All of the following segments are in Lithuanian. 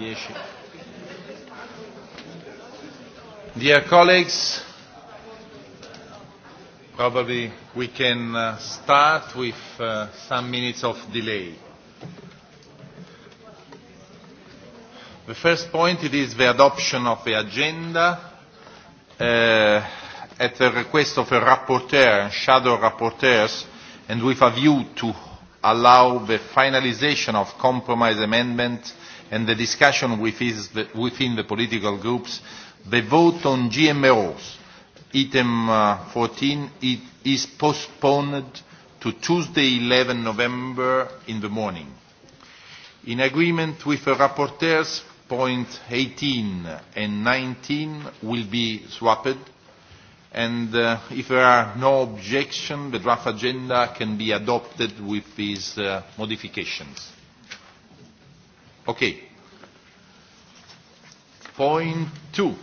10. Dear colleagues, probably we can uh, start with uh, some minutes of delay. The first point it is the adoption of the agenda uh, at the request of a rapporteur and shadow rapporteurs and with a view to allow the finalization of compromise amendments and the discussion within the political groups, the vote on GMOs, item uh, 14, it is postponed to Tuesday, 11 November in the morning. In agreement with the rapporteurs, point 18 and 19 will be swapped, and uh, if there are no objections, the draft agenda can be adopted with these uh, modifications. Okay. Point two.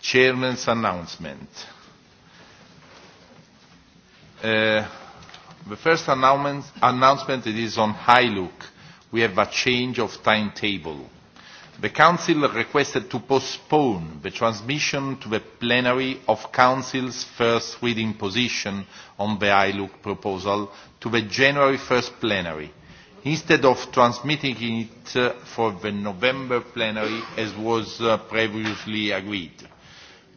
Chairman's announcement. Uh, the first announcement, announcement it is on HILUC. We have a change of timetable. The Council requested to postpone the transmission to the plenary of Council's first reading position on the ILUC proposal to the January 1st plenary instead of transmitting it uh, for the November plenary as was uh, previously agreed.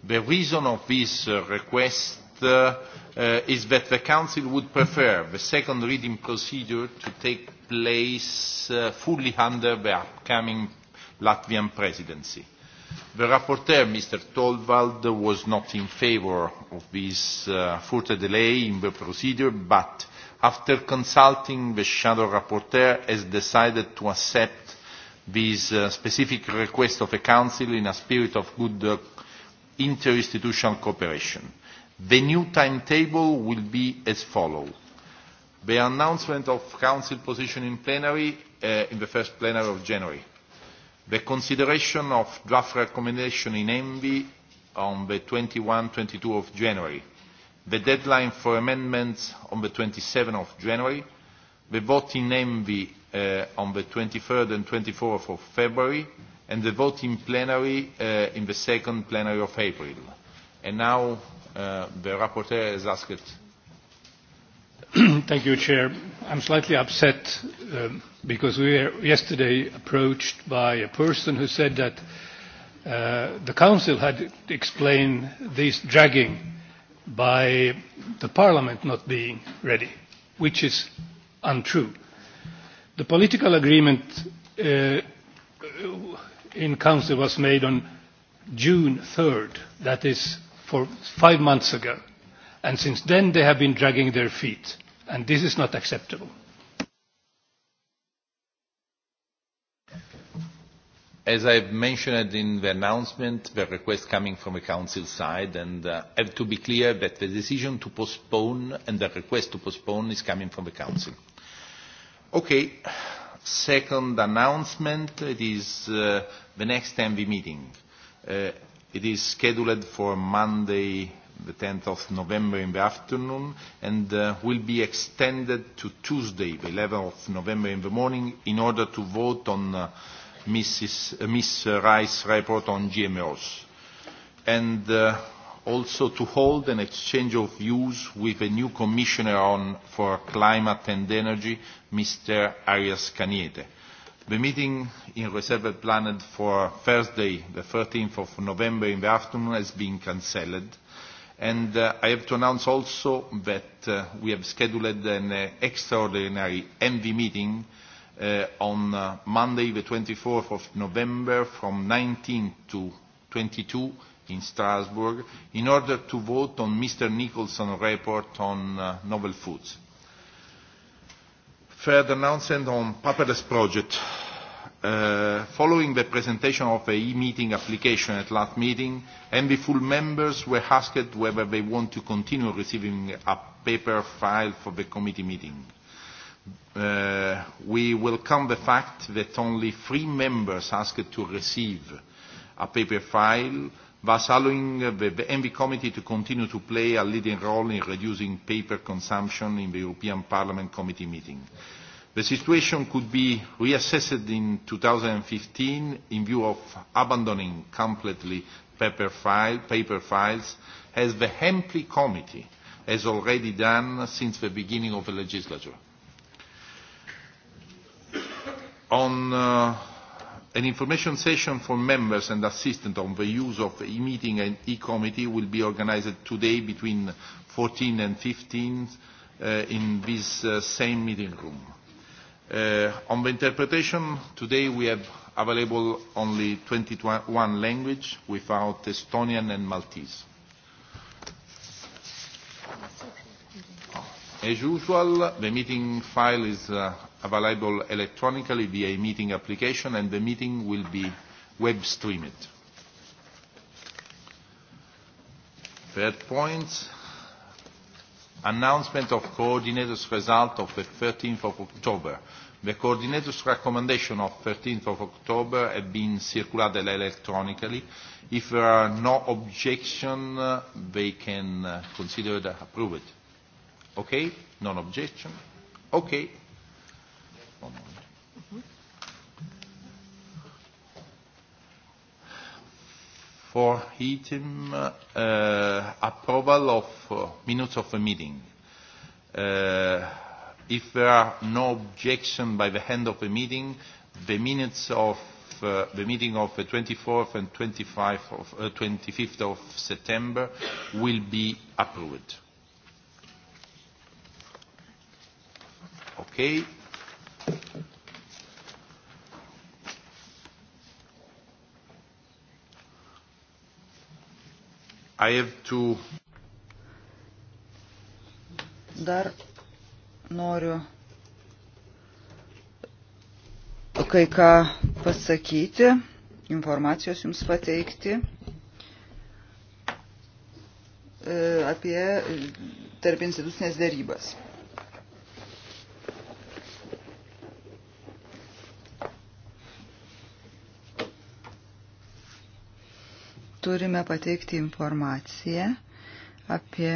The reason of this uh, request uh, uh, is that the Council would prefer the second reading procedure to take place uh, fully under the upcoming Latvian presidency. The rapporteur, Mr. Tolvald, was not in favour of this uh, further delay in the procedure, but after consulting the shadow rapporteur, has decided to accept this uh, specific request of the Council in a spirit of good uh, interinstitutional cooperation. The new timetable will be as follows. The announcement of Council position in plenary uh, in the first plenary of January. The consideration of draft recommendation in ENVI on the 21-22 of January the deadline for amendments on the 27th of January, the vote in ENVI uh, on the 23rd and 24th of February, and the vote in plenary uh, in the second plenary of April. And now uh, the rapporteur has asked. Thank you, Chair. I'm slightly upset um, because we were yesterday approached by a person who said that uh, the Council had explained this dragging uh, by the parliament not being ready, which is untrue. The political agreement uh, in council was made on June 3rd, that is for five months ago. And since then they have been dragging their feet. And this is not acceptable as i mentioned in the announcement the request coming from the council side and i uh, have to be clear that the decision to postpone and the request to postpone is coming from the council. okay second announcement it is uh, the next envi meeting uh, it is scheduled for monday the 10th of November in the afternoon and uh, will be extended to Tuesday, the 11th of November in the morning, in order to vote on uh, Mrs. Uh, Ms. Rice's report on GMOs, and uh, also to hold an exchange of views with a new Commissioner on, for Climate and Energy, Mr. Arias Caniete. The meeting in reserved planned for Thursday, the 13th of November in the afternoon, has been cancelled. And uh, I have to announce also that uh, we have scheduled an uh, extraordinary MV meeting uh, uh, on uh, Monday, the 24th of November, from 19 to 22 in Strasbourg, in order to vote on Mr. Nicholson's report on uh, novel foods. Further announcement on paperless project. Uh, following the presentation of the e-meeting application at last meeting, MV full members were asked whether they want to continue receiving a paper file for the committee meeting. Uh, Uh, we welcome the fact that only three members asked to receive a paper file, thus allowing the, the ENVI Committee to continue to play a leading role in reducing paper consumption in the European Parliament Committee meeting. The situation could be reassessed in 2015 in view of abandoning completely paper, file, paper files, as the HEMPLI Committee has already done since the beginning of the legislature on uh, an information session for members and assistants on the use of e-meeting and e-committee will be organized today between 14 and 15 uh, in this uh, same meeting room. Uh, on the interpretation, today we have available only 21 language without Estonian and Maltese. As usual, the meeting file is uh, available electronically via a meeting application and the meeting will be web streamed. Third point, announcement of coordinators' result of the 13th of October. The coordinators' recommendation of 13th of October have been circulated electronically. If there are no objections, uh, they can uh, consider it approved. Okay? Non-objection? Okay. Mhm. for item uh, approval of uh, minutes of the meeting. Uh, if there are no objection by the end of the meeting, the minutes of uh, the meeting of the 24th and 25th of, uh, 25th of September will be approved. Okay. to... Dar noriu kai ką pasakyti, informacijos jums pateikti e, apie tarp institucinės darybas. turime pateikti informaciją apie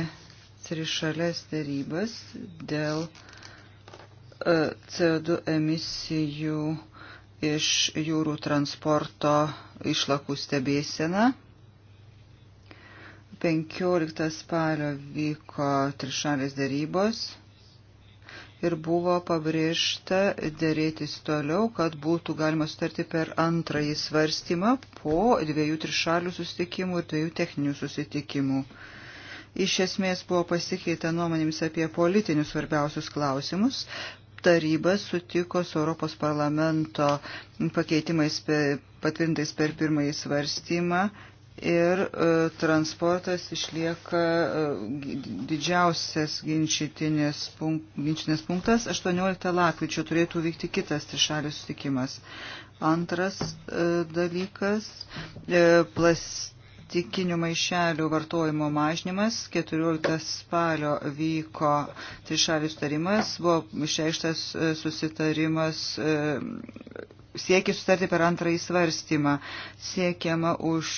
trišalės darybas dėl e, CO2 emisijų iš jūrų transporto išlakų stebėsena. 15 spalio vyko trišalės darybos ir buvo pabrėžta dėrėtis toliau, kad būtų galima sutarti per antrąjį svarstymą po dviejų trišalių susitikimų ir dviejų techninių susitikimų. Iš esmės buvo pasikeita nuomonėmis apie politinius svarbiausius klausimus. Taryba sutiko su Europos parlamento pakeitimais patvirtintais per pirmąjį svarstymą ir e, transportas išlieka e, didžiausias ginčytinės punktas. 18 lapkričio turėtų vykti kitas trišalis sutikimas. Antras e, dalykas - plastikinių maišelių vartojimo mažnymas. 14 spalio vyko trišalis sutarimas, buvo išreikštas susitarimas siekia sutarti per antrąjį svarstymą. Siekiama už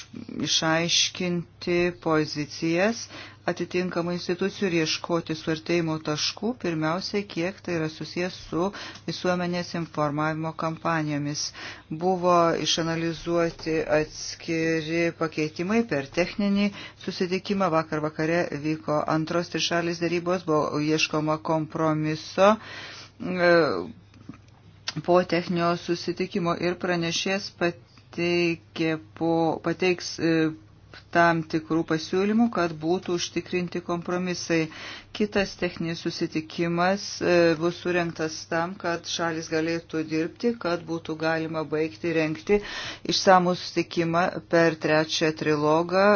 išaiškinti pozicijas atitinkamų institucijų ir ieškoti suartėjimo taškų, pirmiausiai, kiek tai yra susijęs su visuomenės informavimo kampanijomis. Buvo išanalizuoti atskiri pakeitimai per techninį susitikimą. Vakar vakare vyko antros trišalės darybos, buvo ieškoma kompromiso e, po techninio susitikimo ir pranešės pateikė po, pateiks e, tam tikrų pasiūlymų, kad būtų užtikrinti kompromisai. Kitas techninis susitikimas e, bus surinktas tam, kad šalis galėtų dirbti, kad būtų galima baigti renkti išsamų susitikimą per trečią trilogą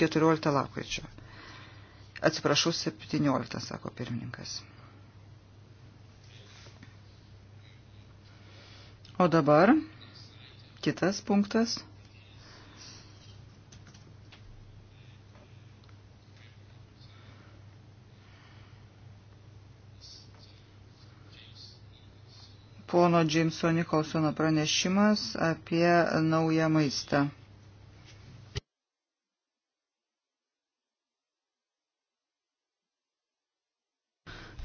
14 e, lapkričio. Atsiprašau, 17, sako pirmininkas. O dabar kitas punktas. Pono Džimso Nikolsono pranešimas apie naują maistą.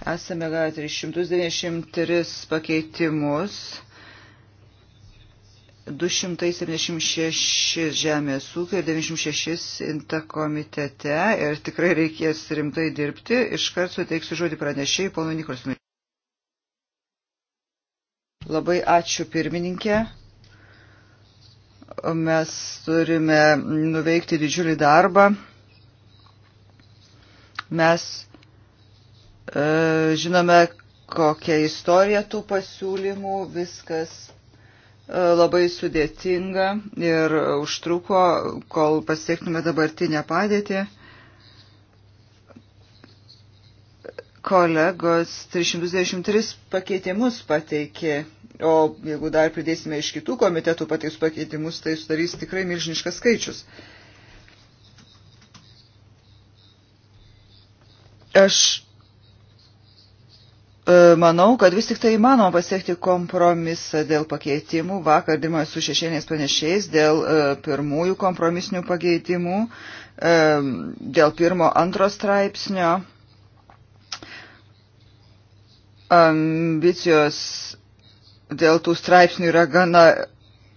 Esame gavę 393 pakeitimus. 276 žemės ūkio ir 96 inta komitete ir tikrai reikės rimtai dirbti. Iškart suteiksiu žodį pranešėjai, pono Nikolsonui. Labai ačiū pirmininkė. Mes turime nuveikti didžiulį darbą. Mes e, žinome, kokia istorija tų pasiūlymų, viskas E, labai sudėtinga ir užtruko, kol pasiektume dabartinę padėtį. Kolegos 323 pakeitimus pateikė, o jeigu dar pridėsime iš kitų komitetų pateikus pakeitimus, tai sudarys tikrai milžiniškas skaičius. Aš E, manau, kad vis tik tai įmanoma pasiekti kompromisą dėl pakeitimų. Vakar dirbome su šešėniais pranešėjais dėl e, pirmųjų kompromisinių pakeitimų, e, dėl pirmo antro straipsnio. Ambicijos dėl tų straipsnių yra gana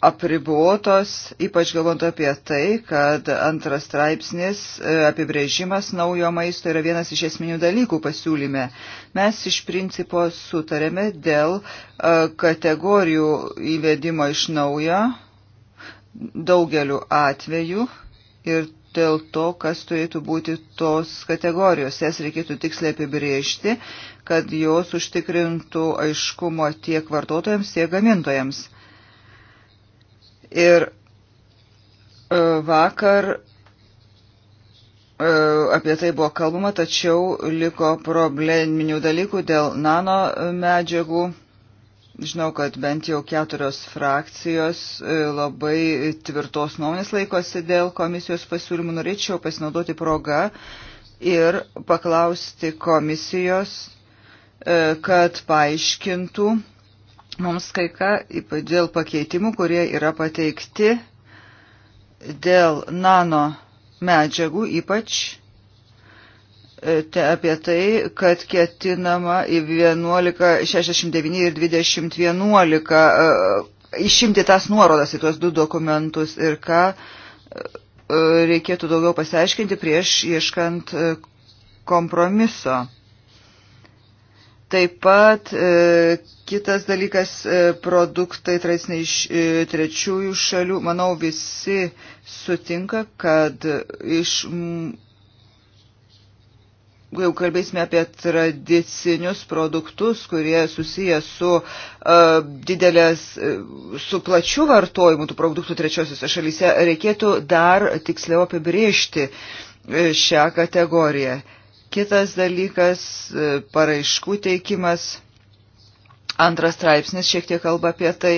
apribuotos, ypač galvant apie tai, kad antras straipsnis e, apibrėžimas naujo maisto yra vienas iš esminių dalykų pasiūlyme. Mes iš principo sutarėme dėl e, kategorijų įvedimo iš naujo daugeliu atveju ir dėl to, kas turėtų būti tos kategorijos. Jas reikėtų tiksliai apibrėžti, kad jos užtikrintų aiškumo tiek vartotojams, tiek gamintojams. Ir e, vakar e, apie tai buvo kalbama, tačiau liko probleminių dalykų dėl nano medžiagų. Žinau, kad bent jau keturios frakcijos e, labai tvirtos nuomonės laikosi dėl komisijos pasiūlymų. Norėčiau pasinaudoti progą ir paklausti komisijos, kad paaiškintų mums kai ką, ypač dėl pakeitimų, kurie yra pateikti dėl nano medžiagų, ypač e, te apie tai, kad ketinama į 11.69 ir 20.11 e, išimti tas nuorodas į tuos du dokumentus ir ką e, reikėtų daugiau pasiaiškinti prieš ieškant kompromiso. Taip pat Kitas dalykas e, - produktai tradiciniai iš e, trečiųjų šalių. Manau, visi sutinka, kad iš. Jau kalbėsime apie tradicinius produktus, kurie susiję su uh, didelės, su plačiu vartojimu tų produktų trečiosiuose šalyse, reikėtų dar tiksliau apibriežti šią kategoriją. Kitas dalykas - paraiškų teikimas Antras straipsnis šiek tiek kalba apie tai.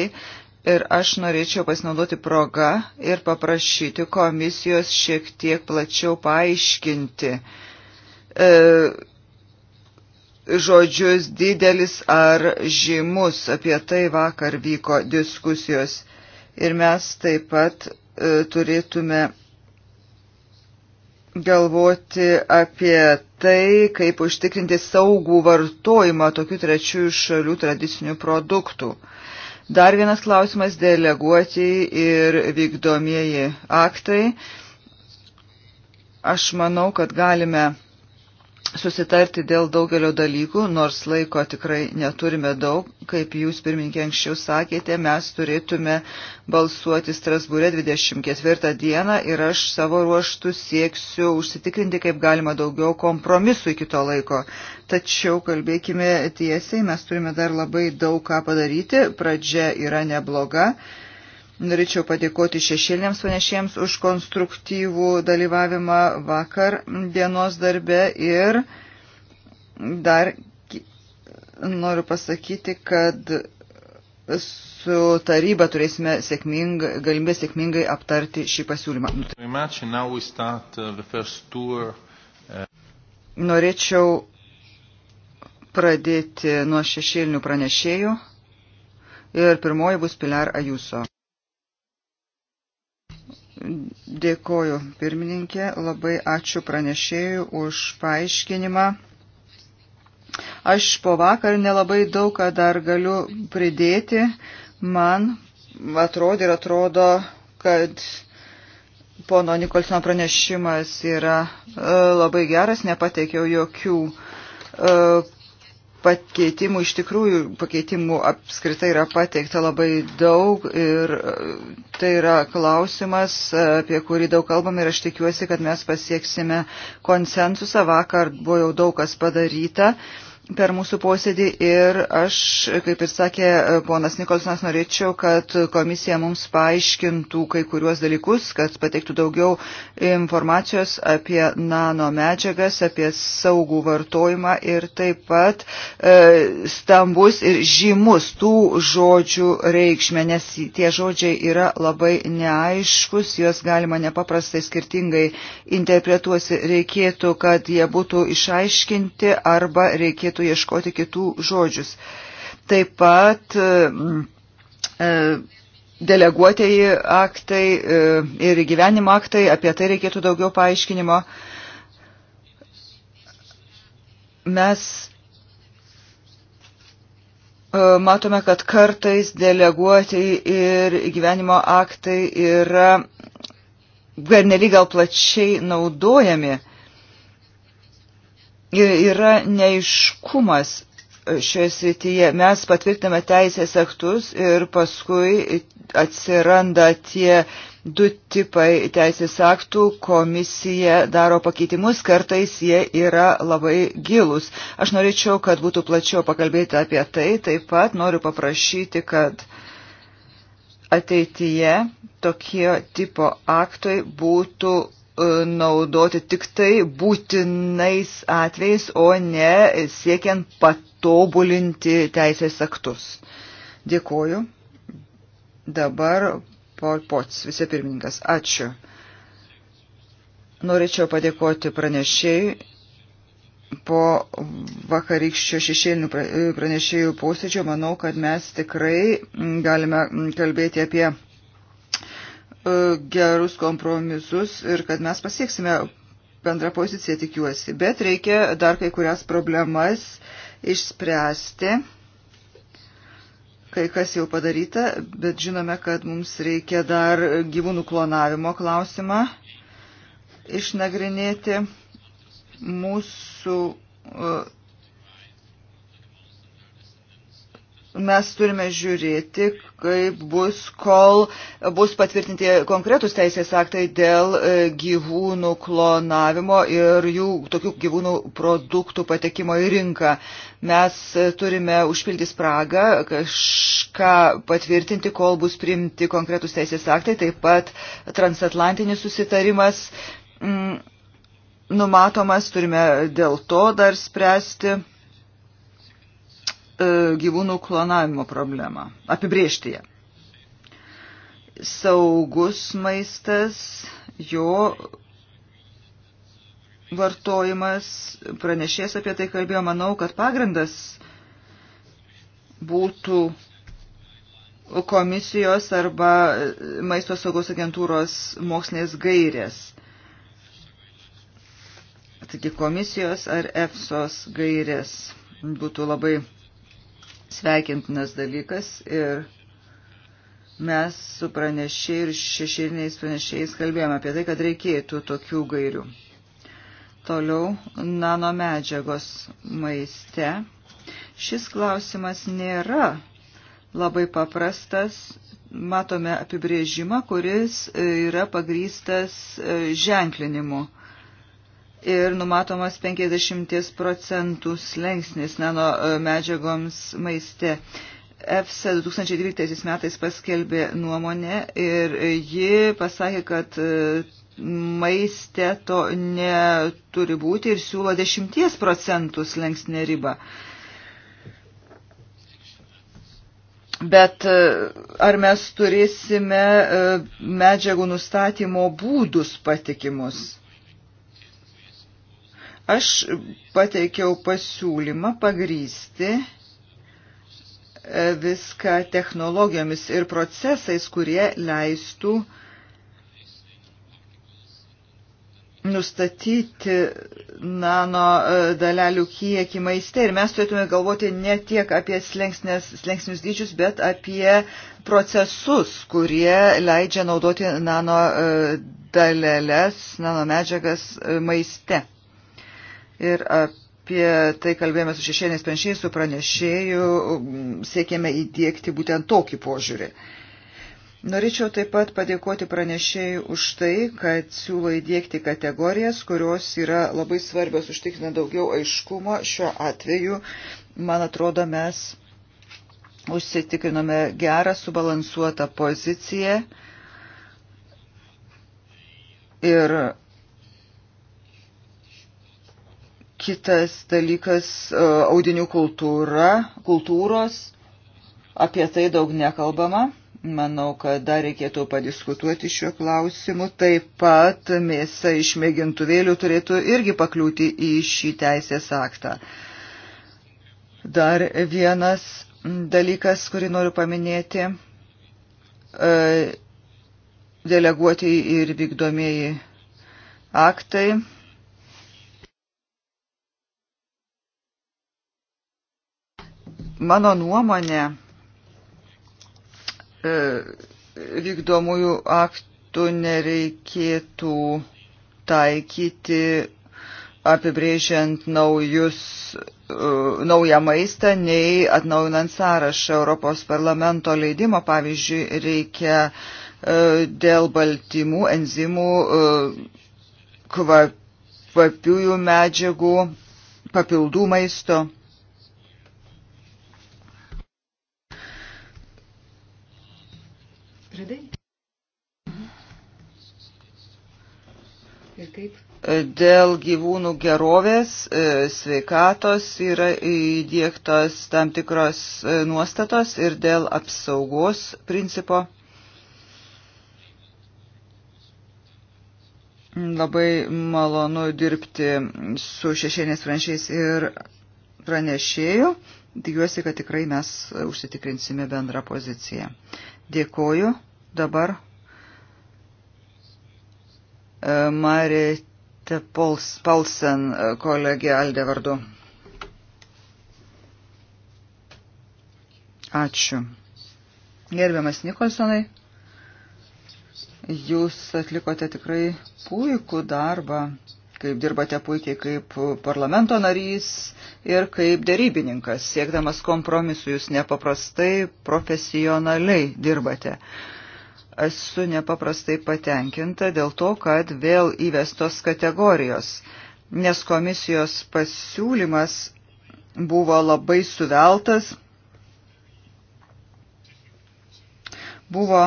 Ir aš norėčiau pasinaudoti progą ir paprašyti komisijos šiek tiek plačiau paaiškinti e, žodžius didelis ar žymus. Apie tai vakar vyko diskusijos. Ir mes taip pat e, turėtume galvoti apie tai, kaip užtikrinti saugų vartojimą tokių trečiųjų šalių tradicinių produktų. Dar vienas klausimas - deleguoti ir vykdomieji aktai. Aš manau, kad galime susitarti dėl daugelio dalykų, nors laiko tikrai neturime daug. Kaip jūs pirmininkė anksčiau sakėte, mes turėtume balsuoti Strasbūrė 24 dieną ir aš savo ruoštų sieksiu užsitikrinti kaip galima daugiau kompromisų iki to laiko. Tačiau kalbėkime tiesiai, mes turime dar labai daug ką padaryti, pradžia yra nebloga. Norėčiau padėkoti šešėlėms panešėjams už konstruktyvų dalyvavimą vakar dienos darbe ir dar noriu pasakyti, kad su taryba turėsime sėkming, galimybę sėkmingai aptarti šį pasiūlymą. Norėčiau pradėti nuo šešėlinių pranešėjų ir pirmoji bus Pilar Ajuso. Dėkoju pirmininkė, labai ačiū pranešėjų už paaiškinimą. Aš po vakar nelabai daug ką dar galiu pridėti. Man atrodė ir atrodo, kad pono Nikolsono pranešimas yra e, labai geras, nepateikiau jokių e, pakeitimų, iš tikrųjų pakeitimų apskritai yra pateikta labai daug ir e, tai yra klausimas, e, apie kurį daug kalbam ir aš tikiuosi, kad mes pasieksime konsensusą. Vakar buvo jau daug kas padaryta. Uh, per mūsų posėdį ir aš, kaip ir sakė e, ponas Nikolsonas, norėčiau, kad komisija mums paaiškintų kai kuriuos dalykus, kad pateiktų daugiau informacijos apie nano medžiagas, apie saugų vartojimą ir taip pat e, stambus ir žymus tų žodžių reikšmė, nes tie žodžiai yra labai neaiškus, juos galima nepaprastai skirtingai interpretuosi. Reikėtų, kad jie būtų išaiškinti arba reikėtų reikėtų ieškoti kitų žodžius. Taip pat e, e, deleguotieji aktai e, ir gyvenimo aktai, apie tai reikėtų daugiau paaiškinimo. Mes matome, kad kartais deleguoti ir gyvenimo aktai yra pernelyg gal plačiai naudojami yra neiškumas e, šioje srityje. Mes patvirtiname teisės aktus ir paskui atsiranda tie du tipai teisės aktų, komisija daro pakeitimus, kartais jie yra labai gilus. Aš norėčiau, kad būtų plačiau pakalbėti apie tai, taip pat noriu paprašyti, kad ateityje tokie tipo aktai būtų E, naudoti tik tai būtinais atvejais, o ne siekiant patobulinti teisės aktus. Dėkoju. Dabar Paul Pots, vicepirmininkas. Ačiū. Norėčiau padėkoti pranešėjai po vakarykščio šešėlinių pranešėjų posėdžio manau, kad mes tikrai galime kalbėti apie E, gerus kompromisus ir kad mes pasieksime bendrą poziciją, tikiuosi. Bet reikia dar kai kurias problemas išspręsti. Kai kas jau padaryta, bet žinome, kad mums reikia dar gyvūnų klonavimo klausimą išnagrinėti. Mūsų uh, mes turime žiūrėti, kaip bus, kol bus patvirtinti konkretus teisės aktai dėl e, gyvūnų klonavimo ir jų tokių gyvūnų produktų patekimo į rinką. Mes e, turime užpildyti spragą, kažką patvirtinti, kol bus priimti konkretus teisės aktai, taip pat transatlantinis susitarimas mm, numatomas, turime dėl to dar spręsti E, gyvūnų klonavimo problemą, apibriežti ją. Saugus maistas, jo vartojimas, pranešės apie tai kalbėjo, manau, kad pagrindas būtų komisijos arba maisto saugos agentūros mokslinės gairės. Taigi komisijos ar EFSOS gairės būtų labai sveikintinas dalykas ir mes su pranešėjai ir šešėliniais pranešėjais kalbėjome apie tai, kad reikėtų tokių gairių. Toliau nano medžiagos maiste. Šis klausimas nėra labai paprastas. Matome apibrėžimą, kuris yra pagrystas e, ženklinimu ir numatomas 50 procentų slengsnis nano e, medžiagoms maiste. EFSA 2012 metais paskelbė nuomonę ir ji pasakė, kad e, maiste to neturi būti ir siūlo 10 procentų slengsnė ribą. Bet e, ar mes turėsime medžiagų nustatymo būdus patikimus? Aš pateikiau pasiūlymą pagrysti e, viską technologijomis ir procesais, kurie leistų nustatyti nano e, dalelių kiekį maiste. Ir mes turėtume galvoti ne tiek apie slengsnius dydžius, bet apie procesus, kurie leidžia naudoti nano e, daleles, nano medžiagas maiste ir apie tai kalbėjome su šešėnės penšiais, su pranešėju, siekėme įdėkti būtent tokį požiūrį. Norėčiau taip pat padėkoti pranešėjai už tai, kad siūlo įdėkti kategorijas, kurios yra labai svarbios užtikrina daugiau aiškumo. Šiuo atveju, man atrodo, mes užsitikrinome gerą subalansuotą poziciją ir Kitas dalykas e, - audinių kultūra, kultūros. Apie tai daug nekalbama. Manau, kad dar reikėtų padiskutuoti šiuo klausimu. Taip pat mėsa iš mėgintuvėlių turėtų irgi pakliūti į šį teisės aktą. Dar vienas dalykas, kurį noriu paminėti e, deleguoti ir vykdomieji aktai. Mano nuomonė, e, vykdomųjų aktų nereikėtų taikyti apibrėžiant naujus, e, naują maistą, nei atnaujinant sąrašą Europos parlamento leidimo. Pavyzdžiui, reikia e, dėl baltymų, enzimų, kvapiųjų medžiagų, papildų maisto. žadai? Ir kaip? Dėl gyvūnų gerovės, e, sveikatos yra įdėktos tam tikros e, nuostatos ir dėl apsaugos principo. Labai malonu dirbti su šešėnės pranšiais ir pranešėjų. Tikiuosi, kad tikrai mes užsitikrinsime bendrą poziciją. Dėkoju dabar e, Marite Palsen e, kolegė Aldė vardu. Ačiū. Gerbiamas Nikolsonai, jūs atlikote tikrai puikų darbą, kaip dirbate puikiai kaip parlamento narys ir kaip darybininkas, siekdamas kompromisų jūs nepaprastai profesionaliai dirbate. Uh, esu nepaprastai patenkinta dėl to, kad vėl įvestos kategorijos, nes komisijos pasiūlymas buvo labai suveltas, buvo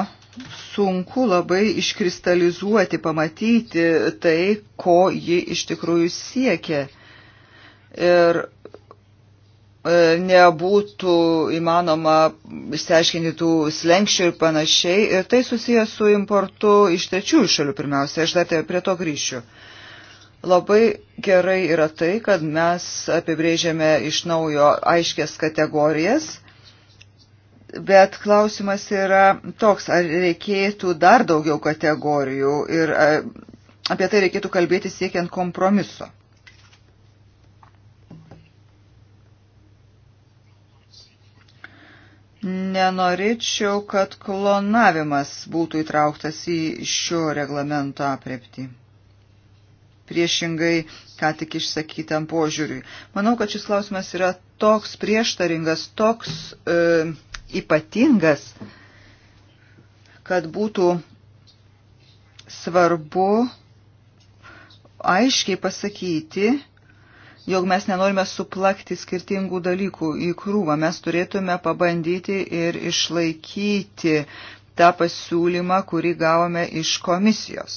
sunku labai iškristalizuoti, pamatyti tai, ko ji iš tikrųjų siekia. Ir E, nebūtų įmanoma išsiaiškinti tų slengščių ir panašiai. Ir tai susijęs su importu iš trečiųjų šalių pirmiausia. Aš dar prie to grįšiu. Labai gerai yra tai, kad mes apibrėžėme iš naujo aiškės kategorijas, bet klausimas yra toks, ar reikėtų dar daugiau kategorijų ir e, apie tai reikėtų kalbėti siekiant kompromiso. Nenorėčiau, kad klonavimas būtų įtrauktas į šio reglamento aprepti. Priešingai, ką tik išsakytam požiūriui. Manau, kad šis klausimas yra toks prieštaringas, toks e, ypatingas, kad būtų svarbu aiškiai pasakyti, jog mes nenorime suplakti skirtingų dalykų į krūvą. Mes turėtume pabandyti ir išlaikyti tą pasiūlymą, kurį gavome iš komisijos.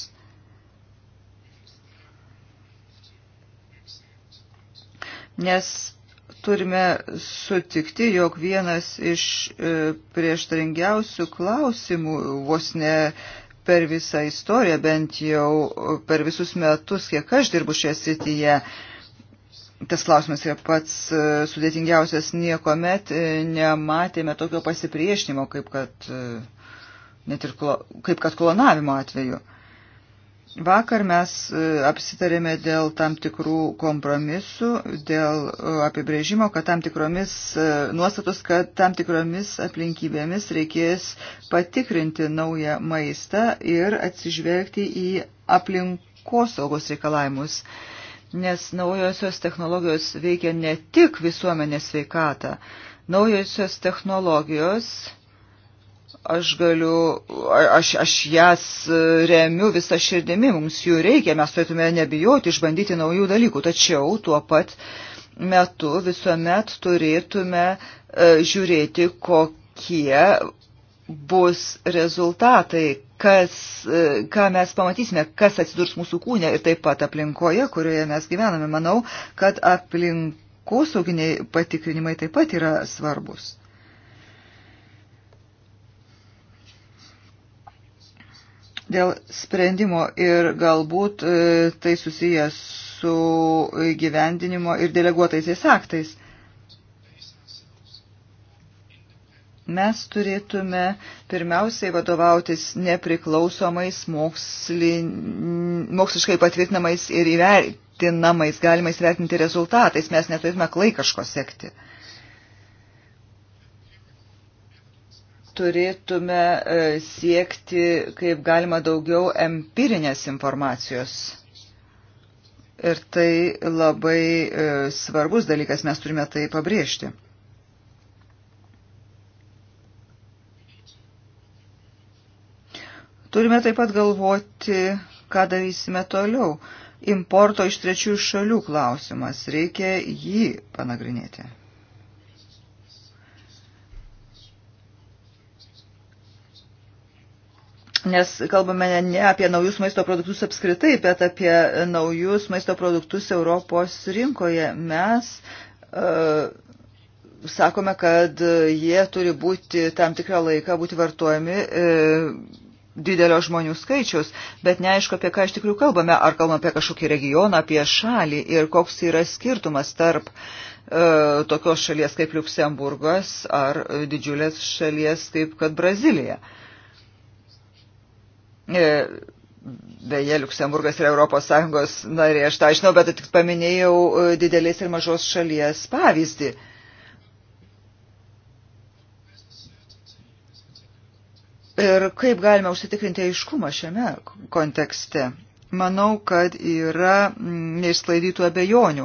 Nes turime sutikti, jog vienas iš e, prieštaringiausių klausimų vos ne per visą istoriją, bent jau per visus metus, kiek aš dirbu šioje srityje, tas klausimas yra pats e, sudėtingiausias niekuomet, e, nematėme tokio pasipriešinimo, kaip kad, e, net ir kaip kad klonavimo atveju. Vakar mes apsitarėme dėl tam tikrų kompromisų, dėl apibrėžimo, kad tam tikromis nuostatos, kad tam tikromis aplinkybėmis reikės patikrinti naują maistą ir atsižvelgti į aplinkosaugos reikalavimus. reikalavimus nes naujosios technologijos veikia ne tik visuomenės sveikatą. Naujosios technologijos, aš galiu, aš, aš jas remiu visą širdimi, mums jų reikia, mes turėtume nebijoti išbandyti naujų dalykų, tačiau tuo pat metu visuomet turėtume e, žiūrėti, kokie bus rezultatai, kas, e, ką mes pamatysime, kas atsidurs mūsų kūne ir taip pat aplinkoje, kurioje mes gyvename. Manau, kad aplinkosauginiai patikrinimai taip pat yra svarbus. Dėl sprendimo ir galbūt e, tai susijęs su gyvendinimo ir deleguotaisiais aktais. Mes turėtume pirmiausiai vadovautis nepriklausomais mokslin, moksliškai patvirtinamais ir įvertinamais, galima įvertinti rezultatais. Mes neturėtume klai kažko sekti. turėtume e, siekti kaip galima daugiau empirinės informacijos. Ir tai labai e, svarbus dalykas, mes turime tai pabrėžti. Turime taip pat galvoti, ką darysime toliau. Importo iš trečiųjų šalių klausimas. Reikia jį panagrinėti. Nes kalbame ne apie naujus maisto produktus apskritai, bet apie naujus maisto produktus Europos rinkoje. Mes uh, sakome, kad jie turi būti tam tikrą laiką būti vartojami. Uh, didelio žmonių skaičius, bet neaišku, apie ką iš tikrųjų kalbame, ar kalbame apie kažkokį regioną, apie šalį ir koks yra skirtumas tarp e, tokios šalies kaip Luksemburgas ar e, didžiulės šalies kaip kad Brazilija. E, Beje, Luksemburgas yra ES narė, aš tą žinau, bet tik paminėjau e, didelės ir mažos šalies pavyzdį. E, Ir kaip galime užsitikrinti aiškumą šiame kontekste? Manau, kad yra neišsklaidytų abejonių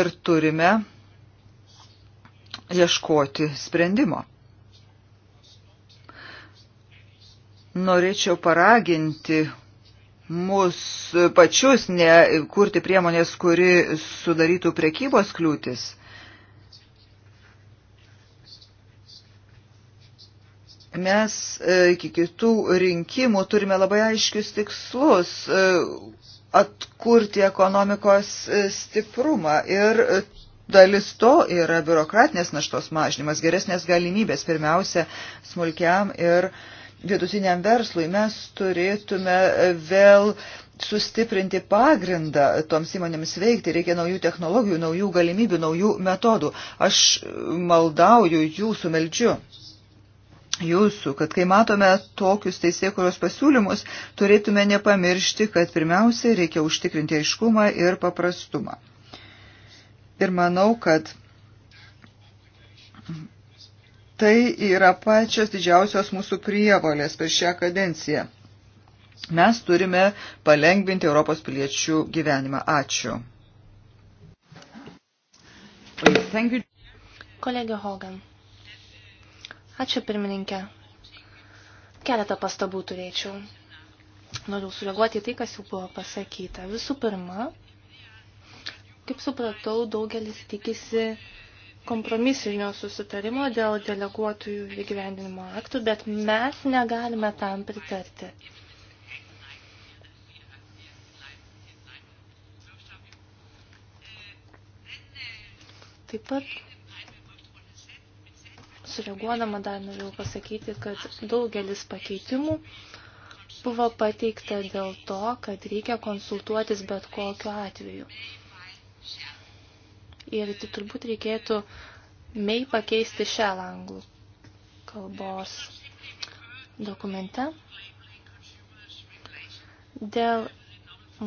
ir turime ieškoti sprendimo. Norėčiau paraginti mus pačius nekurti priemonės, kuri sudarytų prekybos kliūtis Mes e, iki kitų rinkimų turime labai aiškius tikslus e, atkurti ekonomikos e, stiprumą ir dalis to yra biurokratinės naštos mažinimas, geresnės galimybės pirmiausia smulkiam ir vidutiniam verslui. Mes turėtume vėl sustiprinti pagrindą toms įmonėms veikti, reikia naujų technologijų, naujų galimybių, naujų metodų. Aš maldauju jūsų meldžiu jūsų, kad kai matome tokius teisėkuros pasiūlymus, turėtume nepamiršti, kad pirmiausia reikia užtikrinti aiškumą ir paprastumą. Ir manau, kad tai yra pačios didžiausios mūsų prievolės per šią kadenciją. Mes turime palengvinti Europos piliečių gyvenimą. Ačiū. Kolegė Hogan. Ačiū pirmininkė. Keletą pastabų turėčiau. Noriu sureaguoti į tai, kas jau buvo pasakyta. Visų pirma, kaip supratau, daugelis tikisi kompromisinio susitarimo dėl deleguotųjų įgyvendinimo aktų, bet mes negalime tam pritarti. Taip pat Sureaguodama dar norėjau pasakyti, kad daugelis pakeitimų buvo pateikta dėl to, kad reikia konsultuotis bet kokiu atveju. Ir tai turbūt reikėtų mei pakeisti šią anglų kalbos dokumente. Dėl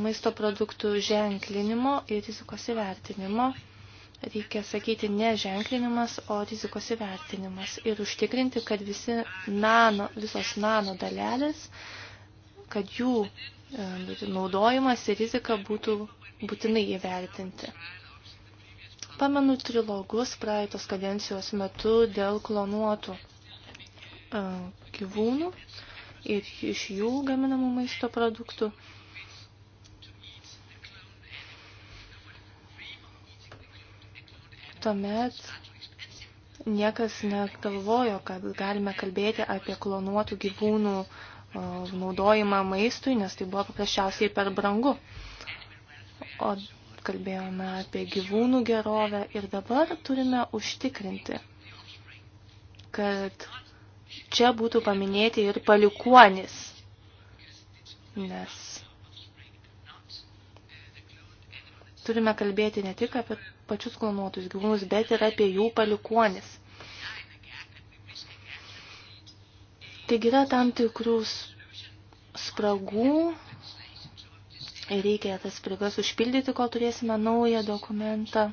maisto produktų ženklinimo ir rizikos įvertinimo reikia sakyti ne ženklinimas, o rizikos įvertinimas ir užtikrinti, kad visi nano, visos nano dalelės, kad jų e, naudojimas ir rizika būtų būtinai įvertinti. Pamenu trilogus praeitos kadencijos metu dėl klonuotų e, gyvūnų ir iš jų gaminamų maisto produktų. tuomet niekas negalvojo, kad galime kalbėti apie klonuotų gyvūnų naudojimą maistui, nes tai buvo paprasčiausiai per brangu. O kalbėjome apie gyvūnų gerovę ir dabar turime užtikrinti, kad čia būtų paminėti ir palikuonis, nes turime kalbėti ne tik apie pačius klonuotus gyvūnus, bet ir apie jų palikuonis. Taigi yra tam tikrų spragų ir reikia tas spragas užpildyti, kol turėsime naują dokumentą,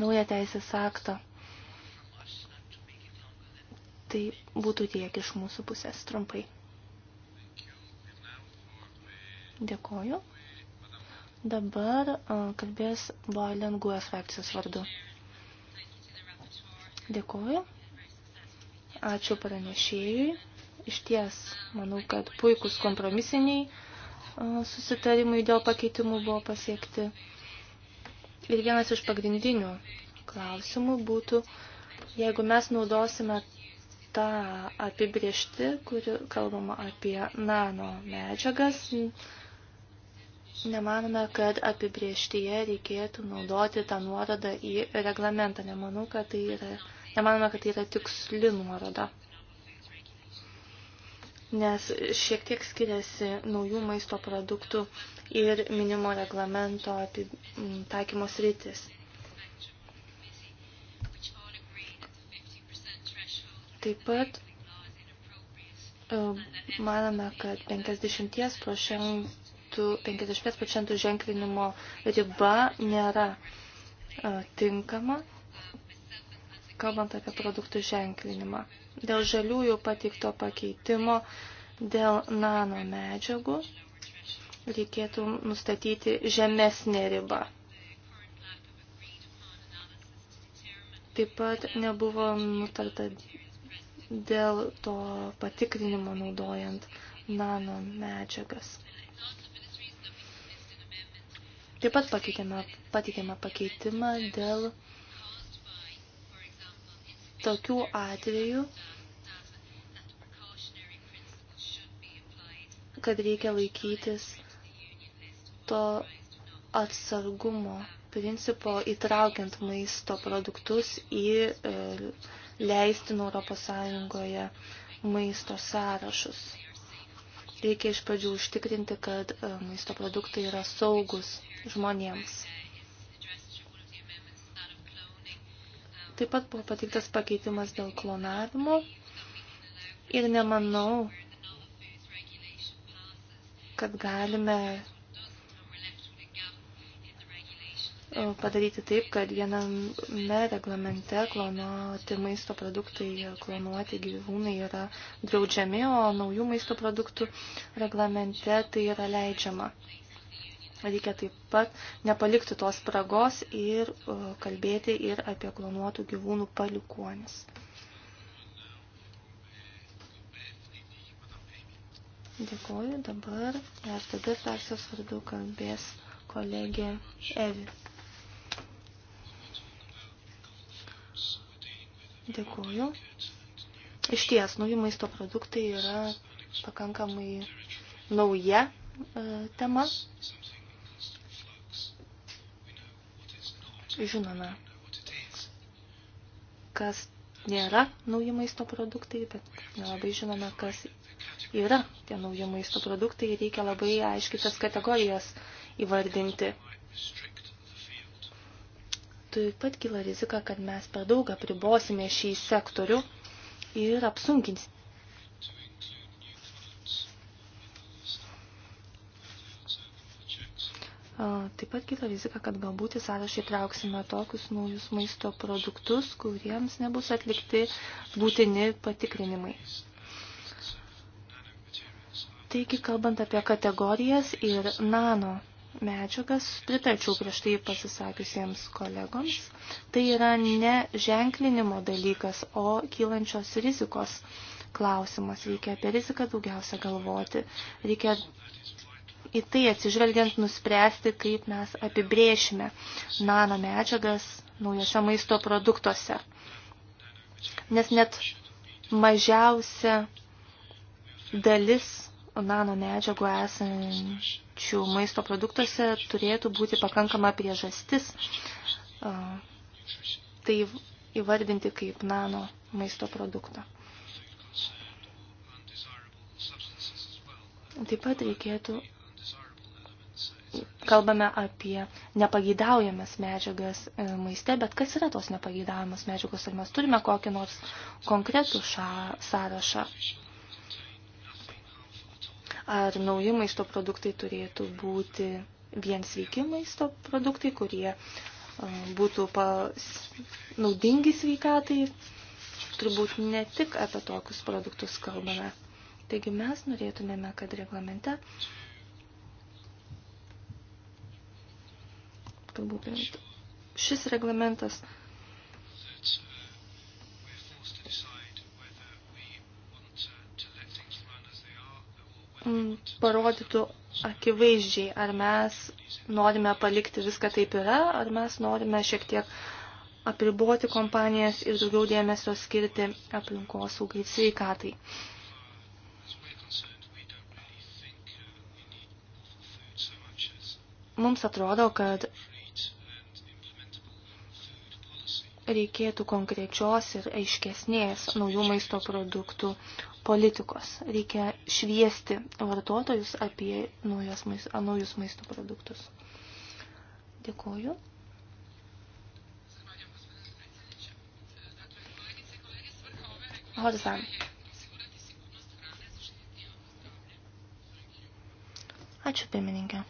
naują teisės aktą. Tai būtų tiek iš mūsų pusės trumpai. Dėkoju. Dabar kalbės Boilen Gue frakcijos vardu. Dėkuoju. Ačiū pranešėjui. Iš ties, manau, kad puikus kompromisiniai susitarimai dėl pakeitimų buvo pasiekti. Ir vienas iš pagrindinių klausimų būtų, jeigu mes naudosime tą apibriežtį, kuri kalbama apie nano medžiagas, Nemanome, kad apibrieštyje reikėtų naudoti tą nuorodą į reglamentą. Nemanau, kad tai yra, nemanome, kad tai yra tiksli nuoroda. Nes šiek tiek skiriasi naujų maisto produktų ir minimo reglamento apie taikymos rytis. Taip pat e, manome, kad 50 prošen procentų, 55 procentų ženklinimo riba nėra e, tinkama, kalbant apie produktų ženklinimą. Dėl žaliųjų pateikto pakeitimo, dėl nano medžiagų reikėtų nustatyti žemesnį ribą. Taip pat nebuvo nutarta dėl to patikrinimo naudojant nano medžiagas. Taip pat pakeitėme, pateikėme pakeitimą dėl tokių atvejų, kad reikia laikytis to atsargumo principo įtraukiant maisto produktus į e, leistinų Europos Sąjungoje maisto sąrašus. Reikia iš pradžių užtikrinti, kad e, maisto produktai yra saugus žmonėms. Taip pat buvo pateiktas pakeitimas dėl klonavimo ir nemanau, kad galime padaryti taip, kad viename reglamente klonuoti maisto produktai, klonuoti gyvūnai yra draudžiami, o naujų maisto produktų reglamente tai yra leidžiama. Reikia taip pat nepalikti tos spragos ir kalbėti ir apie klonuotų gyvūnų palikuonis. Dėkoju, dabar RTD frakcijos vardu kalbės kolegė Evi. Dėkuoju. Iš ties, nauji maisto produktai yra pakankamai nauja e, tema. Žinome, kas nėra nauji maisto produktai, bet nelabai žinome, kas yra tie nauji maisto produktai ir reikia labai aiškiai tas kategorijas įvardinti taip pat kyla rizika, kad mes per daug apribosime šį sektorių ir apsunkins. Taip pat kita rizika, kad galbūt į sąrašą įtrauksime tokius naujus maisto produktus, kuriems nebus atlikti būtini patikrinimai. Taigi, kalbant apie kategorijas ir nano medžiagas, pritarčiau prieš tai pasisakiusiems kolegoms. Tai yra ne ženklinimo dalykas, o kylančios rizikos klausimas. Reikia apie riziką daugiausia galvoti. Reikia į tai atsižvelgiant nuspręsti, kaip mes apibrėšime nano medžiagas naujose maisto produktuose. Nes net mažiausia dalis nano medžiagų esančių maisto produktuose turėtų būti pakankama priežastis tai įvardinti kaip nano maisto produktą. Taip pat reikėtų, kalbame apie nepageidaujamas medžiagas e, maiste, bet kas yra tos nepageidaujamas medžiagos, ar mes turime kokį nors konkretų ša, sąrašą ar nauji maisto produktai turėtų būti vien sveiki maisto produktai, kurie būtų pas, naudingi sveikatai. Turbūt ne tik apie tokius produktus kalbame. Taigi mes norėtumėme, kad reglamente kad būtent šis reglamentas parodytų akivaizdžiai, ar mes norime palikti viską taip yra, ar mes norime šiek tiek apriboti kompanijas ir daugiau dėmesio skirti aplinkos saugai sveikatai. Mums atrodo, kad reikėtų konkrečios ir aiškesnės naujų maisto produktų politikos. Reikia šviesti vartotojus apie naujos, naujus maisto produktus. Dėkuoju. Horzan. Ačiū pirmininkė.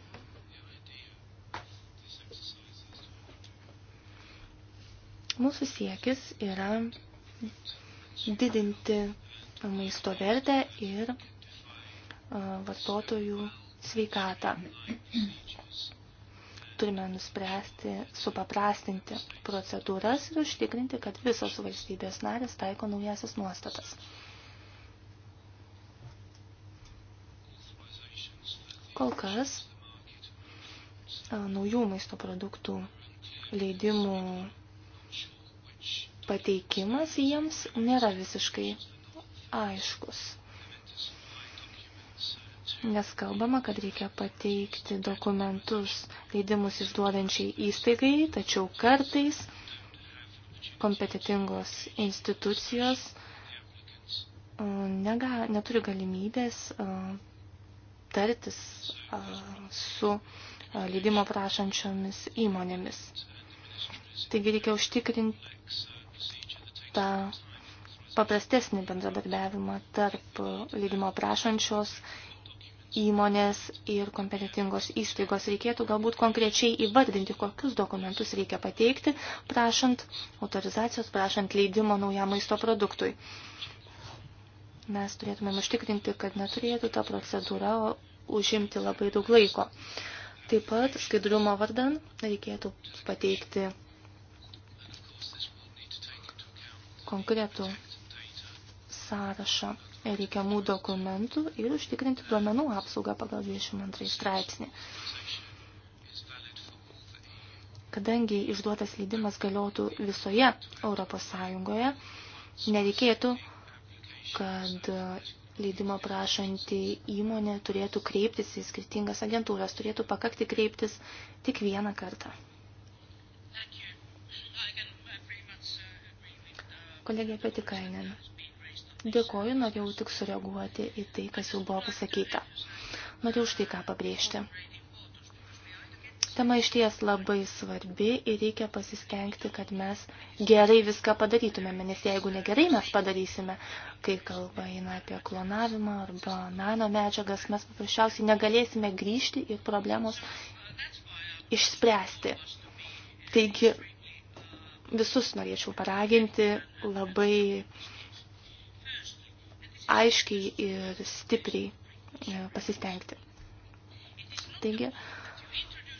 Mūsų siekis yra didinti maisto vertę ir vartotojų sveikatą. Turime nuspręsti, supaprastinti procedūras ir užtikrinti, kad visos valstybės narės taiko naujasias nuostatas. Kol kas naujų maisto produktų leidimų pateikimas jiems nėra visiškai aiškus. Nes kalbama, kad reikia pateikti dokumentus leidimus išduodančiai įstaigai, tačiau kartais kompetitingos institucijos uh, nega, neturi galimybės uh, tartis uh, su leidimo prašančiomis įmonėmis. Taigi reikia užtikrinti tą paprastesnį bendradarbiavimą tarp leidimo prašančios įmonės ir kompetitingos įstaigos. Reikėtų galbūt konkrečiai įvardinti, kokius dokumentus reikia pateikti, prašant autorizacijos, prašant leidimo naujam maisto produktui. Mes turėtumėm užtikrinti, kad neturėtų ta procedūra užimti labai daug laiko. Taip pat skaidrumo vardan reikėtų pateikti konkretų sąrašą reikiamų dokumentų ir užtikrinti duomenų apsaugą pagal 22 straipsnį. Kadangi išduotas leidimas galiotų visoje Europos Sąjungoje, nereikėtų, kad leidimo prašanti įmonė turėtų kreiptis į skirtingas agentūras, turėtų pakakti kreiptis tik vieną kartą. kolegė Petikainen. Dėkoju, norėjau tik sureaguoti į tai, kas jau buvo pasakyta. Norėjau štai ką pabrėžti. Tema išties labai svarbi ir reikia pasistengti, kad mes gerai viską padarytumėme, nes jeigu negerai mes padarysime, kai kalba eina apie klonavimą arba nano medžiagas, mes paprasčiausiai negalėsime grįžti ir problemos išspręsti. Taigi visus norėčiau paraginti labai uh, aiškiai ir stipriai e, pasistengti. Taigi,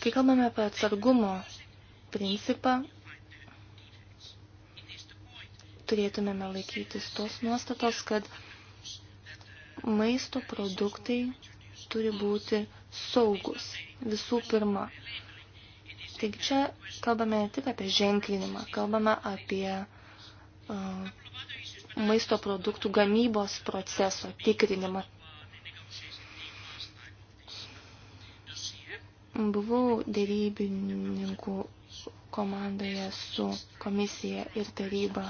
kai kalbame apie atsargumo principą, turėtumėme laikytis tos nuostatos, kad maisto produktai turi būti saugus visų pirma. Taigi čia kalbame ne tik apie ženklinimą, kalbame apie uh, maisto produktų gamybos proceso tikrinimą. Buvau dėrybininkų komandoje su komisija ir taryba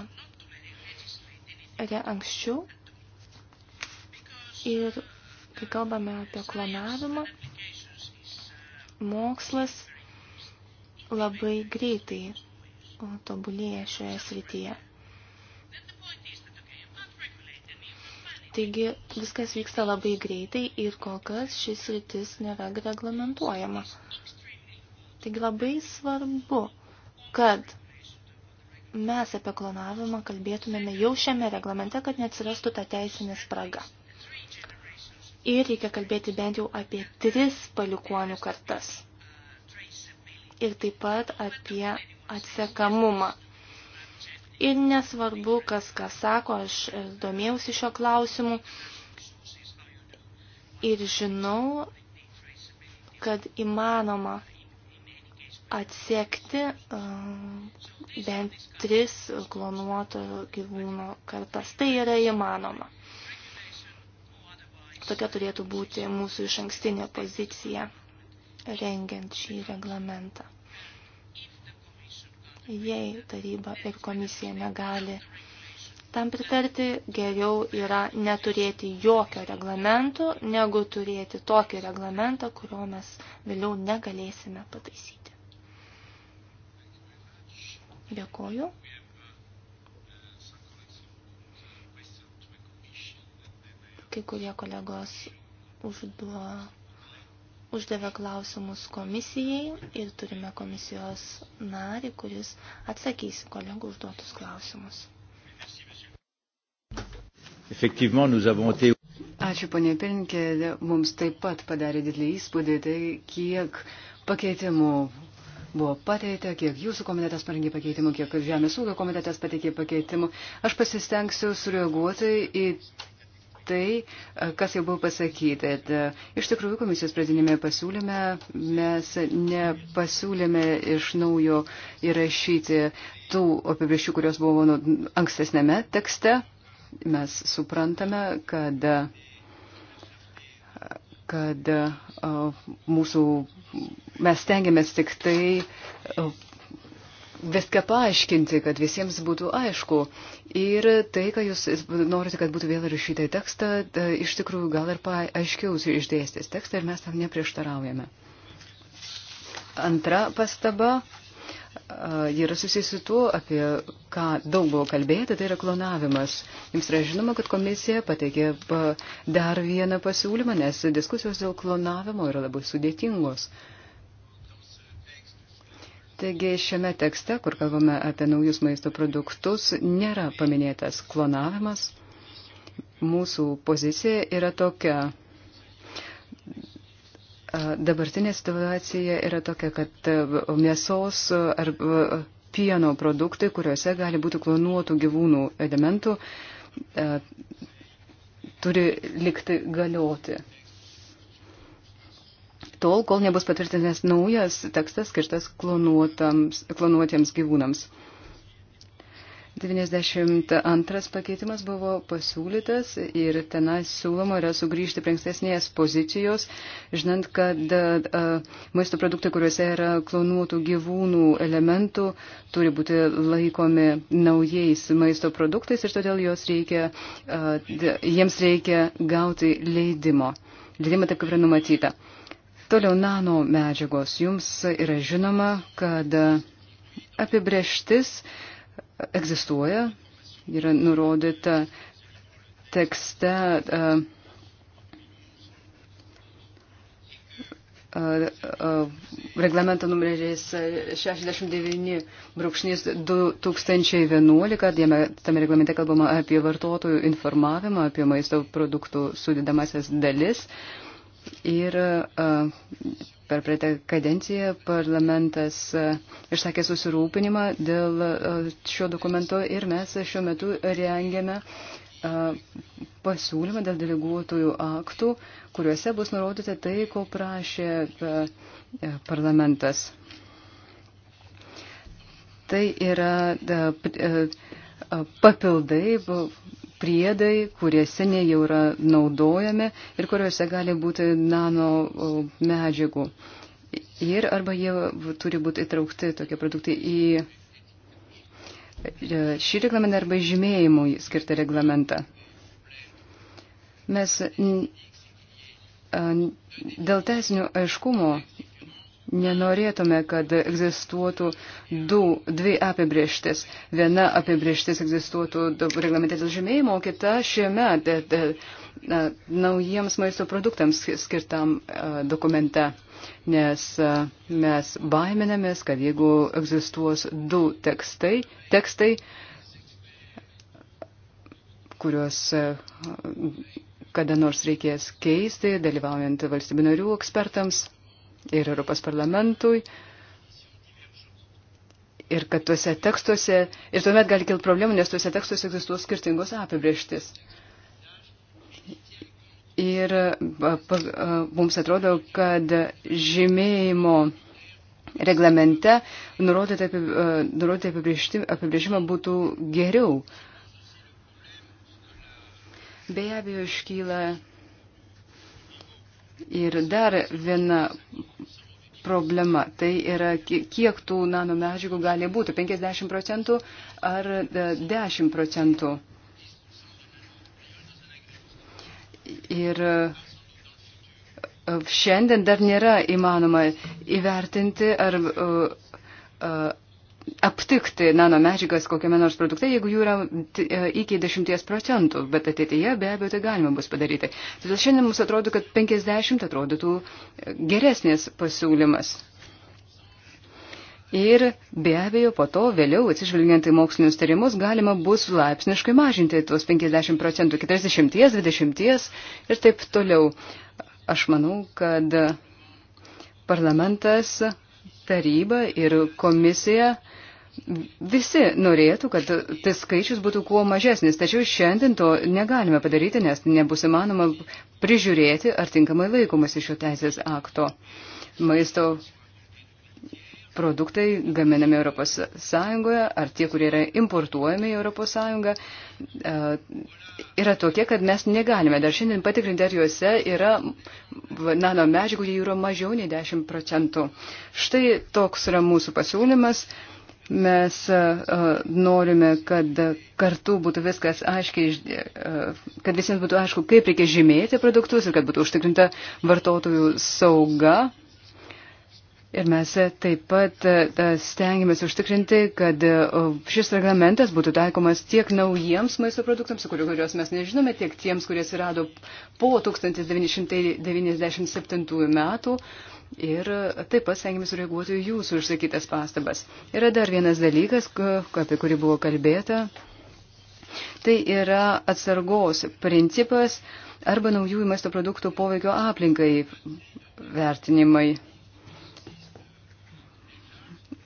re anksčiau. Ir kai kalbame apie klonavimą, mokslas labai greitai tobulėja šioje srityje. Taigi viskas vyksta labai greitai ir kol kas šis rytis nėra reglamentuojama. Taigi labai svarbu, kad mes apie klonavimą kalbėtumėme jau šiame reglamente, kad neatsirastų ta teisinė spraga. Ir reikia kalbėti bent jau apie tris palikuonių kartas. Ir taip pat apie atsekamumą. Ir nesvarbu, kas ką sako, aš e, domėjausi šio klausimu ir žinau, kad įmanoma atsekti uh, bent tris klonuoto gyvūno kartas. Tai yra įmanoma. Tokia turėtų būti mūsų iš ankstinė pozicija rengiant šį reglamentą jei taryba ir komisija negali tam pritarti, geriau yra neturėti jokio reglamento, negu turėti tokį reglamentą, kurio mes vėliau negalėsime pataisyti. Dėkoju. Kai kurie kolegos užduo uždavė klausimus komisijai ir turime komisijos narį, kuris atsakys kolegų užduotus klausimus. Ačiū, ponė Pirinkė, mums taip pat padarė didelį įspūdį, tai kiek pakeitimų buvo pateikta, kiek jūsų komitetas parengė pakeitimų, kiek Žemės ūkio komitetas pateikė pakeitimų. Aš pasistengsiu sureaguoti į tai, e, kas jau buvo pasakyta. E, iš tikrųjų, komisijos pradinėme pasiūlyme mes nepasiūlėme iš naujo įrašyti tų apibriešių, kurios buvo nu, ankstesnėme tekste. Mes suprantame, kad, kad e, mūsų, mes tengiamės tik tai viską paaiškinti, kad visiems būtų aišku. Ir tai, ką jūs norite, kad būtų vėl rašyta į tekstą, iš tikrųjų gal ir paaiškiau išdėstys tekstą ir mes tam neprieštaraujame. Antra pastaba yra susijusi tuo, apie ką daug buvo kalbėta, tai yra klonavimas. Jums yra žinoma, kad komisija pateikė dar vieną pasiūlymą, nes diskusijos dėl klonavimo yra labai sudėtingos. Uh, Taigi šiame tekste, kur kalbame apie naujus maisto produktus, nėra paminėtas klonavimas. Mūsų pozicija yra tokia. Dabartinė situacija yra tokia, kad mėsos ar pieno produktai, kuriuose gali būti klonuotų gyvūnų elementų, turi likti galioti tol, kol nebus patvirtintas naujas tekstas skirtas klonuotiems gyvūnams. 92 pakeitimas buvo pasiūlytas ir tenai siūloma yra sugrįžti prie ankstesnės pozicijos, žinant, kad a, maisto produktai, kuriuose yra klonuotų gyvūnų elementų, turi būti laikomi naujais maisto produktais ir todėl reikia, a, jiems reikia gauti leidimo. Leidimą taip kaip yra numatyta. Toliau nano medžiagos. Jums yra žinoma, kad apibrieštis egzistuoja, yra nurodyta tekste uh, uh, uh, reglamento numeris 69.2011, jame tame reglamente kalbama apie vartotojų informavimą, apie maisto produktų sudėdamasias dalis. Uh, Ir per praeitą kadenciją parlamentas išsakė susirūpinimą dėl šio dokumento ir mes šiuo metu rengiame pasiūlymą dėl deleguotojų aktų, kuriuose bus nurodyta tai, ko prašė parlamentas. Tai yra papildai priedai, kurie seniai jau yra naudojami ir kuriuose gali būti nano medžiagų. Ir arba jie turi būti įtraukti tokie produktai į e, šį reglamentą arba žymėjimui skirtą reglamentą. Mes dėl teisinių aiškumo Nenorėtume, kad egzistuotų du, dvi apibrieštis. Viena apibrieštis egzistuotų reglamente dėl žymėjimo, o kita šiame de, de, na, naujiems maisto produktams skirtam a, dokumente. Nes a, mes baiminamės, kad jeigu egzistuos du tekstai, tekstai kuriuos a, kada nors reikės keisti, dalyvaujant valstybinarių ekspertams, ir Europos parlamentui. Ir kad tuose tekstuose, ir tuomet gali kilti problemų, nes tuose tekstuose egzistuos skirtingos apibrieštis. Ir mums atrodo, kad žymėjimo reglamente nurodyti apibrėžimą būtų geriau. Be abejo, iškyla ir dar viena problema. Tai yra, kiek tų nanomedžiagų gali būti - 50 procentų ar 10 e, procentų. Ir e, šiandien dar nėra įmanoma įvertinti, ar, e, aptikti nanomedžiagas kokiame nors produkte, jeigu jų yra e, iki 10 procentų, bet ateityje be abejo tai galima bus padaryti. Todėl šiandien mums atrodo, kad 50 atrodytų geresnės pasiūlymas. Ir be abejo, po to vėliau, atsižvelgiant į mokslinius tyrimus, galima bus laipsniškai mažinti tuos 50 procentų, 40, 20 ir taip toliau. Aš manau, kad parlamentas taryba ir komisija visi norėtų, kad tas skaičius būtų kuo mažesnis, tačiau šiandien to negalime padaryti, nes nebus įmanoma prižiūrėti, ar tinkamai laikomasi šio teisės akto. Maisto produktai gaminami Europos Sąjungoje ar tie, kurie yra importuojami į Europos Sąjungą, e, yra tokie, kad mes negalime dar šiandien patikrinti, ar juose yra nano medžiagų, jų yra mažiau nei 10 procentų. Štai toks yra mūsų pasiūlymas. Mes e, e, norime, kad kartu būtų viskas aiškiai, kad visiems būtų aišku, kaip reikia žymėti produktus ir kad būtų užtikrinta vartotojų sauga Ir mes taip pat e, e, stengiamės užtikrinti, kad e, šis reglamentas būtų taikomas tiek naujiems maisto produktams, kuriuos mes nežinome, tiek tiems, kurie atsirado po 1997 metų. Ir taip pat stengiamės reaguoti jūsų išsakytas pastabas. Yra dar vienas dalykas, apie kurį buvo kalbėta. Tai yra atsargos principas arba naujųjų maisto produktų poveikio aplinkai vertinimai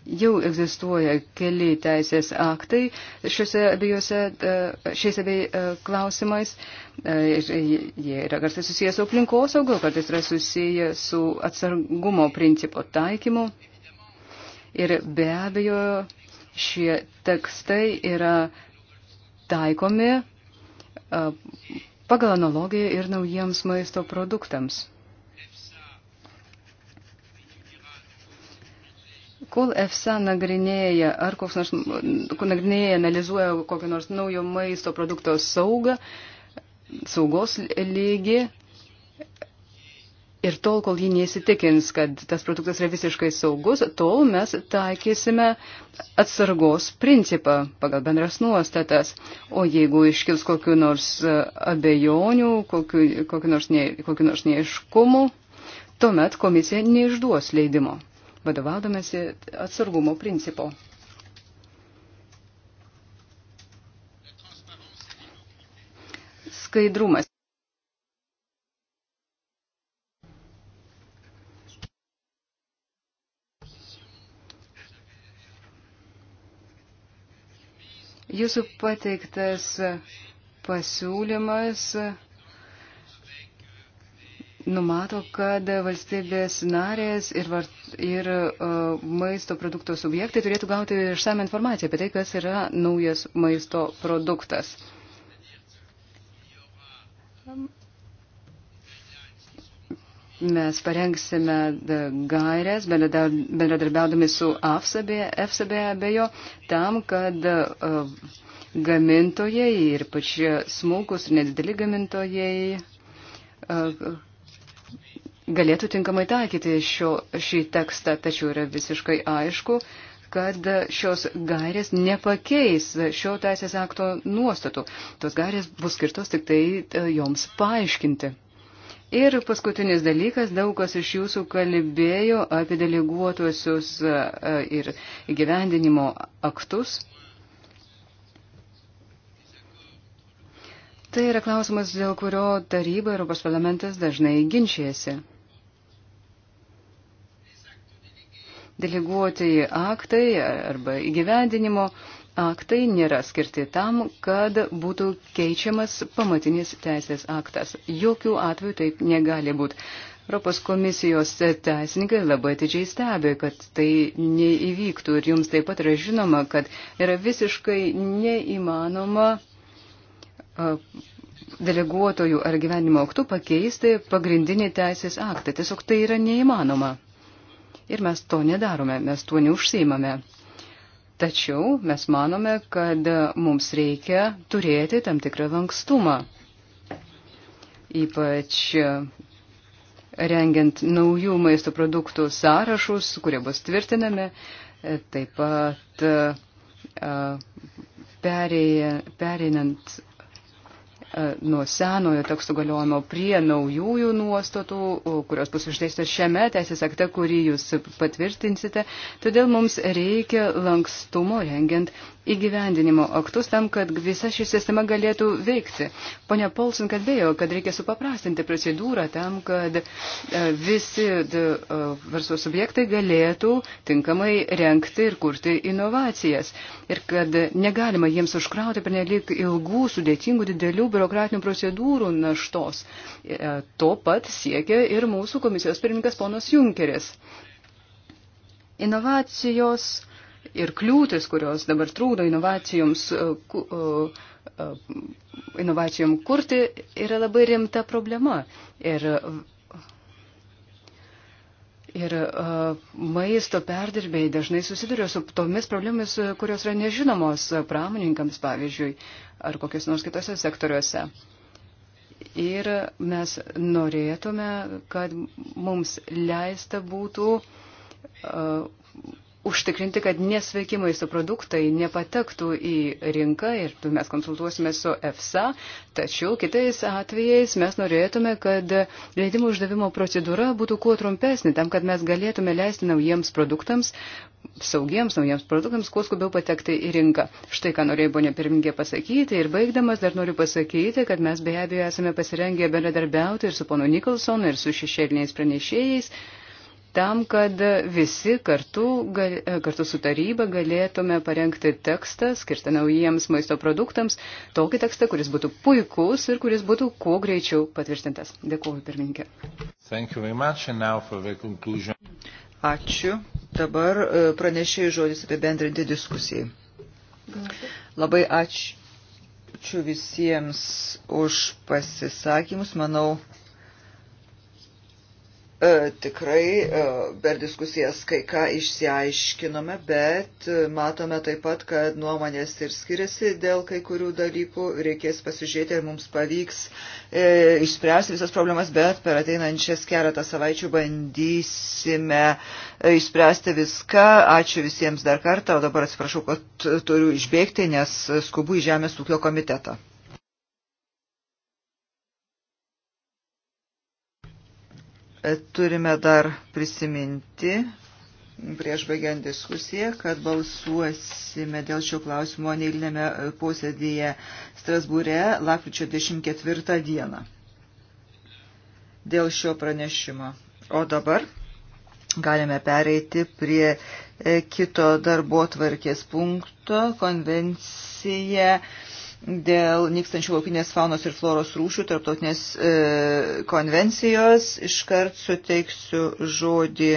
jau egzistuoja keli teisės aktai šiuose abiejose, e, šiais abiej e, klausimais. E, jie yra kartais susiję su aplinkosaugu, kartais yra susiję su atsargumo principo taikymu. Ir be abejo, šie tekstai yra taikomi pagal analogiją ir naujiems maisto produktams. Kol EFSA nagrinėja, ar koks nors, nagrinėja, analizuoja kokio nors naujo maisto produkto saugą, saugos lygį, ir tol, kol ji neįsitikins, kad tas produktas yra visiškai saugus, tol mes taikysime atsargos principą pagal bendras nuostatas. O jeigu iškils kokiu nors e, abejonių, kokiu, kokiu nors, ne, kokiu nors neiškumu, tuomet komisija neišduos leidimo vadovaudomasi atsargumo principo. Skaidrumas. Jūsų pateiktas pasiūlymas numato, kad valstybės narės ir, vart, ir uh, maisto produkto subjektai turėtų gauti išsame informaciją apie tai, kas yra naujas maisto produktas. Mes parengsime gairės, bendradarbiaudami su FSB abejo, tam, kad uh, gamintojai ir pačie smulkus ir nedideli gamintojai uh, galėtų tinkamai taikyti šio, šį tekstą, tačiau yra visiškai aišku, kad šios gairės nepakeis šio teisės akto nuostatų. Tos gairės bus skirtos tik tai e, joms paaiškinti. Ir paskutinis dalykas, daug kas iš jūsų kalbėjo apie deleguotuosius e, e, ir gyvendinimo aktus. Tai yra klausimas, dėl kurio taryba Europos parlamentas dažnai ginčiasi. deleguotieji aktai arba įgyvendinimo aktai nėra skirti tam, kad būtų keičiamas pamatinis teisės aktas. Jokių atvejų taip negali būti. Europos komisijos teisininkai labai atidžiai stebi, kad tai neįvyktų ir jums taip pat yra žinoma, kad yra visiškai neįmanoma deleguotojų ar gyvenimo aktų pakeisti pagrindinį teisės aktą. Tiesiog tai yra neįmanoma. Ir mes to nedarome, mes tuo neužsiimame. Tačiau mes manome, kad mums reikia turėti tam tikrą lankstumą. Ypač rengiant naujų maisto produktų sąrašus, kurie bus tvirtinami, taip pat pereinant E, nuo senojo teksto galiojimo prie naujųjų nuostatų, kurios bus išdėstytos šiame teisės akte, kurį jūs patvirtinsite. Todėl mums reikia lankstumo rengiant įgyvendinimo aktus tam, kad visa ši sistema galėtų veikti. Pone Polson kalbėjo, kad reikia supaprastinti procedūrą tam, kad e, visi e, verslo subjektai galėtų tinkamai renkti ir kurti inovacijas. Ir kad negalima jiems užkrauti per nelik ilgų, sudėtingų, didelių biurokratinių procedūrų naštos. E, to pat siekia ir mūsų komisijos pirmininkas ponas Junkeris. Inovacijos ir kliūtis, kurios dabar trūdo inovacijoms, e, e, inovacijom kurti, yra labai rimta problema. Ir Ir uh, maisto perdirbėjai dažnai susiduria su tomis problemomis, kurios yra nežinomos pramoninkams, pavyzdžiui, ar kokios nors kitose sektoriuose. Ir mes norėtume, kad mums leista būtų uh, užtikrinti, kad nesveiki maisto produktai nepatektų į rinką ir mes konsultuosime su EFSA, tačiau kitais atvejais mes norėtume, kad leidimų uždavimo procedūra būtų kuo trumpesnė, tam, kad mes galėtume leisti naujiems produktams, saugiems naujiems produktams, kuo skubiau patekti į rinką. Štai ką norėjau, ponė pirmininkė, pasakyti ir baigdamas dar noriu pasakyti, kad mes be abejo esame pasirengę bendradarbiauti ir su ponu Nikolsonu, ir su šešėliniais pranešėjais tam, kad visi kartu, gal, e, kartu su taryba galėtume parengti tekstą skirtą naujiems maisto produktams, tokį tekstą, kuris būtų puikus ir kuris būtų kuo greičiau patvirtintas. Dėkuoju, pirmininkė. Ačiū. Dabar e, pranešėjai žodis apibendrinti diskusijai. Labai ačiū. Ačiū visiems už pasisakymus. Manau, E, tikrai e, per diskusijas kai ką išsiaiškinome, bet e, matome taip pat, kad nuomonės ir skiriasi dėl kai kurių dalykų. Reikės pasižiūrėti, ar mums pavyks e, išspręsti visas problemas, bet per ateinančias keletą savaičių bandysime išspręsti viską. Ačiū visiems dar kartą, o dabar atsiprašau, kad turiu išbėgti, nes skubu į Žemės ūkio komitetą. E, turime dar prisiminti, prieš baigiant diskusiją, kad balsuosime dėl šio klausimo neįlinėme e, posėdėje Strasbūre lapkričio 24 dieną. Dėl šio pranešimo. O dabar galime pereiti prie e, kito darbo tvarkės punkto konvencija dėl nykstančių laukinės faunos ir floros rūšių tarptautinės e, konvencijos. Iškart suteiksiu žodį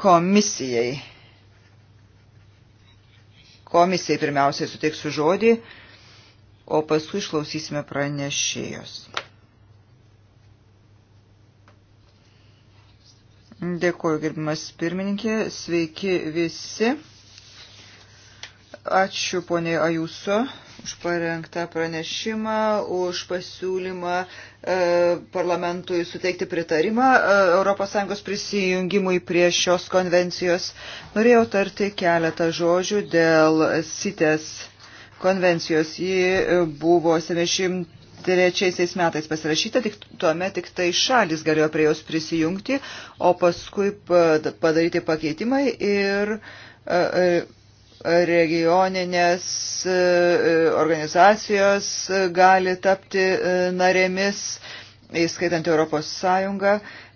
komisijai. Komisijai pirmiausiai suteiksiu žodį, o paskui išklausysime pranešėjos. Dėkuoju, gerbimas pirmininkė. Sveiki visi. Ačiū poniai Ajuso už parengtą pranešimą, už pasiūlymą e, parlamentui suteikti pritarimą e, ES prisijungimui prie šios konvencijos. Norėjau tarti keletą žodžių dėl CITES konvencijos. Ji e, buvo 73 metais pasirašyta, tik tuomet tik tai šalis galėjo prie jos prisijungti, o paskui padaryti pakeitimai ir e, e, regioninės e, e, organizacijos e, gali tapti narėmis, įskaitant Europos Sąjungą,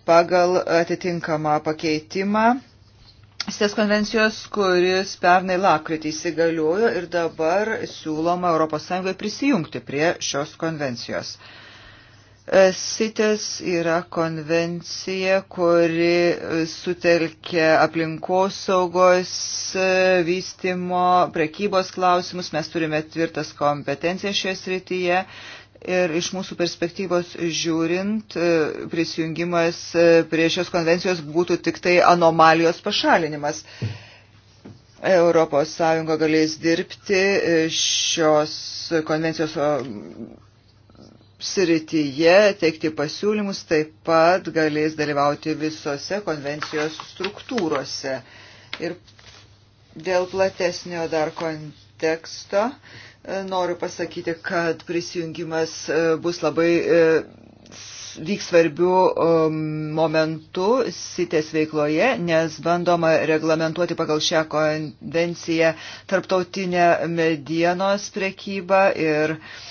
pagal atitinkamą pakeitimą. Sės konvencijos, kuris pernai lakrytį įsigaliojo ir dabar siūloma ES prisijungti prie šios konvencijos. Sitės yra konvencija, kuri sutelkia aplinkosaugos vystimo, prekybos klausimus. Mes turime tvirtas kompetencijas šioje srityje. Ir iš mūsų perspektyvos žiūrint, prisijungimas prie šios konvencijos būtų tik tai anomalijos pašalinimas. Europos Sąjunga galės dirbti šios konvencijos srityje teikti pasiūlymus, taip pat galės dalyvauti visose konvencijos struktūrose. Ir dėl platesnio dar konteksto e, noriu pasakyti, kad prisijungimas e, bus labai e, vyks svarbių momentų sitės veikloje, nes bandoma reglamentuoti pagal šią konvenciją tarptautinę medienos prekybą ir uh,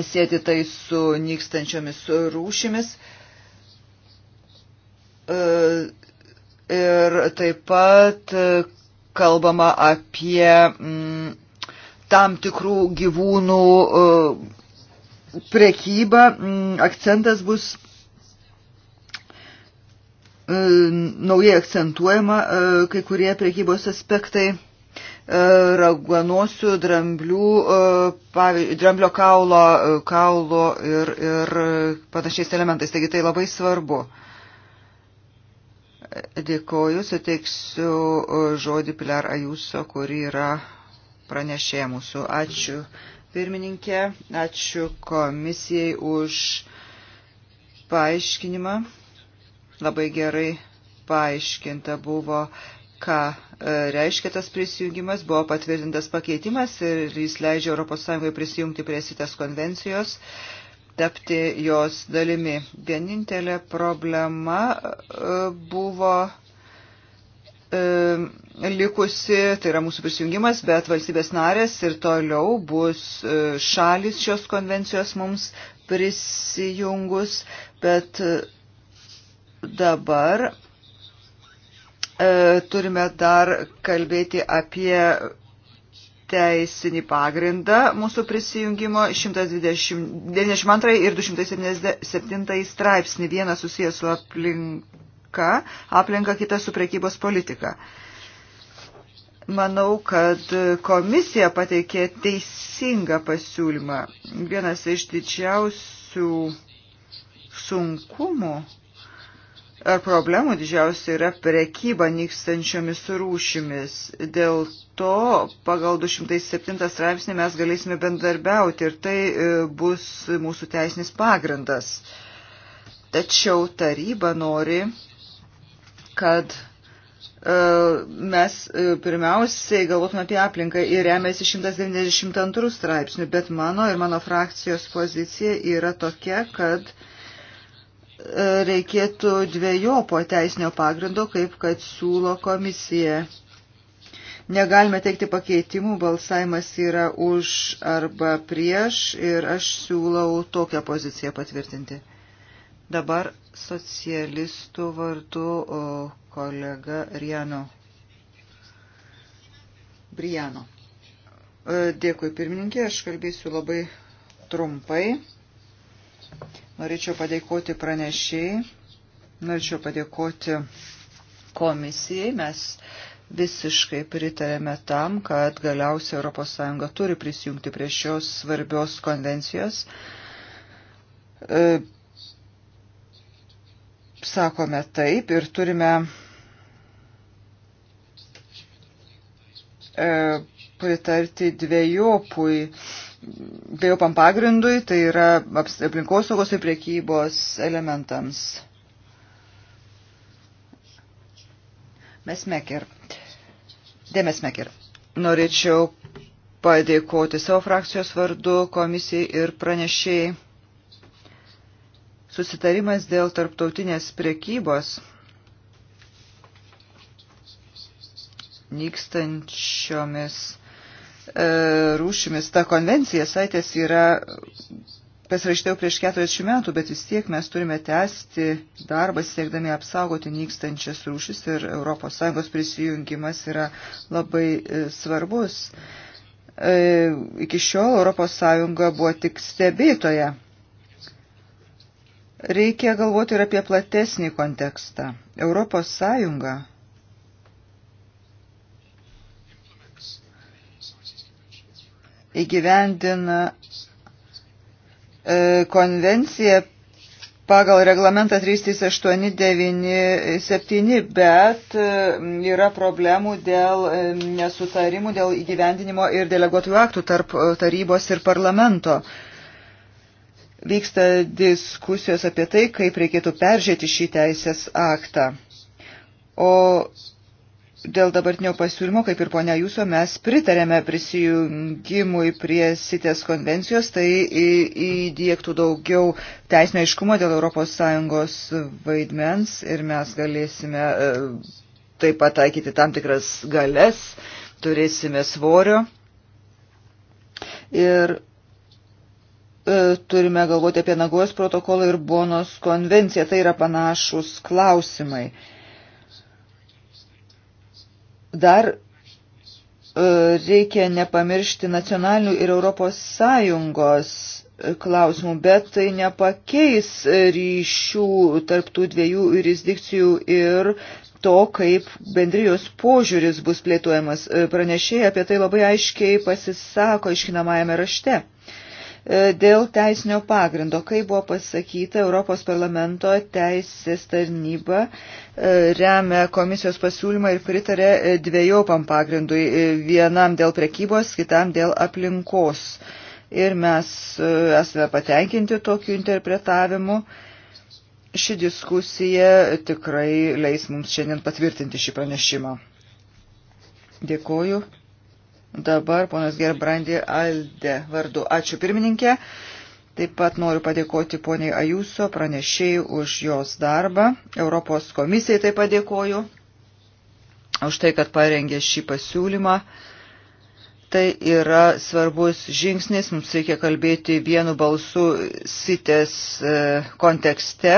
sėti tai su nykstančiomis rūšimis. E, ir taip pat kalbama apie mm, tam tikrų gyvūnų e, prekybą. Mm, akcentas bus e, naujai akcentuojama kai kurie prekybos aspektai. E, raguanosių dramblių, e, dramblio kaulo, e, kaulo ir, ir panašiais elementais. Taigi tai labai svarbu. Dėkoju, suteiksiu žodį Pilar Ajuso, kuri yra pranešė mūsų. Ačiū pirmininkė, ačiū komisijai už paaiškinimą. Labai gerai paaiškinta buvo ką e, reiškia tas prisijungimas, buvo patvirtintas pakeitimas ir jis leidžia ES prisijungti prie sitas konvencijos, tapti jos dalimi. Vienintelė problema e, buvo e, likusi, tai yra mūsų prisijungimas, bet valstybės narės ir toliau bus šalis šios konvencijos mums prisijungus, bet dabar E, turime dar kalbėti apie teisinį pagrindą mūsų prisijungimo 192 ir 277 straipsnį. Vienas susijęs su aplinka, aplinka kita su prekybos politika. Manau, kad komisija pateikė teisingą pasiūlymą. Vienas iš didžiausių sunkumų problemų didžiausia yra prekyba nykstančiomis rūšimis. Dėl to pagal 207 straipsnį mes galėsime bendarbiauti ir tai e, bus mūsų teisinis pagrindas. Tačiau taryba nori, kad e, mes e, pirmiausiai galvotume apie aplinką ir remiasi 192 straipsnių, bet mano ir mano frakcijos pozicija yra tokia, kad reikėtų dviejopo teisinio pagrindo, kaip kad siūlo komisija. Negalime teikti pakeitimų, balsavimas yra už arba prieš ir aš siūlau tokią poziciją patvirtinti. Dabar socialistų vardu o, kolega Riano. Briano. E, dėkui pirmininkė, aš kalbėsiu labai trumpai. Norėčiau padėkoti pranešiai, norėčiau padėkoti komisijai. Mes visiškai pritarėme tam, kad galiausiai ES turi prisijungti prie šios svarbios konvencijos. E, sakome taip ir turime e, pritarti dviejopui bejopam tai pagrindui, tai yra aplinkosaugos ir priekybos elementams. Mesmeker. Demesmeker. Norėčiau padėkoti savo frakcijos vardu komisijai ir pranešėjai. Susitarimas dėl tarptautinės prekybos nykstančiomis E, rūšimis. Ta konvencija saitės yra pasirašyta jau prieš 40 metų, bet vis tiek mes turime tęsti darbą siekdami apsaugoti nykstančias rūšis ir ES prisijungimas yra labai e, svarbus. E, iki šiol ES buvo tik stebėtoja. Reikia galvoti ir apie platesnį kontekstą. ES įgyvendina e, konvenciją pagal reglamentą 33897, bet e, yra problemų dėl e, nesutarimų, dėl įgyvendinimo ir deleguotojų aktų tarp tarybos ir parlamento. Vyksta diskusijos apie tai, kaip reikėtų peržiūrėti šį teisės aktą. O dėl dabartinio pasiūlymo, kaip ir ponia Jūso, mes pritarėme prisijungimui prie sitės konvencijos, tai įdėktų daugiau teisinio aiškumo dėl ES vaidmens ir mes galėsime e, taip pat taikyti tam tikras galės, turėsime svorio. Ir e, turime galvoti apie Nagos protokolą ir Bonos konvenciją. Tai yra panašus klausimai. Dar e, reikia nepamiršti nacionalinių ir Europos Sąjungos e, klausimų, bet tai nepakeis e, ryšių tarptų dviejų jurisdikcijų ir to, kaip bendrijos požiūris bus plėtojamas. Pranešėjai apie tai labai aiškiai pasisako iškinamajame rašte. E, dėl teisinio pagrindo, kai buvo pasakyta, Europos parlamento teisės tarnyba e, remia komisijos pasiūlymą ir pritarė e, dviejopam pagrindui, vienam dėl prekybos, kitam dėl aplinkos. Ir mes esame patenkinti tokiu interpretavimu. Ši diskusija tikrai leis mums šiandien patvirtinti šį pranešimą. Dėkoju. Dabar ponas Gerbrandi Alde vardu. Ačiū pirmininkė. Taip pat noriu padėkoti poniai Ajuso pranešėjai už jos darbą. Europos komisijai taip padėkoju už tai, kad parengė šį pasiūlymą. Tai yra svarbus žingsnis, mums reikia kalbėti vienu balsu sitės e, kontekste,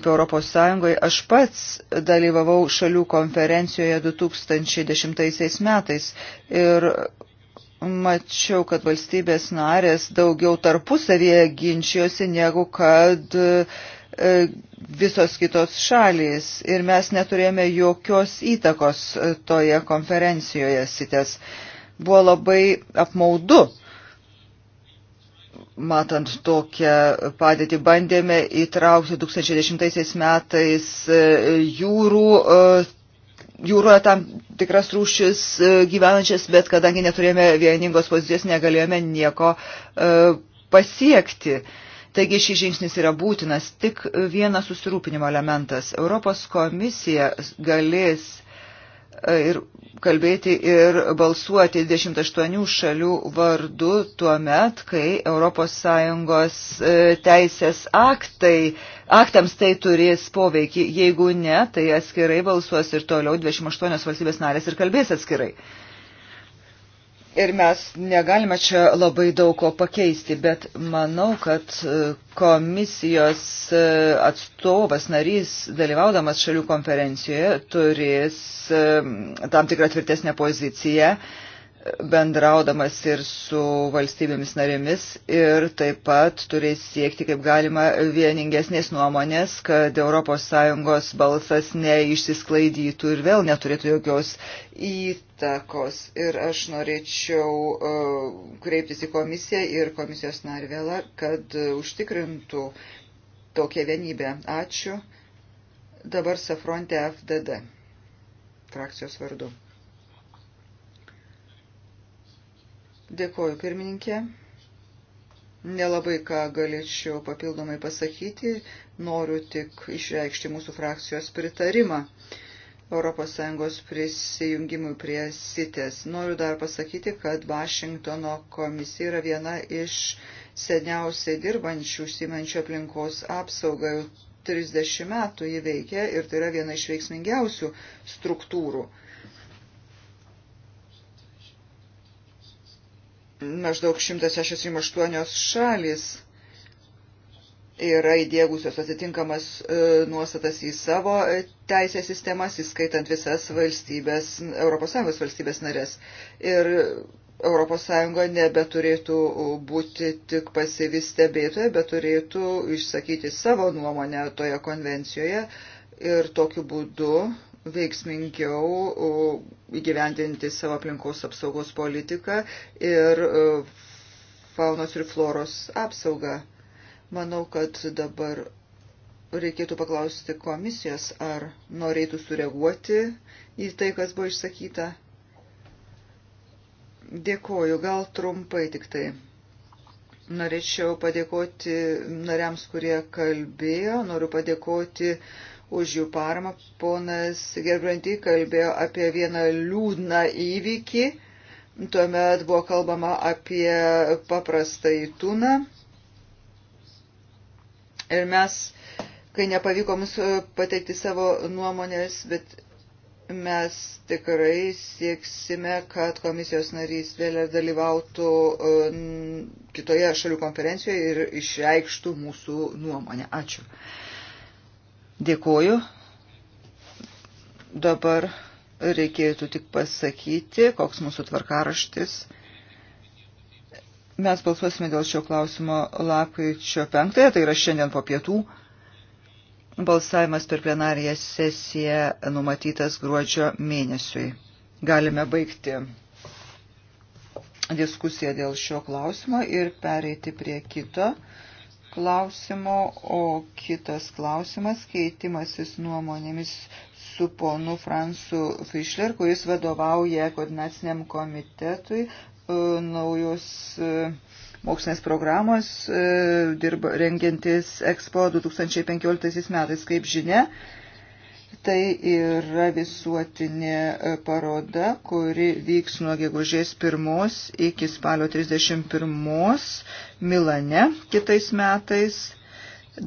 kaip ES. Aš pats dalyvavau šalių konferencijoje 2010 metais ir mačiau, kad valstybės narės daugiau tarpusavėje ginčijosi negu kad e, visos kitos šalys ir mes neturėjome jokios įtakos e, toje konferencijoje sitės. Buvo labai apmaudu matant tokią padėtį, bandėme įtraukti 2010 metais e, jūrų, e, jūroje tam tikras rūšis e, gyvenančias, bet kadangi neturėjome vieningos pozicijos, negalėjome nieko pasiekti. Taigi šis žingsnis yra būtinas, tik vienas susirūpinimo elementas. Europos komisija galės E, ir kalbėti ir balsuoti 28 šalių vardu tuo met, kai ES e, teisės aktai, aktams tai turės poveikį. Jeigu ne, tai atskirai balsuos ir toliau 28 valstybės narės ir kalbės atskirai. Uh, Ir mes negalime čia labai daug ko pakeisti, bet manau, kad e, komisijos e, atstovas narys, dalyvaudamas šalių konferencijoje, turės e, tam tikrą tvirtesnę poziciją bendraudamas ir su valstybėmis narėmis ir taip pat turės siekti kaip galima vieningesnės nuomonės, kad ES balsas neišsisklaidytų ir vėl neturėtų jokios įtakos įtakos. Ir aš norėčiau e, kreiptis į komisiją ir komisijos narvėlą, kad e, užtikrintų tokią vienybę. Ačiū. Dabar Safronte FDD frakcijos vardu. Dėkoju pirmininkė. Nelabai ką galėčiau papildomai pasakyti, noriu tik išreikšti mūsų frakcijos pritarimą. Uh, ES prisijungimui prie sitės. Noriu dar pasakyti, kad Vašingtono komisija yra viena iš seniausiai dirbančių simančių aplinkos apsaugą. 30 metų jį veikia ir tai yra viena iš veiksmingiausių struktūrų. Maždaug 168 šalis yra įdėgusios atitinkamas e, nuostatas į savo e, teisės sistemas, įskaitant visas valstybės, ES valstybės narės. Ir ES nebeturėtų būti tik pasivis stebėtoja, bet turėtų išsakyti savo nuomonę toje konvencijoje ir tokiu būdu veiksmingiau įgyvendinti savo aplinkos apsaugos politiką ir e, faunos ir floros apsaugą. Manau, kad dabar reikėtų paklausti komisijos, ar norėtų sureaguoti į tai, kas buvo išsakyta. Dėkoju, gal trumpai tik tai. Norėčiau padėkoti nariams, kurie kalbėjo, noriu padėkoti už jų paramą. Ponas Gerbrantį kalbėjo apie vieną liūdną įvykį, tuomet buvo kalbama apie paprastą įtūną Ir mes, kai nepavyko mums e, pateikti savo nuomonės, bet mes tikrai sieksime, kad komisijos narys vėliau dalyvautų e, kitoje šalių konferencijoje ir išreikštų mūsų nuomonę. Ačiū. Dėkuoju. Dabar reikėtų tik pasakyti, koks mūsų tvarkaraštis. Mes balsuosime dėl šio klausimo lapkričio 5, tai yra šiandien po pietų. Balsavimas per plenariją sesiją numatytas gruodžio mėnesiui. Galime baigti diskusiją dėl šio klausimo ir pereiti prie kito klausimo, o kitas klausimas keitimasis nuomonėmis su ponu Fransu Fischler, kuris vadovauja koordinaciniam komitetui E, naujos e, mokslinės programos, e, dirba, rengiantis Expo 2015 metais, kaip žinia. Tai yra visuotinė paroda, kuri vyks nuo gegužės 1 iki spalio 31 Milane kitais metais.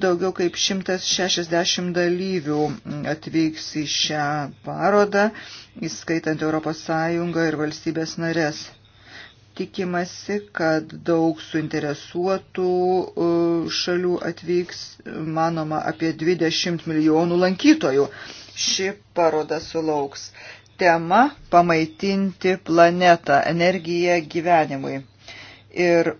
Daugiau kaip 160 dalyvių atvyks į šią parodą, įskaitant ES ir valstybės narės. Tikimasi, kad daug suinteresuotų e, šalių atvyks, manoma, apie 20 milijonų lankytojų. Ši paroda sulauks. Tema - pamaitinti planetą, energiją gyvenimui. Ir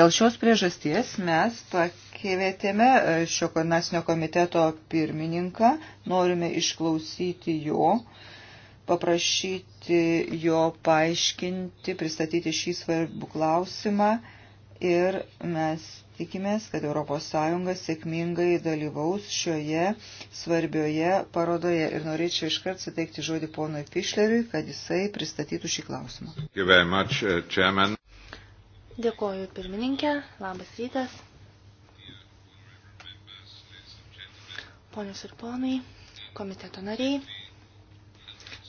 dėl šios priežasties mes pakvietėme e, šio nacinio komiteto pirmininką, norime išklausyti jo paprašyti jo paaiškinti, pristatyti šį svarbų klausimą ir mes tikimės, kad ES sėkmingai dalyvaus šioje svarbioje parodoje. Ir norėčiau iškart suteikti žodį ponui Fischleriui, kad jisai pristatytų šį klausimą. Much, uh, Dėkoju pirmininkė, labas rytas. Ponios ir ponai, komiteto nariai.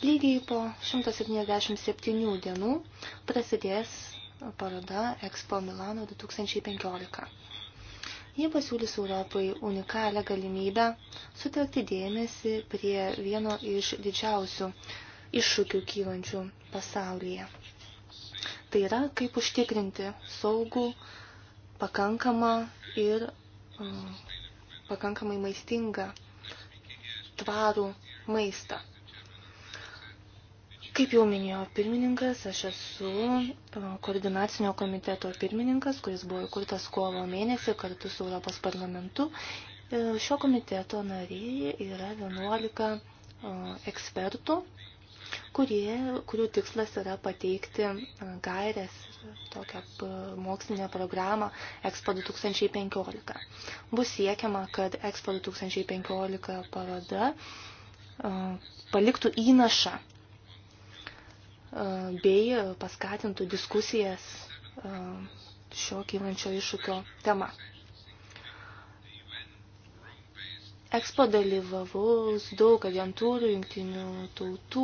Lygiai po 177 dienų prasidės paroda Expo Milano 2015. Jie pasiūlys Europai unikalią galimybę sutelkti dėmesį prie vieno iš didžiausių iššūkių kylančių pasaulyje. Tai yra, kaip užtikrinti saugų, pakankamą ir um, pakankamai maistingą, tvarų maistą. Kaip jau minėjo pirmininkas, aš esu e, koordinacinio komiteto pirmininkas, kuris buvo įkurtas kovo mėnesį kartu su Europos parlamentu. E, šio komiteto nariai yra 11 e, ekspertų, kurie, kurių tikslas yra pateikti gairės tokią mokslinę programą Expo 2015. Bus siekiama, kad Expo 2015 paroda paliktų įnašą bei paskatintų diskusijas šio kylančio iššūkio tema. Ekspo dalyvavau daug agentūrų, jungtinių tautų,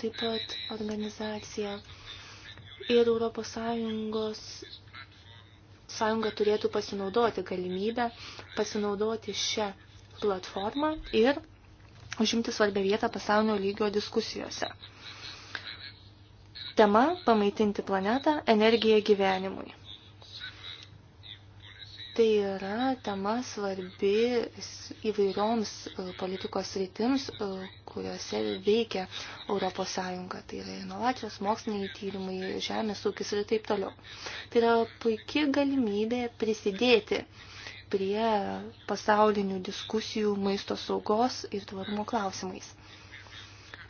taip pat organizacija ir Europos Sąjungos sąjunga turėtų pasinaudoti galimybę, pasinaudoti šią platformą ir užimti svarbę vietą pasaulio lygio diskusijose. Tema – pamaitinti planetą energiją gyvenimui. Tai yra tema svarbi įvairioms e, politikos rytims, e, kuriuose veikia Europos Sąjunga. Tai yra inovacijos, moksliniai tyrimai, žemės ūkis ir taip toliau. Tai yra puikia galimybė prisidėti prie pasaulinių diskusijų maisto saugos ir tvarumo klausimais.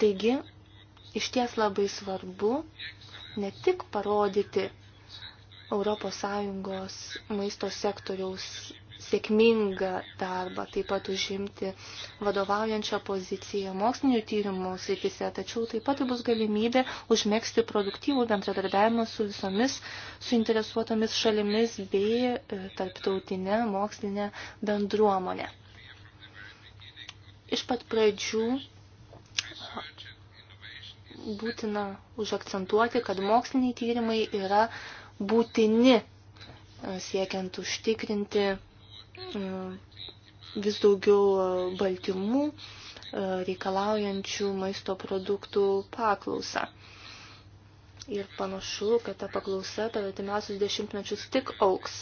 Taigi, iš ties labai svarbu ne tik parodyti ES maisto sektoriaus sėkmingą darbą, taip pat užimti vadovaujančią poziciją mokslinių tyrimų srityse, tačiau taip pat bus galimybė užmėgsti produktyvų bendradarbiavimą su visomis suinteresuotomis šalimis bei e, tarptautinė mokslinė bendruomonė. Iš pat pradžių būtina užakcentuoti, kad moksliniai tyrimai yra būtini e, siekiant užtikrinti e, vis daugiau e, baltymų reikalaujančių maisto produktų paklausą. Ir panašu, kad ta paklausa per atimiausius dešimtmečius tik auks.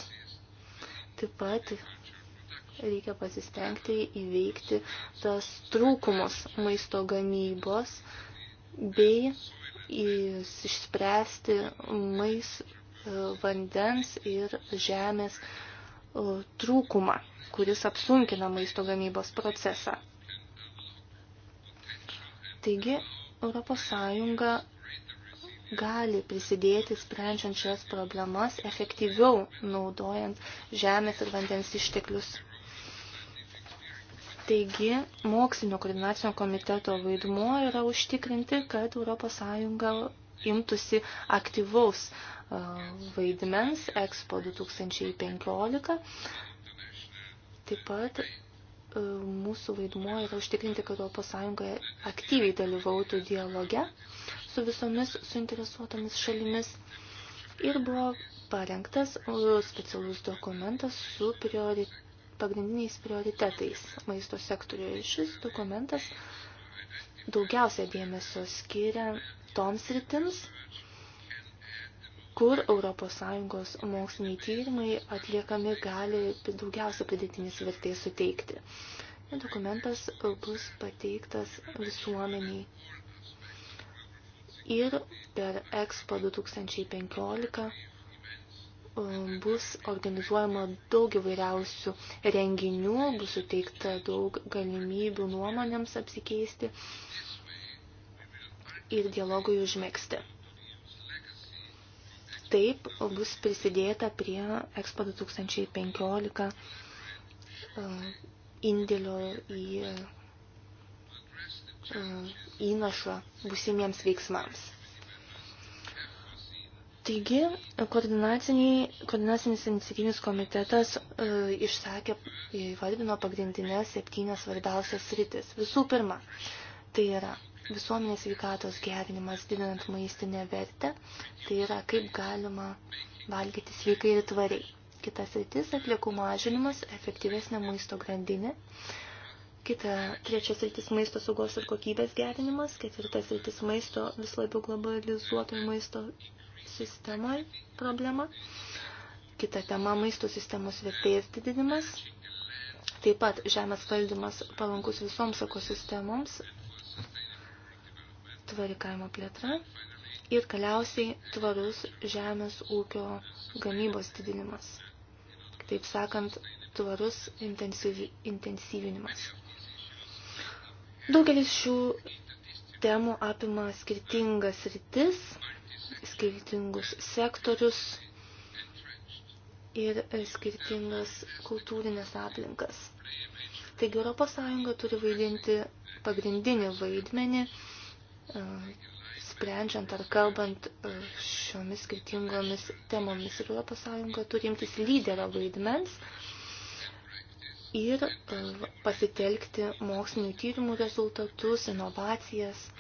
Taip pat reikia pasistengti įveikti tas trūkumus maisto gamybos uh, bei išspręsti mais e, vandens ir žemės e, trūkumą, kuris apsunkina maisto gamybos procesą. Taigi, ES gali prisidėti sprendžiant šias problemas efektyviau naudojant žemės ir vandens išteklius Taigi, mokslinio koordinacinio komiteto vaidmuo yra užtikrinti, kad ES imtųsi aktyvaus vaidmens Expo 2015. Taip pat mūsų vaidmuo yra užtikrinti, kad ES aktyviai dalyvautų dialoge su visomis suinteresuotomis šalimis. Ir buvo parengtas specialus dokumentas su prioritetu pagrindiniais prioritetais maisto sektoriuje. Šis dokumentas daugiausia dėmesio skiria toms rytims, kur ES moksliniai tyrimai atliekami gali daugiausia pridėtinės vertės suteikti. Dokumentas bus pateiktas visuomeniai ir per Expo 2015 bus organizuojama daug įvairiausių renginių, bus suteikta daug galimybių nuomonėms apsikeisti ir dialogui užmėgsti. Taip bus prisidėta prie Expo 2015 e, indėlio į e, įnašą būsimiems veiksmams. Taigi, koordinacinis iniciatyvinis komitetas e, išsakė, įvardino pagrindinės septynias svarbiausias sritis. Visų pirma, tai yra visuomenės sveikatos gerinimas, didinant maistinę vertę, tai yra kaip galima valgyti sveikai ir tvariai. Kitas sritis – atliekų mažinimas, efektyvesnė maisto grandinė. Kita, trečias rytis maisto saugos ir kokybės gerinimas, ketvirtas rytis maisto vis labiau globalizuotojų maisto sistemai problema. Kita tema – maisto sistemos vertėjas didinimas. Taip pat žemės valdymas palankus visoms ekosistemoms, tvari kaimo plėtra ir galiausiai tvarus žemės ūkio gamybos didinimas. Taip sakant, tvarus intensyvi, intensyvinimas. Daugelis šių temų apima skirtingas rytis – skirtingus sektorius ir skirtingas kultūrinės aplinkas. Taigi ES turi vaidinti pagrindinį vaidmenį, e, sprendžiant ar kalbant e, šiomis skirtingomis temomis. Ir ES turi imtis lyderio vaidmens ir e, pasitelkti mokslinių tyrimų rezultatus, inovacijas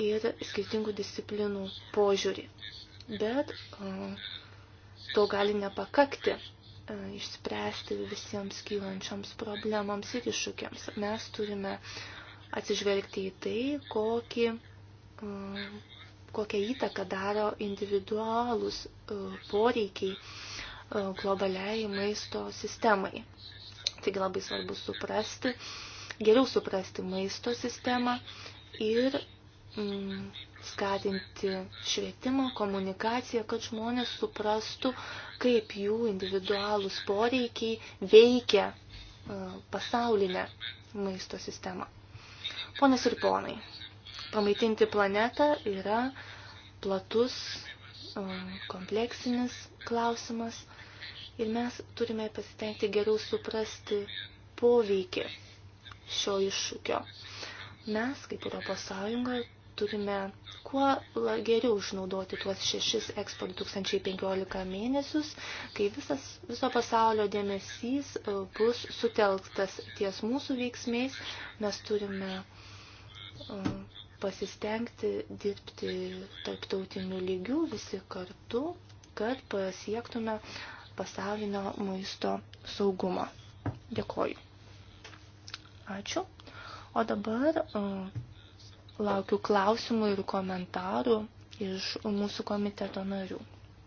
ir skirtingų disciplinų požiūrį. Bet to gali nepakakti išspręsti visiems kylančioms problemams ir iššūkiams. Mes turime atsižvelgti į tai, kokį, kokią įtaką daro individualūs poreikiai globaliai maisto sistemai. Taigi labai svarbu suprasti, geriau suprasti maisto sistemą ir Mm, skatinti švietimą, komunikaciją, kad žmonės suprastų, kaip jų individualūs poreikiai veikia e, pasaulinę maisto sistemą. Ponas ir ponai, pamaitinti planetą yra platus, e, kompleksinis klausimas ir mes turime pasitengti geriau suprasti poveikį šio iššūkio. Mes, kaip Europos Sąjunga, turime kuo geriau išnaudoti tuos šešis Expo 2015 mėnesius, kai visas, viso pasaulio dėmesys e, bus sutelktas ties mūsų veiksmiais. Mes turime e, pasistengti dirbti tarptautiniu lygiu visi kartu, kad pasiektume pasaulinio maisto saugumo. Dėkoju. Ačiū. O dabar e, Laukiu klausimų ir komentarų iš mūsų komiteto narių.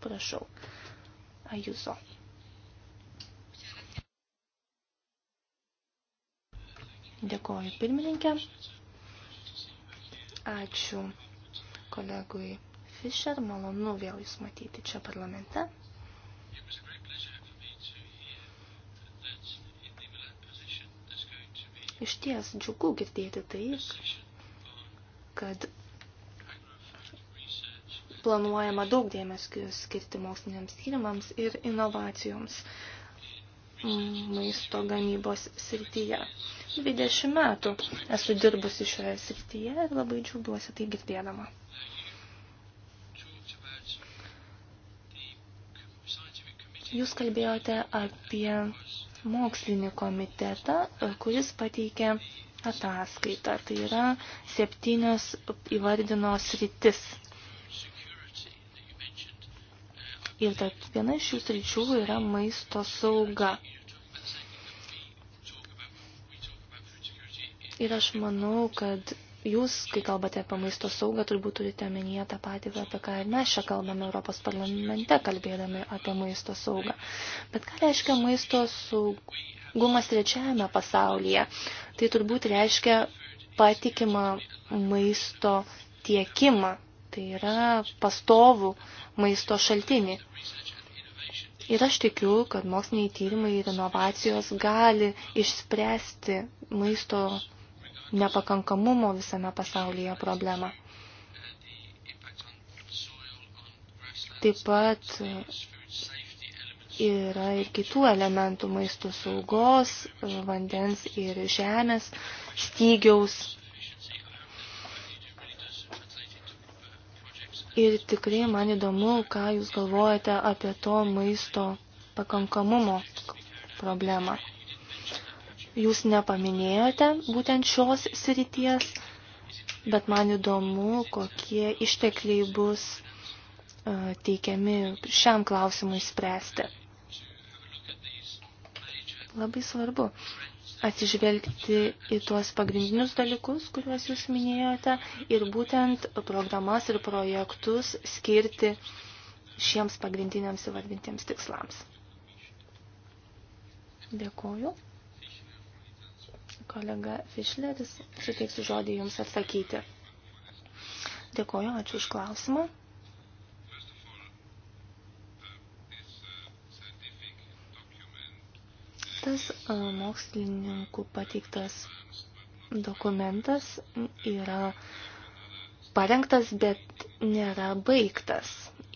Prašau. Ajuso. Dėkoju pirmininkė. Ačiū kolegui Fischer. Malonu vėl jūs matyti čia parlamente. Iš ties džiugu girdėti tai, kad planuojama daug dėmesio skirti moksliniams tyrimams ir inovacijoms maisto gamybos srityje. 20 metų esu dirbusi šioje srityje ir labai džiaugiuosi tai girdėdama. Jūs kalbėjote apie mokslinį komitetą, kuris pateikė ataskaitą. Tai yra septynios įvardino sritis. Ir tarp viena iš šių sričių yra maisto sauga. Ir aš manau, kad jūs, kai kalbate apie maisto saugą, turbūt turite omenyje tą patį, apie ką ir mes čia kalbame Europos parlamente, kalbėdami apie maisto saugą. Bet ką reiškia maisto saug gumas trečiajame pasaulyje. Tai turbūt reiškia patikimą maisto tiekimą, tai yra pastovų maisto šaltinį. Ir aš tikiu, kad moksliniai tyrimai ir inovacijos gali išspręsti maisto nepakankamumo visame pasaulyje problemą. Taip pat yra ir kitų elementų maisto saugos, vandens ir žemės, stygiaus. Ir tikrai man įdomu, ką jūs galvojate apie to maisto pakankamumo problemą. Jūs nepaminėjote būtent šios srities, bet man įdomu, kokie ištekliai bus e, teikiami šiam klausimui spręsti. Labai svarbu atsižvelgti į tuos pagrindinius dalykus, kuriuos jūs minėjote, ir būtent programas ir projektus skirti šiems pagrindiniams įvardintiems tikslams. Dėkuoju. Kolega Fišleris, suteiksiu žodį jums atsakyti. Dėkuoju, ačiū už klausimą. Kitas mokslininkų pateiktas dokumentas yra parengtas, bet nėra baigtas.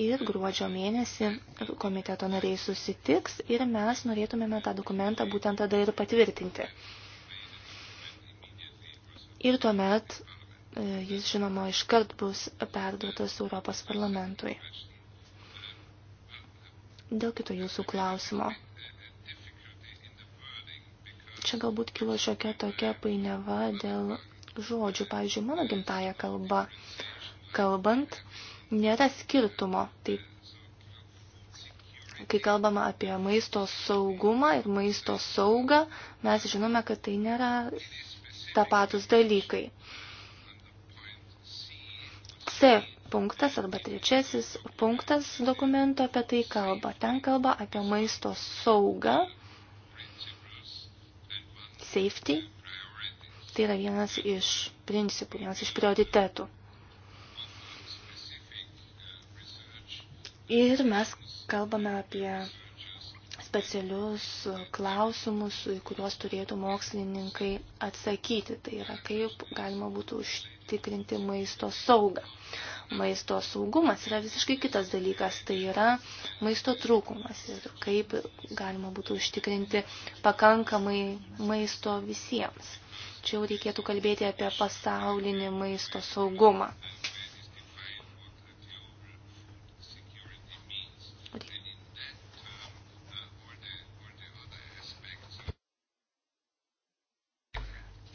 Ir gruodžio mėnesį komiteto nariai susitiks ir mes norėtumėme tą dokumentą būtent tada ir patvirtinti. Ir tuomet e, jis, žinoma, iškart bus perduotas Europos parlamentui. Dėl kito jūsų klausimo. Čia galbūt kilo šiokia tokia painiava dėl žodžių. Pavyzdžiui, mano gimtaja kalba kalbant nėra skirtumo. Tai kai kalbama apie maisto saugumą ir maisto saugą, mes žinome, kad tai nėra tapatus dalykai. C punktas arba trečiasis punktas dokumento apie tai kalba. Ten kalba apie maisto saugą safety. Tai yra vienas iš principų, vienas iš prioritetų. Ir mes kalbame apie specialius klausimus, kuriuos turėtų mokslininkai atsakyti. Tai yra, kaip galima būtų užtikrinti užtikrinti maisto saugą. Maisto saugumas yra visiškai kitas dalykas, tai yra maisto trūkumas ir kaip galima būtų užtikrinti pakankamai maisto visiems. Čia jau reikėtų kalbėti apie pasaulinį maisto saugumą.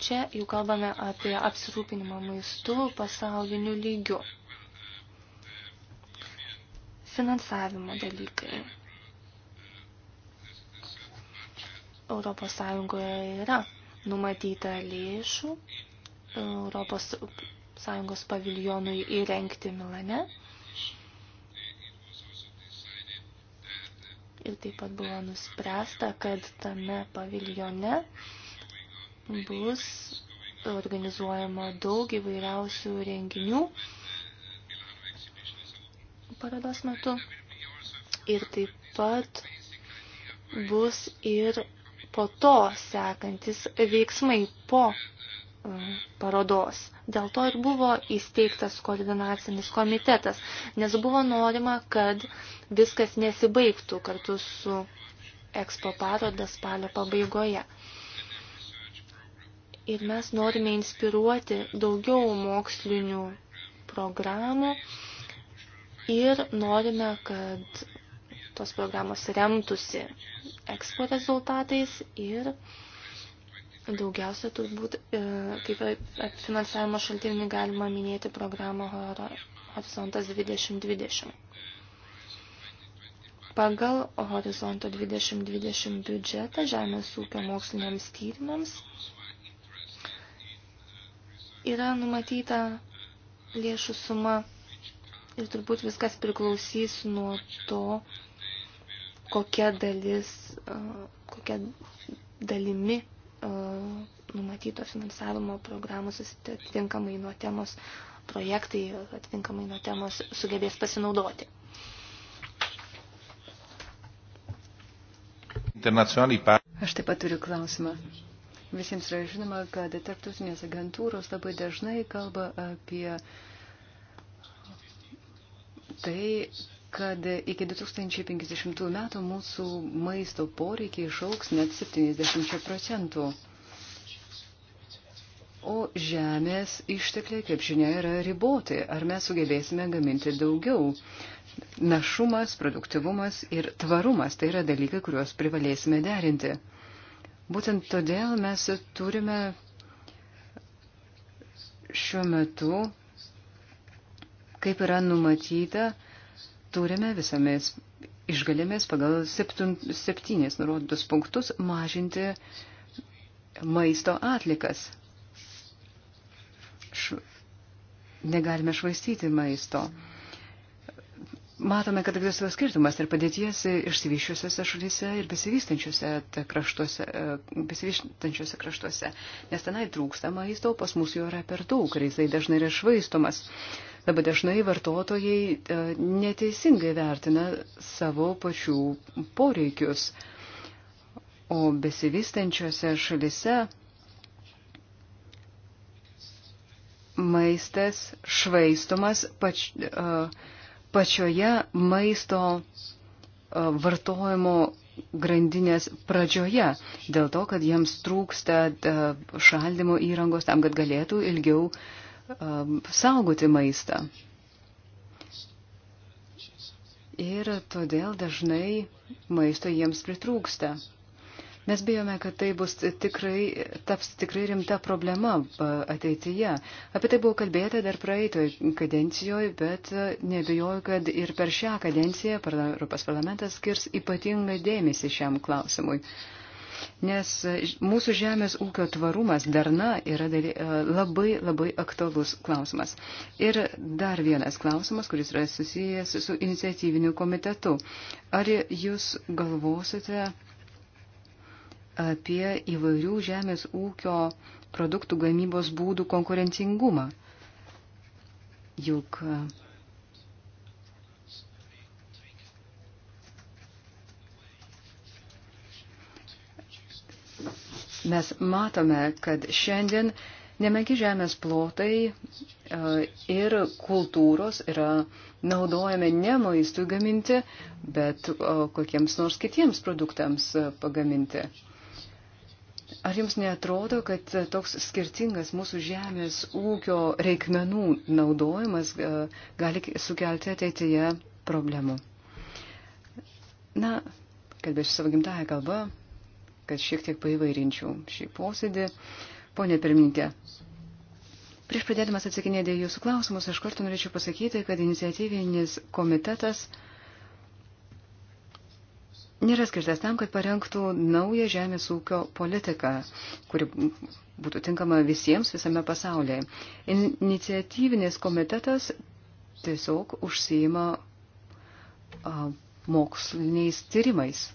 Čia jau kalbame apie apsirūpinimą maistu pasauliniu lygiu. Finansavimo dalykai. Europos Sąjungoje yra numatyta lėšų Europos Sąjungos paviljonui įrengti Milane. Ir taip pat buvo nuspręsta, kad tame paviljone uh, bus organizuojama daug įvairiausių renginių parodos metu. Ir taip pat bus ir po to sekantis veiksmai po e, parodos. Dėl to ir buvo įsteigtas koordinacinis komitetas, nes buvo norima, kad viskas nesibaigtų kartu su ekspo paroda spalio pabaigoje. Ir mes norime inspiruoti daugiau mokslinių programų ir norime, kad tos programos remtųsi ekspo rezultatais ir daugiausia turbūt e, kaip e, finansavimo šaltinį galima minėti programą Horizontas 2020. Pagal Horizonto 2020 biudžetą žemės ūkio moksliniams tyrimams Yra numatyta lėšų suma ir turbūt viskas priklausys nuo to, kokia dalis, kokia dalimi numatyto finansavimo programos atitinkamai nuo temos projektai atitinkamai nuo temos sugebės pasinaudoti. Aš taip pat turiu klausimą. Visiems yra žinoma, kad tarptautinės agentūros labai dažnai kalba apie tai, kad iki 2050 metų mūsų maisto poreikiai išauks net 70 procentų. O žemės ištekliai, kaip žinia, yra riboti. Ar mes sugebėsime gaminti daugiau? Našumas, produktivumas ir tvarumas tai yra dalykai, kuriuos privalėsime derinti. Būtent todėl mes turime šiuo metu, kaip yra numatyta, turime visomis išgalėmis pagal septynis nurodytus punktus mažinti maisto atlikas. Š... Negalime švaistyti maisto. Mm. Matome, kad egzistuoja skirtumas tarp padėties išsivyščiusiose šalyse ir besivystančiuose kraštuose, e, besivystančiuose kraštuose, nes tenai trūksta maisto, pas mus jo yra per daug ir jisai dažnai yra švaistomas. Labai dažnai vartotojai e, neteisingai vertina savo pačių poreikius, o besivystančiuose šalyse maistas švaistomas pač. Uh, pačioje maisto e, vartojimo grandinės pradžioje, dėl to, kad jiems trūksta e, šaldimo įrangos tam, kad galėtų ilgiau e, saugoti maistą. Ir todėl dažnai maisto jiems pritrūksta. Mes bijome, kad tai bus tikrai, taps tikrai rimta problema ateityje. Apie tai buvo kalbėta dar praeitoje kadencijoje, bet e, nebijoju, kad ir per šią kadenciją Europos parlamentas skirs ypatingą dėmesį šiam klausimui. Nes e, mūsų žemės ūkio tvarumas darna yra daly, e, labai labai aktualus klausimas. Ir dar vienas klausimas, kuris yra susijęs su iniciatyviniu komitetu. Ar jūs galvosite apie įvairių žemės ūkio produktų gamybos būdų konkurencingumą. Juk e, mes matome, kad šiandien nemenki žemės plotai e, ir kultūros yra naudojami ne maistui gaminti, bet e, kokiems nors kitiems produktams pagaminti. Ar jums netrodo, kad toks skirtingas mūsų žemės ūkio reikmenų naudojimas e, gali sukelti ateityje problemų? Na, kalbėsiu savo gimtają kalbą, kad šiek tiek paivairinčiau šį posėdį. Pone pirmininkė, prieš pradėdamas atsakinėti jūsų klausimus, aš kartu norėčiau pasakyti, kad iniciatyvinis komitetas uh, nėra skirtas tam, kad parengtų naują žemės ūkio politiką, kuri būtų tinkama visiems visame pasaulyje. Iniciatyvinės komitetas tiesiog užsijima a, moksliniais tyrimais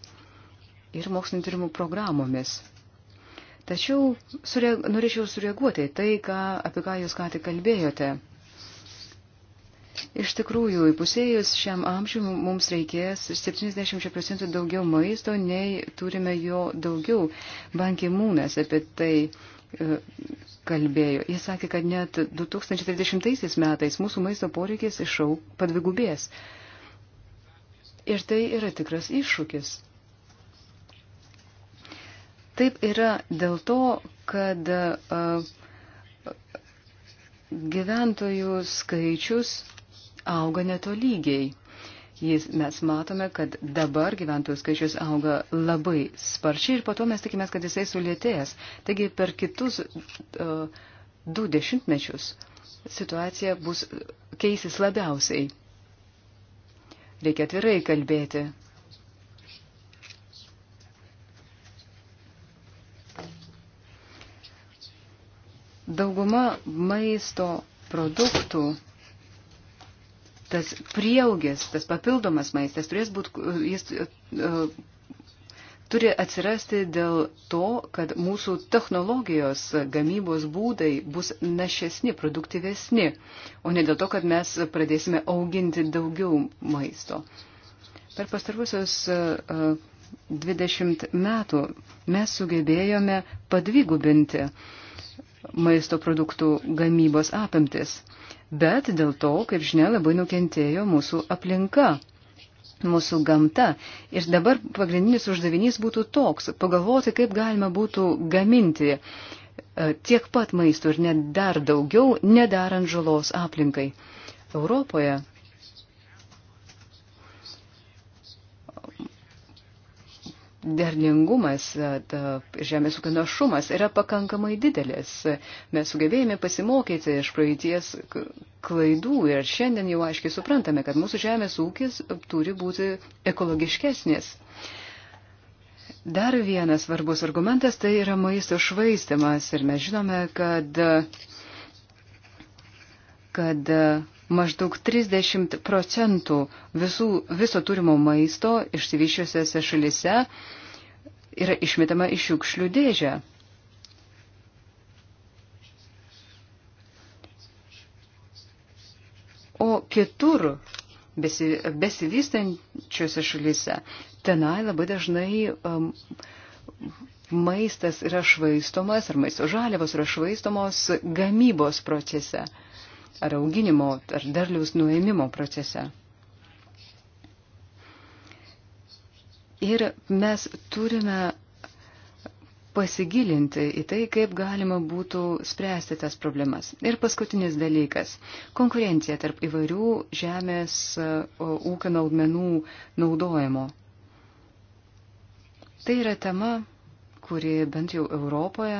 ir mokslinio tyrimų programomis. Tačiau sureg, norėčiau sureaguoti tai, ką, apie ką jūs ką tik kalbėjote. Iš tikrųjų, įpusėjus šiam amžiui mums reikės 70 procentų daugiau maisto, nei turime jo daugiau. Bankimūnas apie tai e, kalbėjo. Jis sakė, kad net 2030 metais mūsų maisto poreikis išau padvigubės. Ir tai yra tikras iššūkis. Taip yra dėl to, kad e, gyventojų skaičius auga netolygiai. Jis, mes matome, kad dabar gyventojų skaičius auga labai sparčiai ir po to mes tikimės, kad jisai sulėtėjęs. Taigi per kitus uh, du dešimtmečius situacija bus keisis labiausiai. Reikia atvirai kalbėti. Dauguma maisto produktų tas prieaugis, tas papildomas maistas turės būti, jis uh, turi atsirasti dėl to, kad mūsų technologijos gamybos būdai bus našesni, produktyvesni, o ne dėl to, kad mes pradėsime auginti daugiau maisto. Per pastarusius uh, e, 20 metų mes sugebėjome padvigubinti maisto produktų gamybos apimtis bet dėl to, kaip žinia, labai nukentėjo mūsų aplinka, mūsų gamta. Ir dabar pagrindinis uždavinys būtų toks - pagalvoti, kaip galima būtų gaminti e, tiek pat maisto ir net dar daugiau, nedarant žalos aplinkai. Europoje derlingumas ir žemės ūkio našumas yra pakankamai didelis. Mes sugebėjome pasimokyti iš praeities klaidų ir šiandien jau aiškiai suprantame, kad mūsų žemės ūkis turi būti ekologiškesnis. Dar vienas svarbus argumentas tai yra maisto švaistimas ir mes žinome, kad, kad maždaug 30 procentų visų, viso turimo maisto išsivyščiusiose šalise yra išmetama iš šiukšlių dėžę. O kitur, besi, besivystančiose šalise, tenai labai dažnai um, maistas yra švaistomas ar maisto žaliavos yra švaistomos gamybos procese ar auginimo, ar derliaus nuėmimo procese. Ir mes turime pasigilinti į tai, kaip galima būtų spręsti tas problemas. Ir paskutinis dalykas - konkurencija tarp įvairių žemės e, ūkio naudmenų naudojimo. Tai yra tema, kuri bent jau Europoje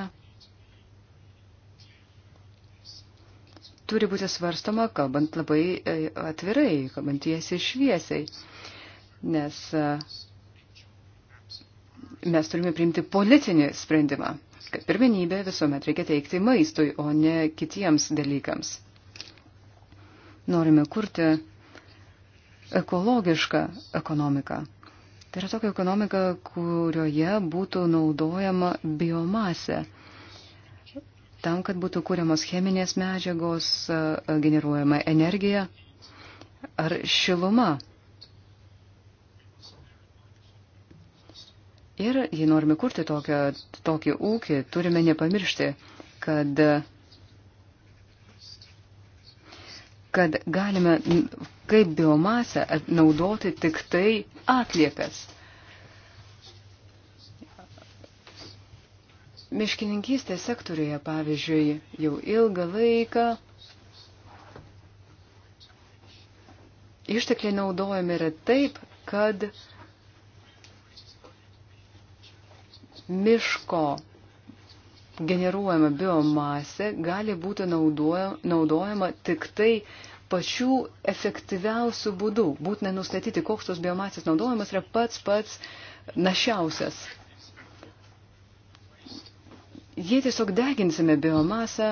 turi būti svarstoma, kalbant labai e, atvirai, kalbant tiesiai šviesiai. Nes e, mes turime priimti politinį sprendimą, kad pirmenybę visuomet reikia teikti maistui, o ne kitiems dalykams. Norime kurti ekologišką ekonomiką. Tai yra tokia ekonomika, kurioje būtų naudojama biomasė tam, kad būtų kūriamos cheminės medžiagos, generuojama energija ar šiluma. Ir jei norime kurti tokią, tokį ūkį, turime nepamiršti, kad, kad galime kaip biomasę naudoti tik tai atliekas. Miškininkystės sektoriuje, pavyzdžiui, jau ilgą laiką ištekliai naudojami yra taip, kad miško generuojama biomasė gali būti naudojama tik tai pačių efektyviausių būdų. Būtina nustatyti, koks tos biomasės naudojimas yra pats pats našiausias jei tiesiog deginsime biomasą,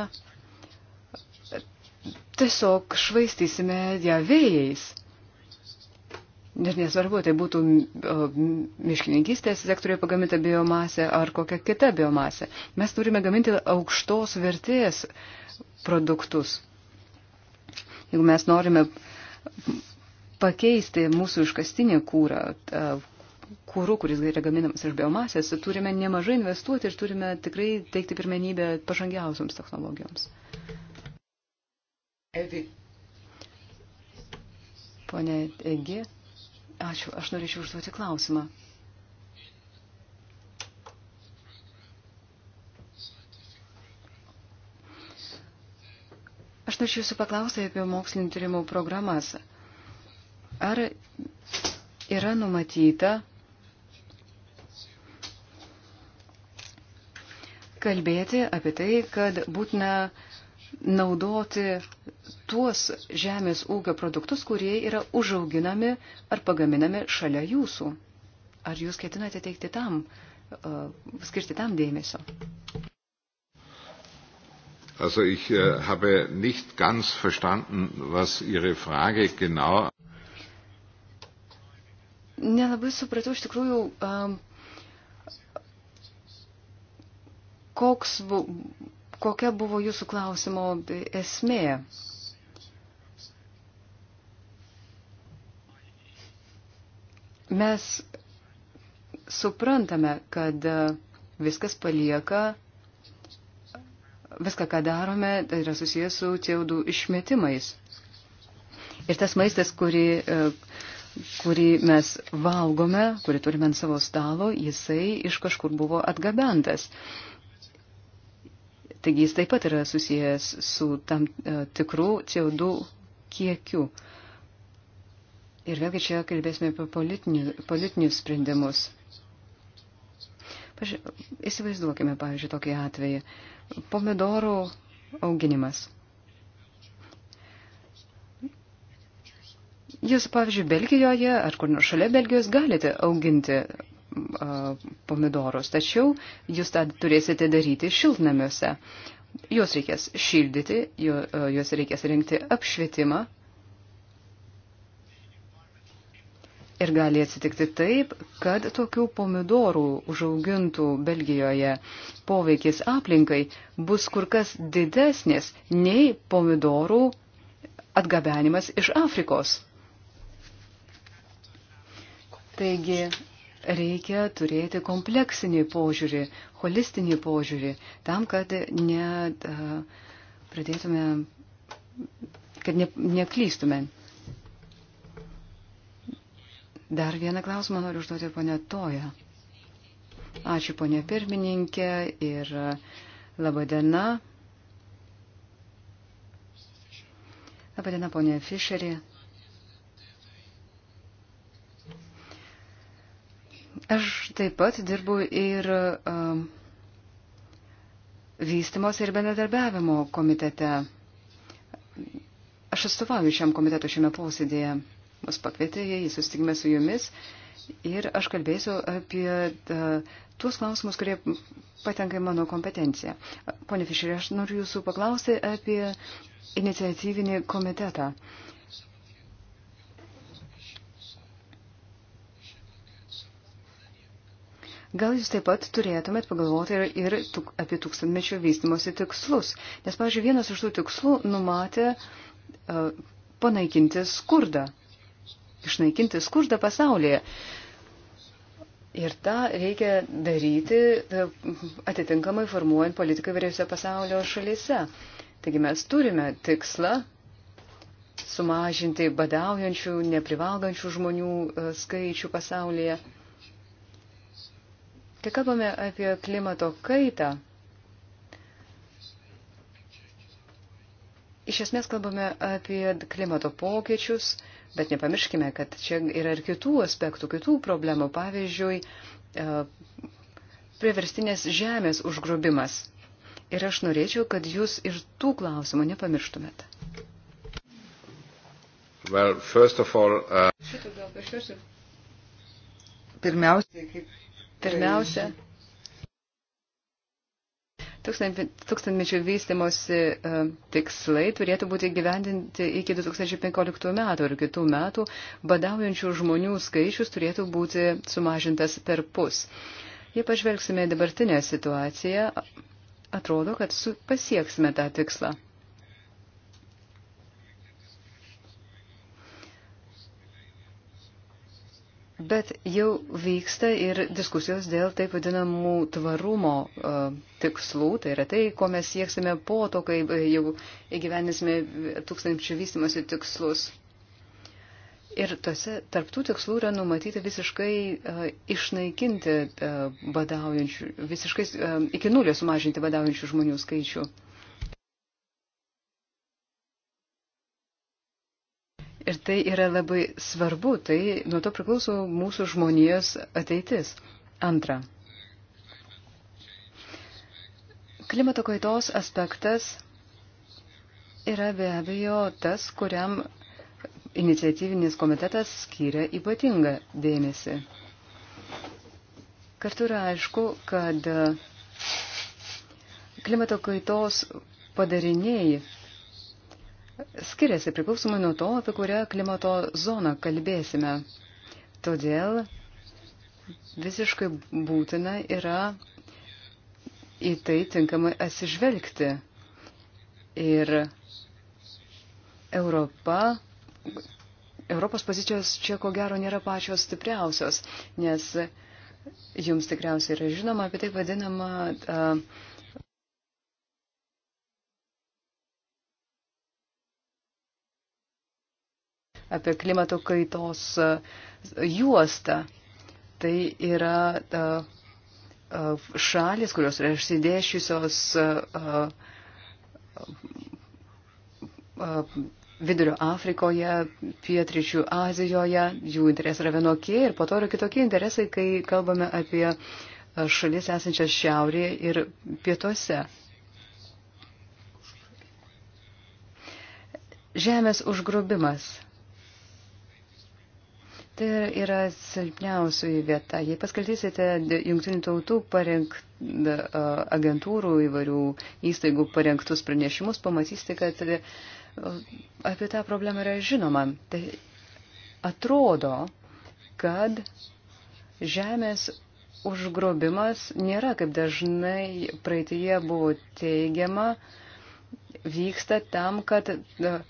tiesiog švaistysime ją vėjais. Ir nesvarbu, tai būtų miškininkistės sektoriuje pagaminta biomasė ar kokia kita biomasė. Mes turime gaminti aukštos vertės produktus. Jeigu mes norime pakeisti mūsų iškastinį kūrą, kūrų, kuris yra gaminamas iš biomasės, turime nemažai investuoti ir turime tikrai teikti pirmenybę pažangiausioms technologijoms. Evi. Pone Egi, ačiū, aš norėčiau užduoti klausimą. Aš norėčiau jūsų paklausti apie mokslinio tyrimų programas. Ar yra numatyta kalbėti apie tai, kad būtina naudoti tuos žemės ūkio produktus, kurie yra užauginami ar pagaminami šalia jūsų. Ar jūs ketinate teikti tam, uh, skirti tam dėmesio? Also ich äh, habe nicht ganz verstanden, was Ihre Frage genau. Nelabai supratau iš tikrųjų, um, koks, bu, kokia buvo jūsų klausimo esmė? Mes suprantame, kad viskas palieka, viską, ką darome, tai yra susijęs su CO2 išmetimais. Ir tas maistas, kurį, kurį mes valgome, kurį turime ant savo stalo, jisai iš kažkur buvo atgabentas. Taigi jis taip pat yra susijęs su tam e, tikrų CO2 kiekiu. Ir vėlgi čia kalbėsime apie politinių, politinius sprendimus. Paži įsivaizduokime, pavyzdžiui, tokį atvejį. Pomidorų auginimas. Jūs, pavyzdžiui, Belgijoje ar kur nors šalia Belgijos galite auginti pomidorus, tačiau jūs tą turėsite daryti šiltnamiuose. Juos reikės šildyti, juos reikės rinkti apšvietimą. Ir gali atsitikti taip, kad tokių pomidorų užaugintų Belgijoje poveikis aplinkai bus kur kas didesnis nei pomidorų atgabenimas iš Afrikos. Taigi reikia turėti kompleksinį požiūrį, holistinį požiūrį, tam, kad ne pradėtume, kad ne, neklystume. Dar vieną klausimą noriu užduoti ponė Toja. Ačiū ponė pirmininkė ir laba diena. Labadiena, ponė Fišerė. Aš taip pat dirbu ir um, vystimos ir bendradarbiavimo komitete. Aš atstovauju šiam komitetu šiame posėdėje. Mus pakvietė, jį susitikime su jumis ir aš kalbėsiu apie uh, tuos klausimus, kurie patenka į mano kompetenciją. Pone Fišerė, aš noriu jūsų paklausti apie iniciatyvinį komitetą. Uh, Gal jūs taip pat turėtumėt pagalvoti ir, ir tuk, apie tūkstantmečio vystimosi tikslus, nes, pavyzdžiui, vienas iš tų tikslų numatė uh, panaikinti skurdą, išnaikinti skurdą pasaulyje. Ir tą reikia daryti uh, atitinkamai formuojant politiką vyriausio pasaulio šalyse. Taigi mes turime tikslą sumažinti badaujančių, neprivalgančių žmonių uh, skaičių pasaulyje. Kai kalbame apie klimato kaitą, iš esmės kalbame apie klimato pokyčius, bet nepamirškime, kad čia yra ir kitų aspektų, kitų problemų, pavyzdžiui, e, priverstinės žemės užgrobimas. Ir aš norėčiau, kad jūs ir tų klausimų nepamirštumėt. Well, all, uh... Pirmiausiai, kaip Pirmiausia, tai- tūkstantmečio vystimosi e, tikslai turėtų būti gyvendinti iki 2015 metų ir kitų metų, badaujančių žmonių skaičius turėtų būti sumažintas per pus. Jei pažvelgsime dabartinę situaciją, atrodo, kad pasieksime tą tikslą. Bet jau vyksta ir diskusijos dėl taip vadinamų tvarumo uh, tikslų, tai yra tai, ko mes sieksime po to, kai e, jau įgyvendysime tūkstančių vystimosi tikslus. Ir tose, tarptų tikslų yra numatyta visiškai uh, išnaikinti uh, badaujančių, visiškai uh, iki nulio sumažinti badaujančių žmonių skaičių. Uh, Ir tai yra labai svarbu, tai nuo to priklauso mūsų žmonijos ateitis. Antra. Klimato kaitos aspektas yra be abejo tas, kuriam iniciatyvinis komitetas skiria ypatingą dėmesį. Kartu yra aišku, kad klimato kaitos padariniai skiriasi priklausomai nuo to, apie kurią klimato zoną kalbėsime. Todėl visiškai būtina yra į tai tinkamai atsižvelgti. Ir Europa, Europos pozicijos čia ko gero nėra pačios stipriausios, nes jums tikriausiai yra žinoma apie tai vadinamą uh, apie klimato kaitos e, juostą. Tai yra e, e, šalis, kurios yra išsidėšiusios Vidurio Afrikoje, Pietričių Azijoje, jų interesai yra vienokie ir po to yra kitokie interesai, kai kalbame apie šalis esančias šiaurėje ir pietuose. Žemės užgrobimas Tai yra silpniausioji vieta. Jei paskaltysite jungtinių tautų parengt, agentūrų įvairių įstaigų parengtus pranešimus, pamatysite, kad e, apie tą problemą yra žinoma. Tai atrodo, kad žemės užgrobimas nėra, kaip dažnai praeitie buvo teigiama, vyksta tam, kad. Uh,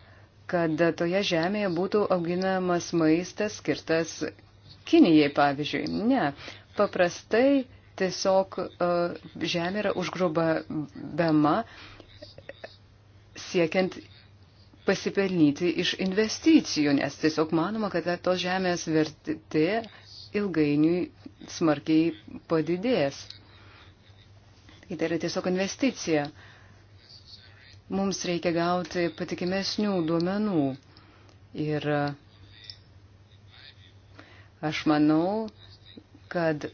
kad toje žemėje būtų auginamas maistas skirtas Kinijai, pavyzdžiui. Ne. Paprastai tiesiog e, žemė yra užgrobama siekiant pasipelnyti iš investicijų, nes tiesiog manoma, kad tos žemės vertė ilgainiui smarkiai padidės. Tai yra tiesiog investicija. Uh, mums reikia gauti patikimesnių duomenų. Ir aš manau, kad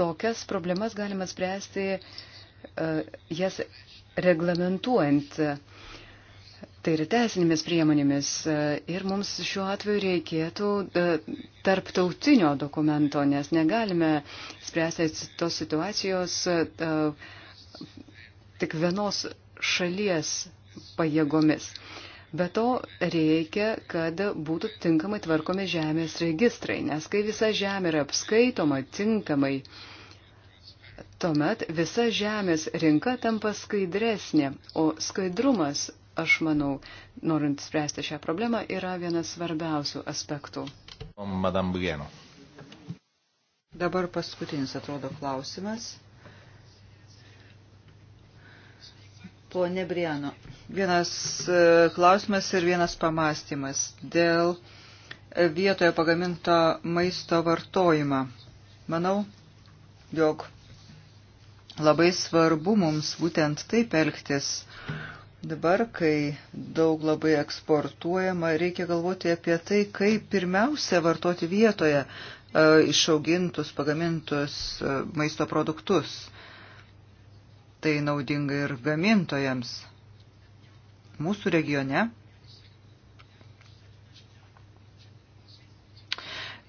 tokias problemas galima spręsti e, jas reglamentuojant. Tai yra teisinėmis priemonėmis ir mums šiuo atveju reikėtų e, tarptautinio dokumento, nes negalime spręsti tos situacijos e, tik vienos šalies pajėgomis. Be to reikia, kad būtų tinkamai tvarkomi žemės registrai, nes kai visa žemė yra apskaitoma tinkamai, tuomet visa žemės rinka tampa skaidresnė, o skaidrumas, aš manau, norint spręsti šią problemą, yra vienas svarbiausių aspektų. Madame Brieno. Dabar paskutinis atrodo klausimas. Pone Briano, vienas e, klausimas ir vienas pamastymas dėl e, vietoje pagaminto maisto vartojimą. Manau, jog labai svarbu mums būtent taip elgtis. Dabar, kai daug labai eksportuojama, reikia galvoti apie tai, kaip pirmiausia vartoti vietoje e, išaugintus, pagamintus e, maisto produktus tai naudinga ir gamintojams. Mūsų regione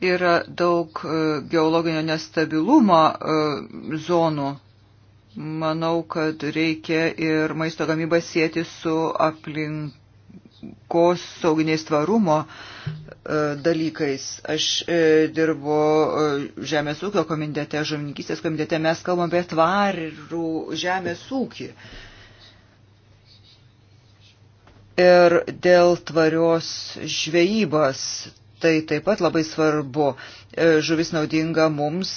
yra daug e, geologinio nestabilumo e, zonų. Manau, kad reikia ir maisto gamybą sėti su aplink aplinkos sauginės tvarumo e, dalykais. Aš e, dirbu e, Žemės ūkio komitete, žuvininkystės komitete, mes kalbam apie tvarų žemės ūkį. Ir dėl tvarios žvejybos tai taip pat labai svarbu. Žuvis naudinga mums,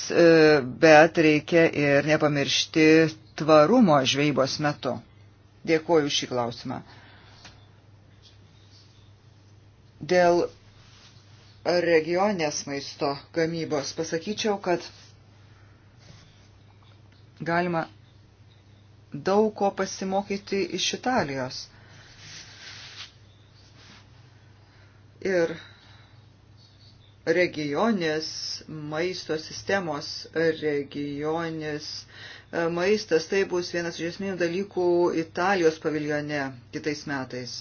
bet reikia ir nepamiršti tvarumo žvejybos metu. Dėkuoju šį klausimą. Dėl regionės maisto gamybos pasakyčiau, kad galima daug ko pasimokyti iš Italijos. Ir regionės maisto sistemos, regionės e, maistas, tai bus vienas iš esminių dalykų Italijos paviljone kitais metais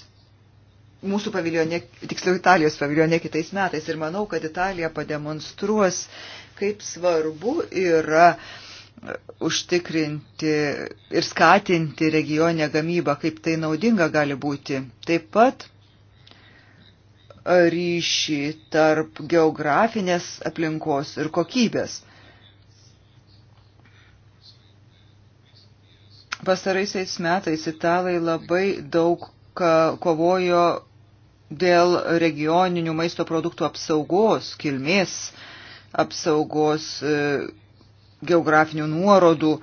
mūsų paviljone, tiksliau Italijos paviljone kitais metais. Ir manau, kad Italija pademonstruos, kaip svarbu yra e, užtikrinti ir skatinti regionę gamybą, kaip tai naudinga gali būti. Taip pat e, ryšį tarp geografinės aplinkos ir kokybės. Pastaraisiais metais italai labai daug kovojo dėl regioninių maisto produktų apsaugos, kilmės apsaugos, e, geografinių nuorodų.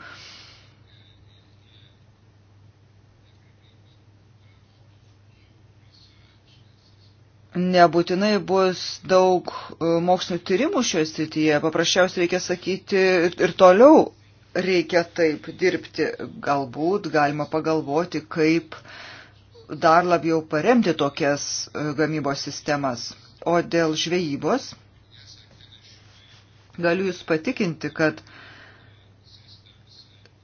Nebūtinai bus daug e, mokslinių tyrimų šioje srityje, paprasčiausiai reikia sakyti ir toliau reikia taip dirbti. Galbūt galima pagalvoti, kaip uh, dar labiau paremti tokias e, gamybos sistemas. O dėl žvejybos galiu Jūs patikinti, kad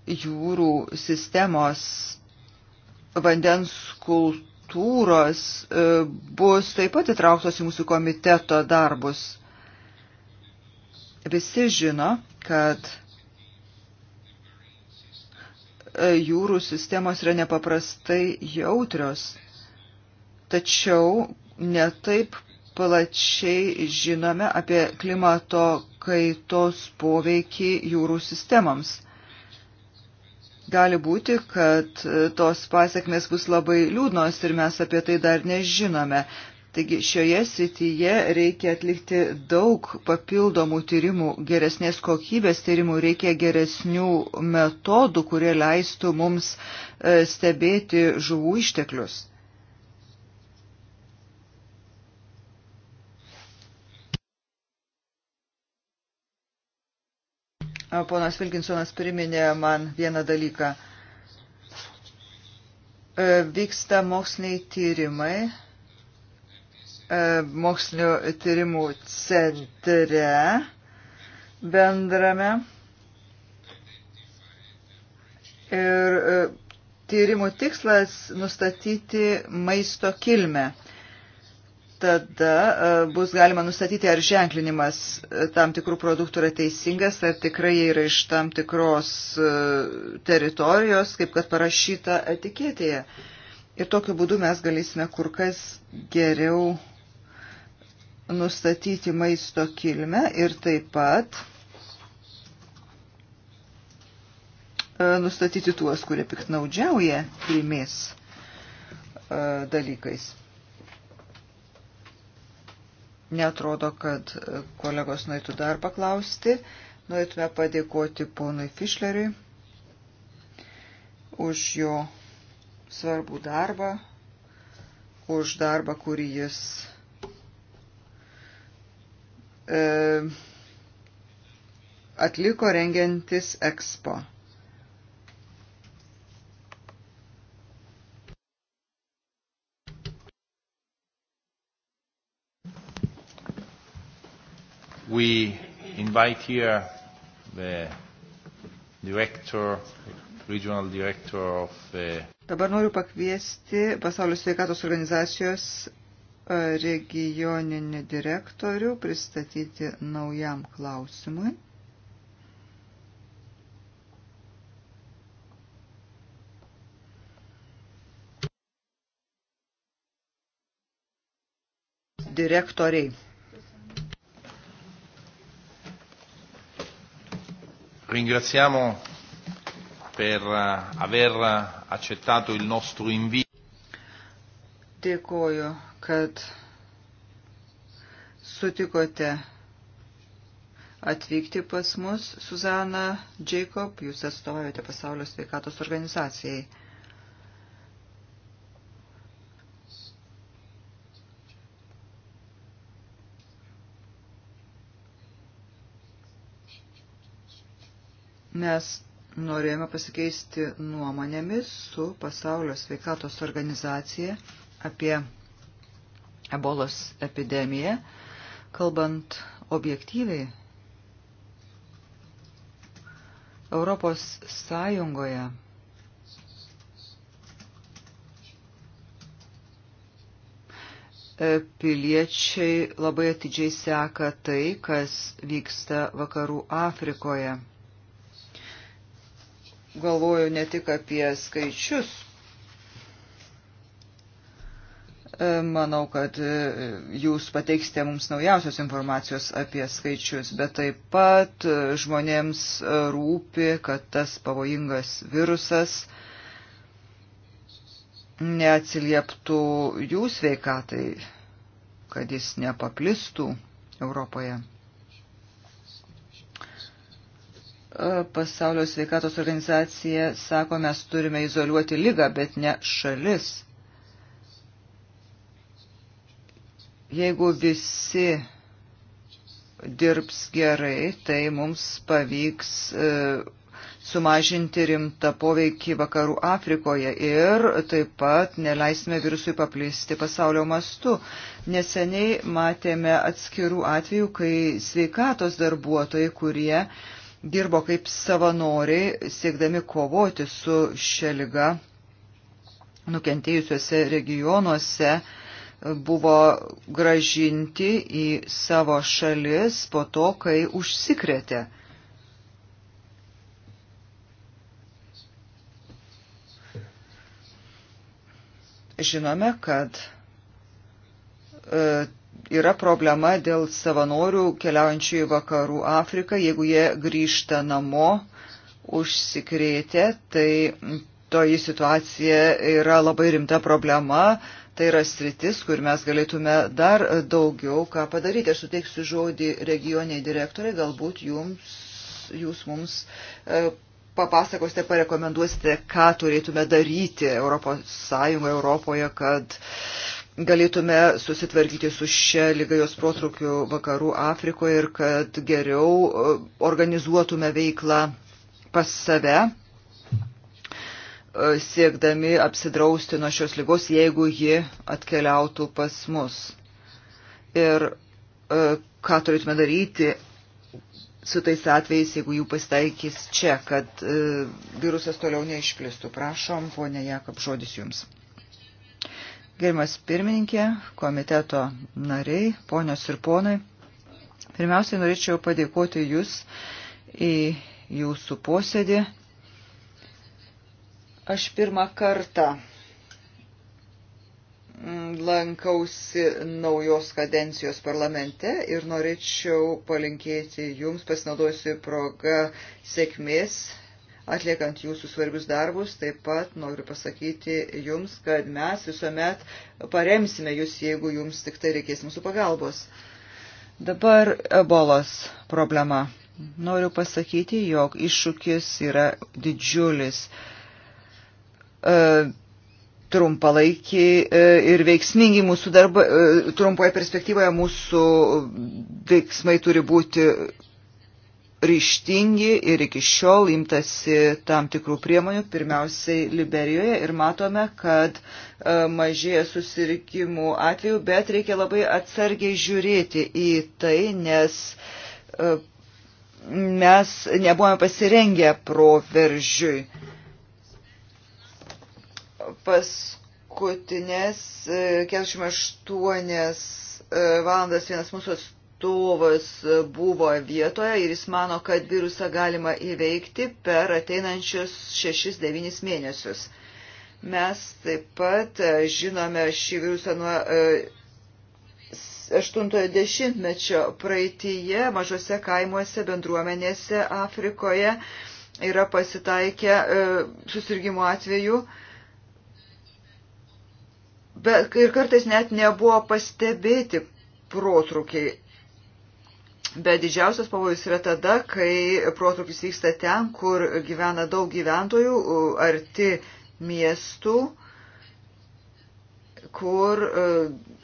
jūrų sistemos vandens kultūros e, bus taip pat įtrauktos į mūsų komiteto darbus. Visi žino, kad E, jūrų sistemos yra nepaprastai jautrios, tačiau netaip plačiai žinome apie klimato kaitos poveikį jūrų sistemams. Gali būti, kad e, tos pasiekmes bus labai liūdnos ir mes apie tai dar nežinome. Taigi šioje srityje reikia atlikti daug papildomų tyrimų, geresnės kokybės tyrimų, reikia geresnių metodų, kurie leistų mums e, stebėti žuvų išteklius. Ponas Vilkinsonas priminė man vieną dalyką. E, vyksta moksliniai tyrimai E, mokslinio tyrimų centre bendrame. Ir e, tyrimų tikslas nustatyti maisto kilmę. Tada e, bus galima nustatyti, ar ženklinimas tam tikrų produktų yra teisingas, ar tikrai jie yra iš tam tikros teritorijos, kaip kad parašyta etiketėje. Ir tokiu būdu mes galėsime kur kas geriau nustatyti maisto kilmę ir taip pat e, nustatyti tuos, kurie piknaudžiauja kilmės e, dalykais. Netrodo, kad e, kolegos norėtų dar paklausti. Norėtume padėkoti ponui Fischleriui už jo svarbų darbą, už darbą, kurį jis E, atliko rengiantis Expo. We invite here the director, regional director of the uh, Dabar noriu pakviesti Pasaulio sveikatos organizacijos regioninį direktorių pristatyti naujam klausimui. Direktoriai. Ringraziamo per eh, aver accettato il nostro invito. Dėkoju kad sutikote atvykti pas mus, Suzana Jacob, jūs atstovaujate pasaulio sveikatos organizacijai. Mes norėjome pasikeisti nuomonėmis su pasaulio sveikatos organizacija apie ebolos epidemiją, kalbant objektyviai, Europos Sąjungoje e, piliečiai labai atidžiai seka tai, kas vyksta vakarų Afrikoje. Galvoju ne tik apie skaičius, E, manau, kad e, jūs pateiksite mums naujausios informacijos apie skaičius, bet taip pat e, žmonėms rūpi, kad tas pavojingas virusas neatsilieptų jų sveikatai, kad jis nepaplistų Europoje. Pasaulio sveikatos organizacija sako, mes turime izoliuoti lygą, bet ne šalis Jeigu visi dirbs gerai, tai mums pavyks e, sumažinti rimtą poveikį vakarų Afrikoje ir taip pat neleisime virusui paplisti pasaulio mastu. Neseniai matėme atskirų atvejų, kai sveikatos darbuotojai, kurie dirbo kaip savanoriai, siekdami kovoti su šia lyga nukentėjusiuose regionuose, buvo gražinti į savo šalis po to, kai užsikrėtė. Žinome, kad e, yra problema dėl savanorių keliaujančių į vakarų Afriką. Jeigu jie grįžta namo užsikrėtę, tai toji situacija yra labai rimta problema. E, Tai yra sritis, kur mes galėtume dar daugiau ką padaryti. Aš suteiksiu žodį regioniai direktoriai, galbūt jums, jūs mums e, papasakosite, parekomenduosite, ką turėtume daryti Europos Sąjungoje, Europoje, kad galėtume susitvarkyti su šia lygajos protrukiu vakarų Afrikoje ir kad geriau e, organizuotume veiklą pas save E, siekdami apsidrausti nuo šios lygos, jeigu ji atkeliautų pas mus. Ir e, ką turėtume daryti su tais atvejais, jeigu jų pasitaikys čia, kad e, virusas toliau neišplistų. Prašom, ponė Jakab, žodis jums. Gerimas pirmininkė, komiteto nariai, ponios ir ponai, pirmiausiai norėčiau padėkoti jūs į jūsų posėdį Aš pirmą kartą mm, lankausi naujos kadencijos parlamente ir norėčiau palinkėti jums, pasinaudojusi progą, sėkmės atliekant jūsų svarbius darbus. Taip pat noriu pasakyti jums, kad mes visuomet paremsime jūs, jeigu jums tik tai reikės mūsų pagalbos. Dabar ebolos problema. Noriu pasakyti, jog iššūkis yra didžiulis. E, trumpalaikiai e, ir veiksmingi mūsų darbai, e, trumpoje perspektyvoje mūsų veiksmai turi būti ryštingi ir iki šiol imtasi tam tikrų priemonių, pirmiausiai Liberijoje ir matome, kad mažėja susirikimų atveju, bet reikia labai atsargiai žiūrėti į tai, nes mes nebuvome pasirengę proveržiui paskutinės 48 e, e, valandas vienas mūsų atstovas buvo vietoje ir jis mano, kad virusą galima įveikti per ateinančius 6-9 mėnesius. Mes taip pat e, žinome šį virusą nuo 80-mečio praeitįje mažose kaimuose, bendruomenėse Afrikoje yra pasitaikę susirgymo atveju bet ir kartais net nebuvo pastebėti protrukiai. Bet didžiausias pavojus yra tada, kai protrukis vyksta ten, kur gyvena daug gyventojų, arti miestų, kur e,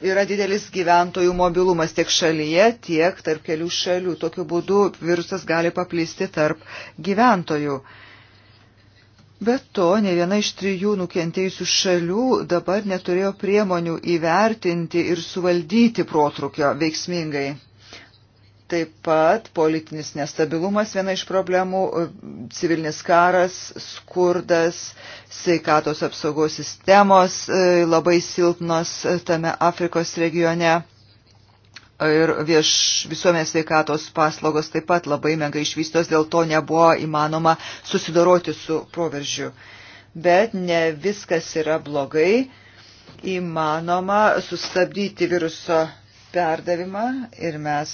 yra didelis gyventojų mobilumas tiek šalyje, tiek tarp kelių šalių. Tokiu būdu virusas gali paplisti tarp gyventojų. Uh, Be to, ne viena iš trijų nukentėjusių šalių dabar neturėjo priemonių įvertinti ir suvaldyti protrukio veiksmingai. Taip pat politinis nestabilumas viena iš problemų, civilinis karas, skurdas, sveikatos apsaugos sistemos e, labai silpnos tame Afrikos regione ir vieš, visuomenės sveikatos paslaugos taip pat labai menkai išvystos, dėl to nebuvo įmanoma susidoroti su proveržiu. Bet ne viskas yra blogai, įmanoma sustabdyti viruso perdavimą ir mes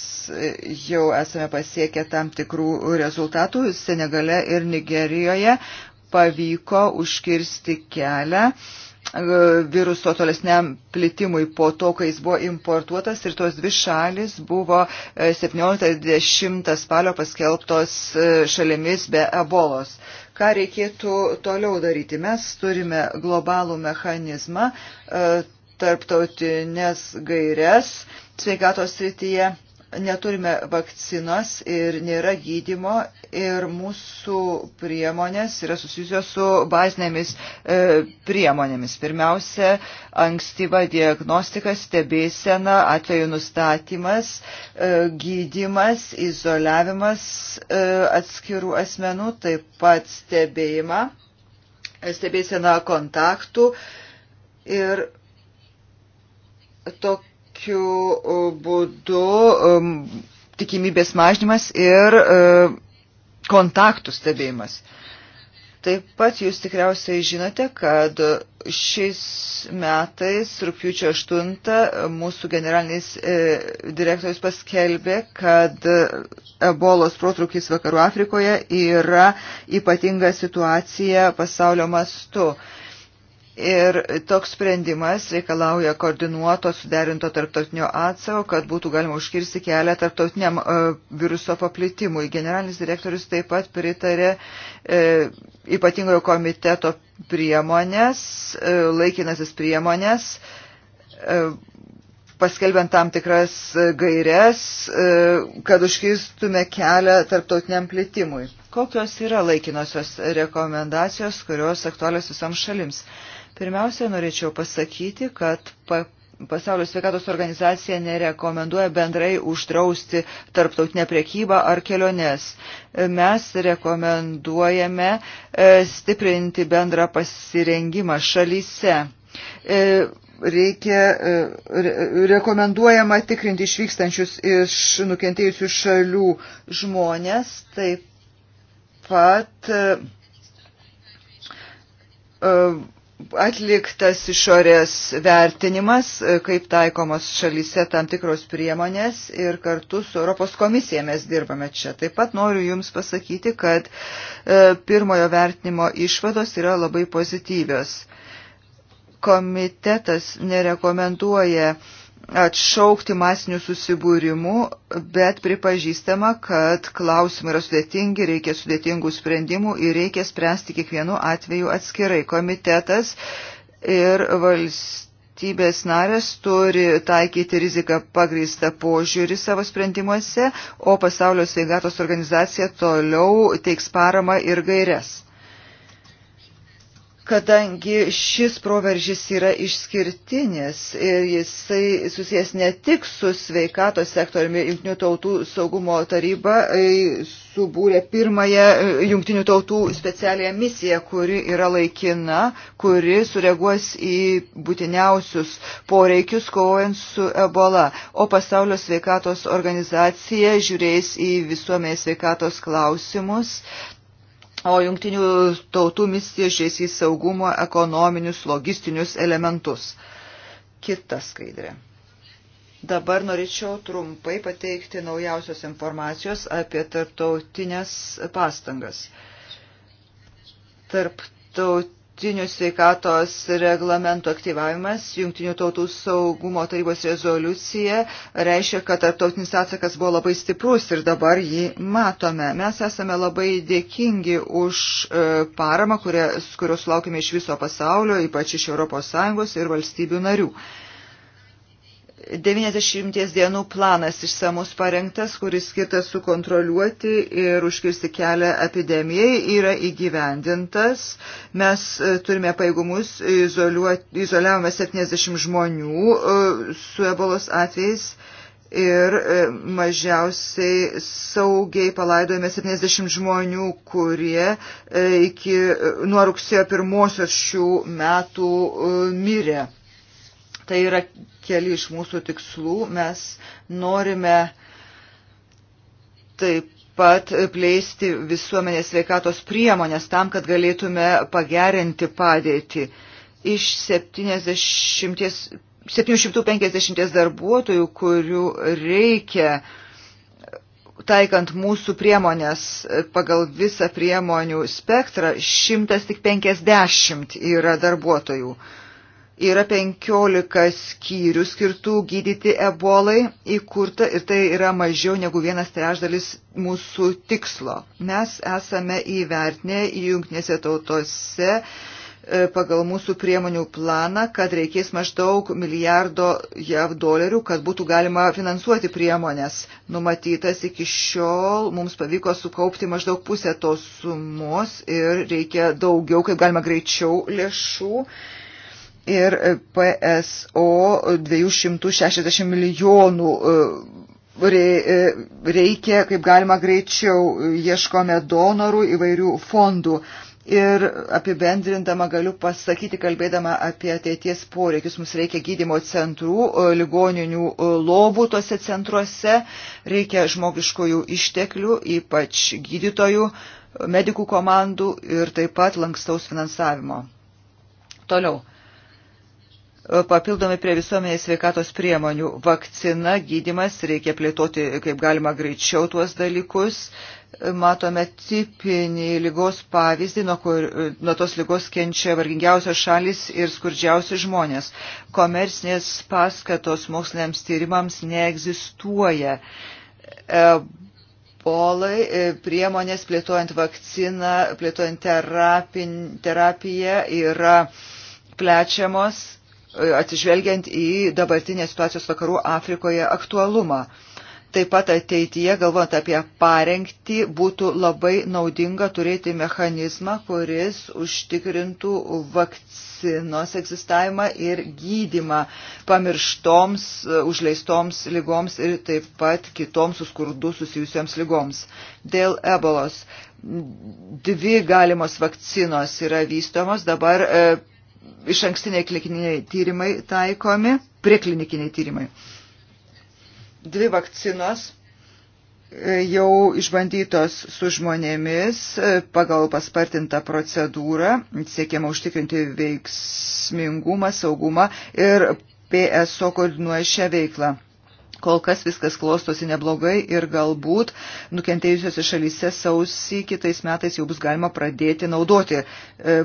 jau esame pasiekę tam tikrų rezultatų Senegale ir Nigerijoje pavyko užkirsti kelią viruso tolesniam plitimui po to, kai jis buvo importuotas ir tos dvi šalis buvo 17-20 e, spalio paskelbtos e, šalimis be ebolos. Ką reikėtų toliau daryti? Mes turime globalų mechanizmą, e, tarptautinės gairias sveikatos srityje neturime vakcinos ir nėra gydimo ir mūsų priemonės yra susijusios su bazinėmis e, priemonėmis. Pirmiausia, ankstyva diagnostika, stebėsena, atveju nustatymas, e, gydimas, izoliavimas e, atskirų asmenų, taip pat stebėjimą, stebėsena kontaktų ir tokia tokiu e, būdu um, tikimybės mažnymas ir um, kontaktų stebėjimas. Taip pat jūs tikriausiai žinote, kad šiais metais, rūpjūčio 8, mūsų generalinis direktorius paskelbė, kad ebolos protrukis vakarų Afrikoje yra ypatinga situacija pasaulio mastu. Ir toks sprendimas reikalauja koordinuoto, suderinto tarptautinio atsako, kad būtų galima užkirsti kelią tarptautiniam e, viruso paplitimui. Generalinis direktorius taip pat pritarė e, ypatingojo komiteto priemonės, e, laikinasis priemonės, e, paskelbiant tam tikras gairias, e, kad užkirstume kelią tarptautiniam plitimui. Kokios yra laikinosios rekomendacijos, kurios aktualios visoms šalims? E, Pirmiausia, norėčiau pasakyti, kad Pasaulio sveikatos organizacija nerekomenduoja bendrai uždrausti tarptautinę priekybą ar keliones. Mes rekomenduojame e, stiprinti bendrą pasirengimą šalyse e, reikia, e, rekomenduojama tikrinti išvykstančius iš nukentėjusių šalių žmonės, taip pat atliktas išorės vertinimas, e, kaip taikomos šalyse tam tikros priemonės ir kartu su Europos komisija mes dirbame čia. Taip pat noriu Jums pasakyti, kad e, pirmojo vertinimo išvados yra labai pozityvios. Komitetas nerekomenduoja uh, atšaukti masinių susibūrimų, bet pripažįstama, kad klausimai yra sudėtingi, reikia sudėtingų sprendimų ir reikia spręsti kiekvienu atveju atskirai. Komitetas ir valstybės narės turi taikyti riziką pagrįstą požiūrį savo sprendimuose, o pasaulio sveikatos organizacija toliau teiks paramą ir gairias kadangi šis proveržis yra išskirtinis ir jisai susijęs ne tik su sveikatos sektoriumi, Junktinių tautų saugumo taryba e, subūrė pirmąją e, Junktinių tautų specialią misiją, kuri yra laikina, kuri sureaguos į būtiniausius poreikius kovojant su ebola, o pasaulio sveikatos organizacija žiūrės į visuomenės sveikatos klausimus, o jungtinių tautų misija žiais į saugumo ekonominius logistinius elementus. Kita skaidrė. Dabar norėčiau trumpai pateikti naujausios informacijos apie tarptautinės pastangas. Tarptautinės Jungtinių sveikatos reglamento aktyvavimas, Jungtinių tautų saugumo tarybos rezoliucija reiškia, kad tarptautinis atsakas buvo labai stiprus ir dabar jį matome. Mes esame labai dėkingi už e, paramą, kurios sulaukime iš viso pasaulio, ypač iš ES ir valstybių narių. 90 dienų planas išsamus parengtas, kuris skirtas sukontroliuoti ir užkirsti kelią epidemijai, yra įgyvendintas. Mes e, turime paėgumus, izoliavome 70 žmonių e, su ebolos atvejais ir e, mažiausiai saugiai palaidojame 70 žmonių, kurie iki nuo rugsėjo pirmosios šių metų mirė. Tai yra keli iš mūsų tikslų. Mes norime taip pat plėsti visuomenės sveikatos priemonės tam, kad galėtume pagerinti padėtį. Iš 70, 750 darbuotojų, kurių reikia taikant mūsų priemonės pagal visą priemonių spektrą, 150 yra darbuotojų yra 15 skyrių skirtų gydyti ebolai įkurta ir tai yra mažiau negu vienas trešdalis mūsų tikslo. Mes esame įvertinę jungtinėse tautose e, pagal mūsų priemonių planą, kad reikės maždaug milijardo jav dolerių, kad būtų galima finansuoti priemonės. Numatytas iki šiol mums pavyko sukaupti maždaug pusę tos sumos ir reikia daugiau, kaip galima greičiau lėšų. Uh, ir e, PSO 260 milijonų e, e, reikia, kaip galima greičiau, ieškome donorų įvairių fondų. Ir apibendrindama galiu pasakyti, kalbėdama apie ateities poreikius, mums reikia gydymo centrų, ligoninių lovų tose centruose, reikia žmogiškojų išteklių, ypač gydytojų, medikų komandų ir taip pat lankstaus finansavimo. Toliau papildomi prie visuomenės sveikatos priemonių. Vakcina, gydimas, reikia plėtoti kaip galima greičiau tuos dalykus. Matome tipinį lygos pavyzdį, nuo, kur, nuo tos lygos kenčia vargingiausios šalis ir skurdžiausi žmonės. Komersinės paskatos moksliniams tyrimams neegzistuoja. E, polai, priemonės plėtojant vakciną, plėtojant terapin, terapiją yra plečiamos atsižvelgiant į dabartinę situacijos vakarų Afrikoje aktualumą. Taip pat ateityje, galvojant apie parengtį, būtų labai naudinga turėti mechanizmą, kuris užtikrintų vakcinos egzistavimą ir gydimą pamirštoms, užleistoms lygoms ir taip pat kitoms suskurdu susijusiams lygoms. Dėl ebolos dvi galimos vakcinos yra vystomos, dabar e, iš ankstiniai klinikiniai tyrimai taikomi, preklinikiniai tyrimai. Dvi vakcinos e, jau išbandytos su žmonėmis e, pagal paspartintą procedūrą, siekiama užtikrinti veiksmingumą, saugumą ir PSO koordinuoja šią veiklą. Kol kas viskas klostosi neblogai ir galbūt nukentėjusiose šalyse sausį kitais metais jau bus galima pradėti naudoti e,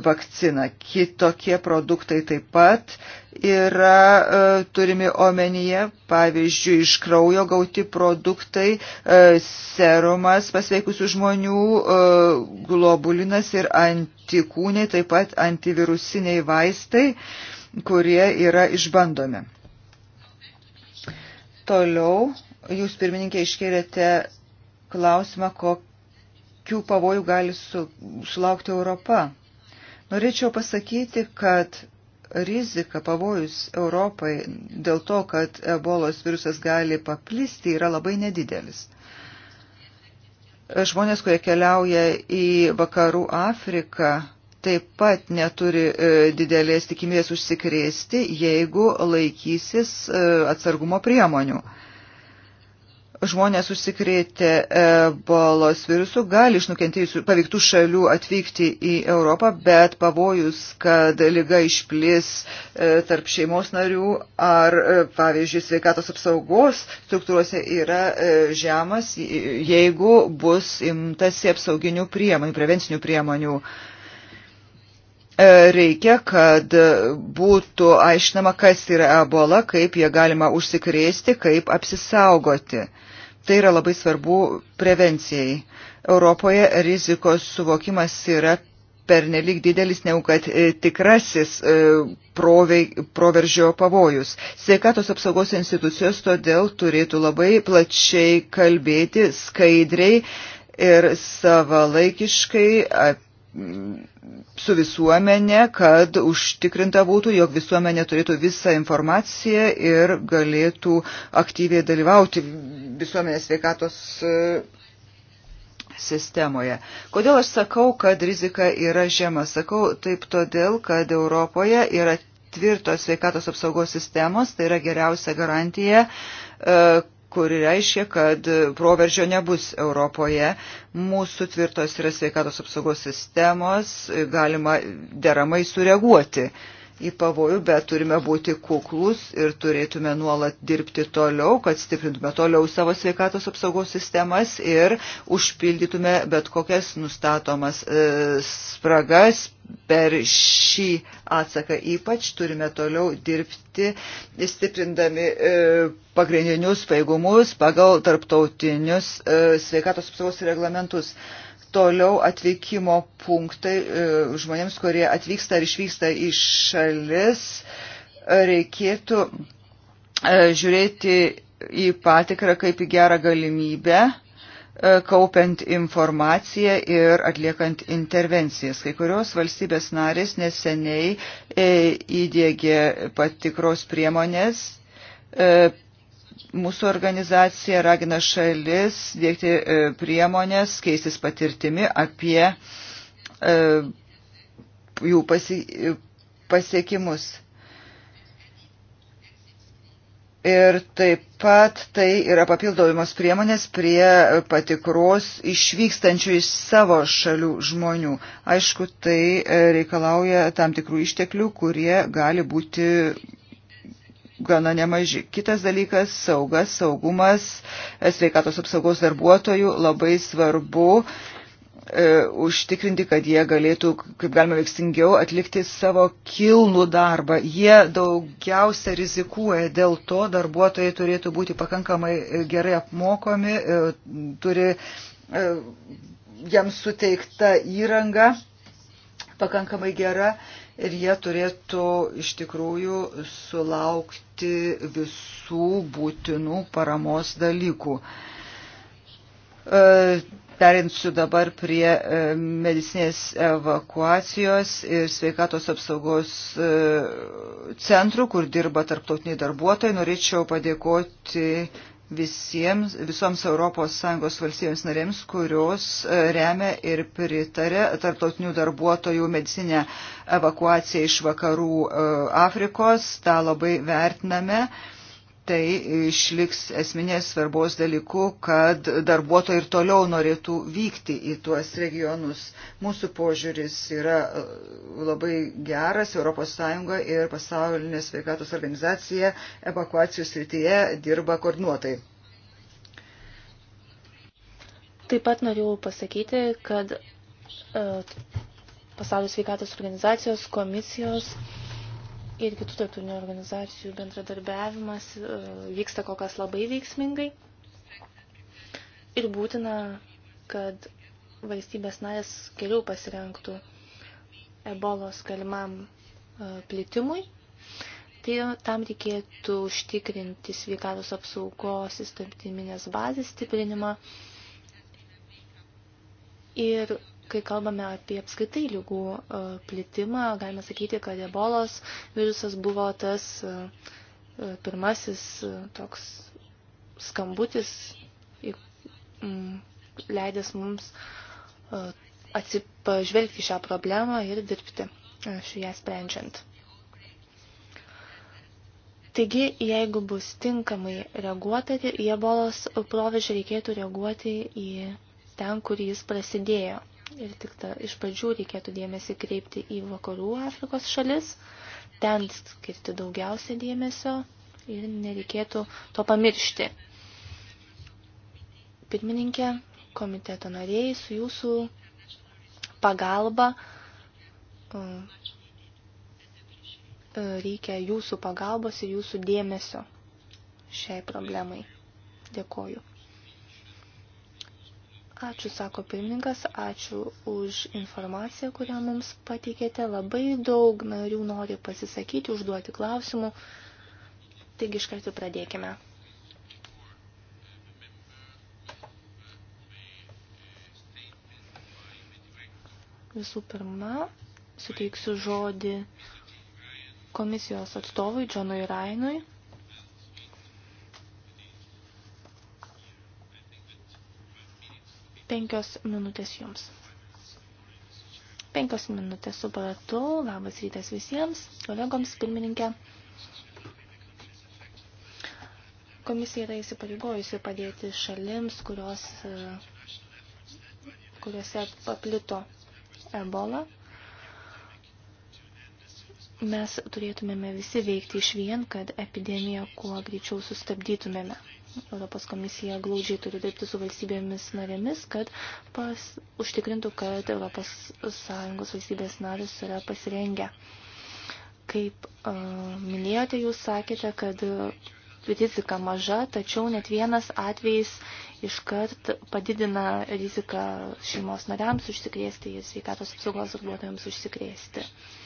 vakciną. Kitokie produktai taip pat yra e, turimi omenyje, pavyzdžiui, iš kraujo gauti produktai, e, serumas pasveikusių žmonių, globulinas ir antikūniai, taip pat antivirusiniai vaistai, kurie yra išbandomi. Toliau jūs pirmininkė iškėlėte klausimą, kokių pavojų gali su, sulaukti Europa. Norėčiau pasakyti, kad rizika, pavojus Europai dėl to, kad ebolos virusas gali paplisti, yra labai nedidelis. Žmonės, kurie keliauja į vakarų Afriką, taip pat neturi e, didelės tikimybės užsikrėsti, jeigu laikysis e, atsargumo priemonių. Žmonės užsikrėtę bolos virusų gali iš nukentėjusių paveiktų šalių atvykti į Europą, bet pavojus, kad lyga išplis e, tarp šeimos narių ar, pavyzdžiui, sveikatos apsaugos struktūrose yra žemas, jeigu bus imtasi apsauginių priemonių, prevencinių priemonių. priemonių E, reikia, kad būtų aišinama, kas yra ebola, kaip jie galima užsikrėsti, kaip apsisaugoti. Tai yra labai svarbu prevencijai. Europoje rizikos suvokimas yra pernelyg didelis, negu kad e, tikrasis e, proveržio pavojus. Sveikatos apsaugos institucijos todėl turėtų labai plačiai kalbėti skaidriai ir savalaikiškai apie Mm, su visuomenė, kad užtikrinta būtų, jog visuomenė turėtų visą informaciją ir galėtų aktyviai dalyvauti visuomenės veikatos e, sistemoje. Kodėl aš sakau, kad rizika yra žema? Sakau taip todėl, kad Europoje yra tvirtos sveikatos apsaugos sistemos, tai yra geriausia garantija, e, kuri reiškia, kad proveržio nebus Europoje. Mūsų tvirtos yra sveikatos apsaugos sistemos, galima deramai sureaguoti į pavojų, bet turime būti kuklus ir turėtume nuolat dirbti toliau, kad stiprintume toliau savo sveikatos apsaugos sistemas ir užpildytume bet kokias nustatomas e, spragas. Per šį atsaką ypač turime toliau dirbti, stiprindami e, pagrindinius paėgumus pagal tarptautinius e, sveikatos apsaugos reglamentus. E, Toliau atvykimo punktai e, žmonėms, kurie atvyksta ar išvyksta iš šalis, e, reikėtų e, žiūrėti į patikrą kaip į gerą galimybę kaupiant informaciją ir atliekant intervencijas. Kai kurios valstybės narės neseniai įdėgė patikros priemonės Mūsų organizacija ragina šalis dėkti e, priemonės, keistis patirtimi apie e, jų pasiekimus. Ir taip pat tai yra papildomos priemonės prie patikros išvykstančių iš savo šalių žmonių. Aišku, tai reikalauja tam tikrų išteklių, kurie gali būti gana nemaži. Kitas dalykas - saugas, saugumas, sveikatos apsaugos darbuotojų labai svarbu e, užtikrinti, kad jie galėtų, kaip galima veiksmingiau, atlikti savo kilnų darbą. Jie daugiausia rizikuoja, dėl to darbuotojai turėtų būti pakankamai e, gerai apmokomi, e, turi e, jam suteikta įranga pakankamai gera ir jie turėtų iš tikrųjų sulaukti visų būtinų paramos dalykų. E, Perinsiu dabar prie e, medicinės evakuacijos ir sveikatos apsaugos e, centrų, kur dirba tarptautiniai darbuotojai. Norėčiau padėkoti visiems, visoms ES valstybėms narėms, kurios e, remia ir pritarė tarptautinių darbuotojų medicinę evakuaciją iš vakarų e, Afrikos. Ta labai vertiname. E, tai išliks esminės svarbos dalyku, kad darbuotojai ir toliau norėtų vykti į tuos regionus. Mūsų požiūris yra e, labai geras, ES ir pasaulinė sveikatos organizacija evakuacijų srityje dirba koordinuotai. Taip pat norėjau pasakyti, kad e, pasaulio sveikatos organizacijos komisijos e, ir kitų tarptautinių organizacijų bendradarbiavimas e, vyksta kol kas labai veiksmingai. Ir būtina, kad valstybės narės geriau pasirenktų ebolos galimam e, plitimui. Tai tam reikėtų užtikrinti sveikatos apsaugos įstatyminės bazės stiprinimą ir Kai kalbame apie apskaitai lygų e, plitimą, galime sakyti, kad ebolos virusas buvo tas e, e, pirmasis toks skambutis, leidęs mums atsipažvelgti šią problemą ir dirbti su ją sprendžiant. Taigi, jeigu bus tinkamai reaguota į ebolos proveržį, reikėtų reaguoti į ten, kur jis prasidėjo ir tik ta, iš pradžių reikėtų dėmesį kreipti į vakarų Afrikos šalis, ten skirti daugiausia dėmesio ir nereikėtų to pamiršti. Pirmininkė, komiteto nariai, su jūsų pagalba e, e, reikia jūsų pagalbos ir jūsų dėmesio šiai problemai. Dėkoju. Ačiū, sako pirmininkas, ačiū už informaciją, kurią mums pateikėte. Labai daug narių nori pasisakyti, užduoti klausimų. Taigi iš karto pradėkime. Visų pirma, suteiksiu žodį komisijos atstovui Džonui Rainui. Penkios minutės jums. Penkios minutės supratau. Labas rytas visiems, kolegoms, pirmininkė. Komisija yra įsipareigojusi padėti šalims, kurios, e, kuriuose paplito ebola. Mes turėtumėme visi veikti iš vien, kad epidemiją kuo greičiau sustabdytumėme. Europos komisija glaudžiai turi dirbti su valstybėmis narėmis, kad pas, užtikrintų, kad Europos Sąjungos valstybės narės yra pasirengę. Kaip uh, minėjote, jūs sakėte, kad rizika maža, tačiau net vienas atvejis iškart padidina riziką šeimos nariams užsikrėsti ir sveikatos apsaugos darbuotojams užsikrėsti. Uh,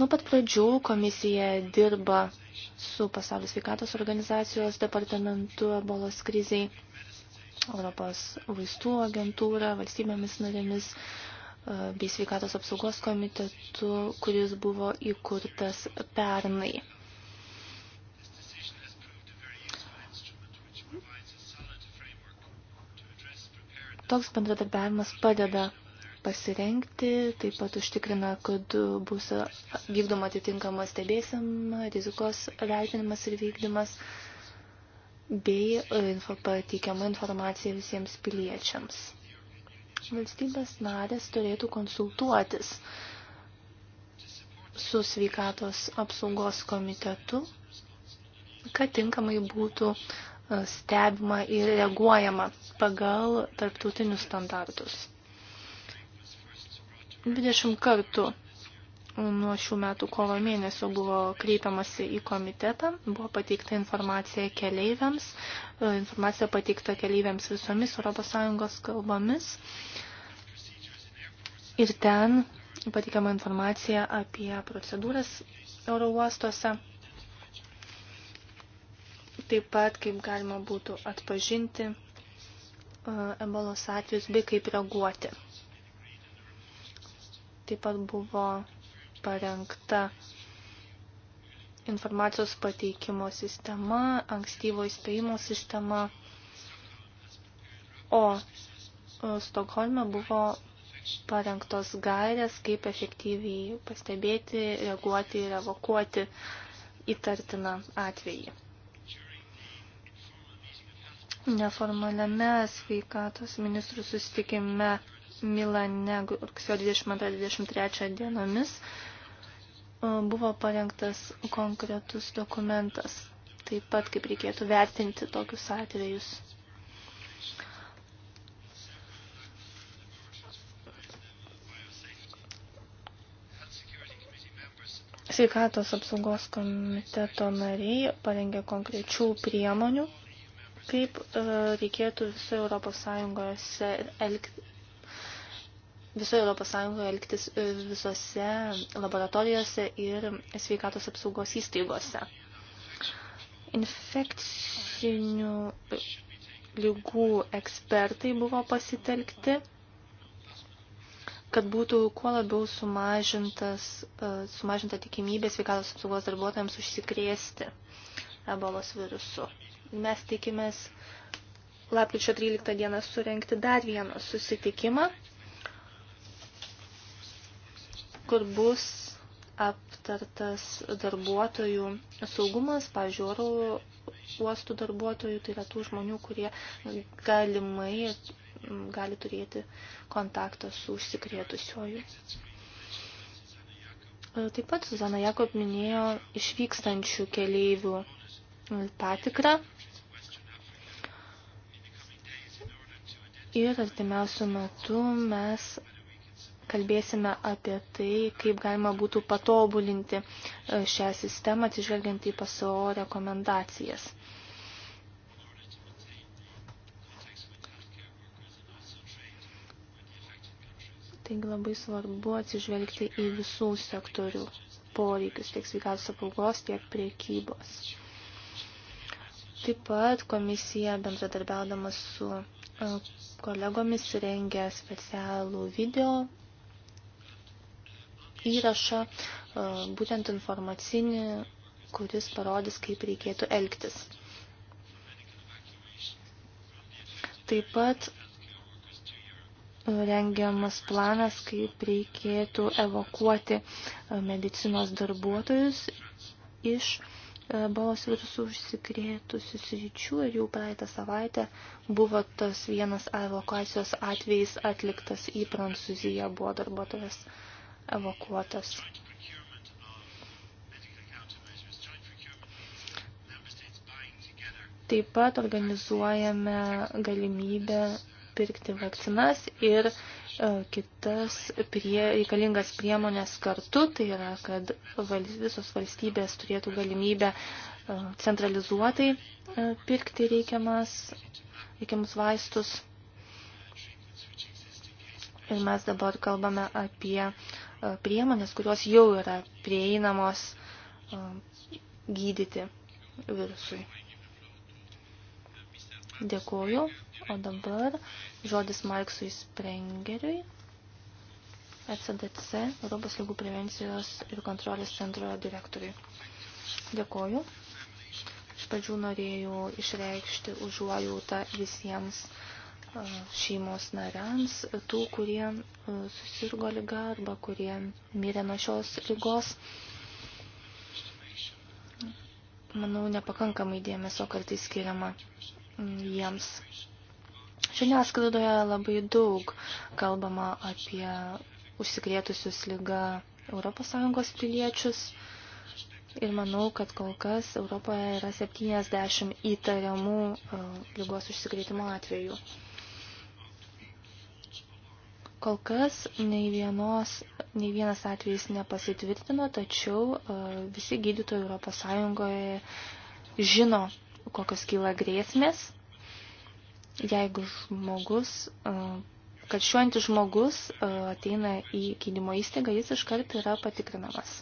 Nuo pat pradžių komisija dirba su pasaulio sveikatos organizacijos departamentu ebolos kriziai, Europos vaistų agentūra, valstybėmis narėmis e, bei sveikatos apsaugos komitetu, kuris buvo įkurtas pernai. toks bendradarbiavimas padeda pasirengti, taip pat užtikrina, kad bus vykdoma atitinkama stebėsima, rizikos vertinimas ir vykdymas bei e, info, pateikiama informacija visiems piliečiams. Valstybės narės turėtų konsultuotis su sveikatos apsaugos komitetu, kad tinkamai būtų e, stebima ir reaguojama pagal tarptautinius standartus. 20 kartų nuo šių metų kovo mėnesio buvo kreipiamasi į komitetą, buvo pateikta informacija keleiviams, e, informacija pateikta keleiviams visomis ES kalbomis ir ten pateikiama informacija apie procedūras oro uostuose. Taip pat, kaip galima būtų atpažinti e, ebolos atvejus bei kaip reaguoti. Taip pat buvo parengta informacijos pateikimo sistema, ankstyvo įspėjimo sistema, o Stokholme buvo parengtos gairės, kaip efektyviai pastebėti, reaguoti ir evakuoti įtartiną atvejį. Neformaliame sveikatos ministrų susitikime Milane rugsėjo 22-23 dienomis e, buvo parengtas konkretus dokumentas, taip pat kaip reikėtų vertinti tokius atvejus. Sveikatos apsaugos komiteto nariai parengė konkrečių priemonių, kaip e, reikėtų visoje Europos Sąjungoje elgti visoje Europos Sąjungoje elgtis e, visose laboratorijose ir sveikatos apsaugos įstaigose. Infekcinių lygų ekspertai buvo pasitelkti, kad būtų kuo labiau sumažintas, e, sumažinta tikimybė sveikatos apsaugos darbuotojams užsikrėsti ebolos virusu. Mes tikimės lapkričio 13 dieną surenkti dar vieną susitikimą kur bus aptartas darbuotojų saugumas, pavyzdžiui, oro uostų darbuotojų, tai yra tų žmonių, kurie galimai gali turėti kontaktą su užsikrėtusiuoju. Taip pat Suzana Jakob minėjo išvykstančių keleivių patikrą ir artimiausių metų mes kalbėsime apie tai, kaip galima būtų patobulinti e, šią sistemą, atsižvelgiant į PSO rekomendacijas. Taigi labai svarbu atsižvelgti į visų sektorių poreikius, tiek sveikatos apsaugos, tiek priekybos. Taip pat komisija bendradarbiaudama su e, kolegomis rengia specialų video įrašą, e, būtent informacinį, kuris parodys, kaip reikėtų elgtis. Taip pat e, rengiamas planas, kaip reikėtų evakuoti e, medicinos darbuotojus iš bolos virusų užsikrėtusių sričių ir jau praeitą savaitę buvo tas vienas evakuacijos atvejis atliktas į Prancūziją, buvo darbuotojas evakuotas. Taip pat organizuojame galimybę pirkti vakcinas ir e, kitas prie, reikalingas priemonės kartu, tai yra, kad val, visos valstybės turėtų galimybę e, centralizuotai e, pirkti reikiamas, reikiamus vaistus. Ir mes dabar kalbame apie uh, E, priemonės, kurios jau yra prieinamos e, gydyti virusui. Dėkuoju, o dabar žodis Marksui Sprengeriui, ECDC, Europos lygų prevencijos ir kontrolės centro direktoriui. Dėkuoju. Iš pradžių norėjau išreikšti užuojautą visiems uh, šeimos nariams, tų, kurie e, susirgo lyga arba kurie mirė nuo šios lygos. Manau, nepakankamai dėmesio kartais skiriama jiems. Žiniasklaidoje labai daug kalbama apie užsikrėtusius lygą ES piliečius. Ir manau, kad kol kas Europoje yra 70 įtariamų e, lygos užsikrėtimo atvejų. Kol kas nei, vienos, nei vienas atvejis nepasitvirtino, tačiau e, visi gydytojai Europos Sąjungoje žino, kokios kyla grėsmės, jeigu žmogus e, karščiuojantis žmogus e, ateina į gydymo įstaigą, jis iškart yra patikrinamas.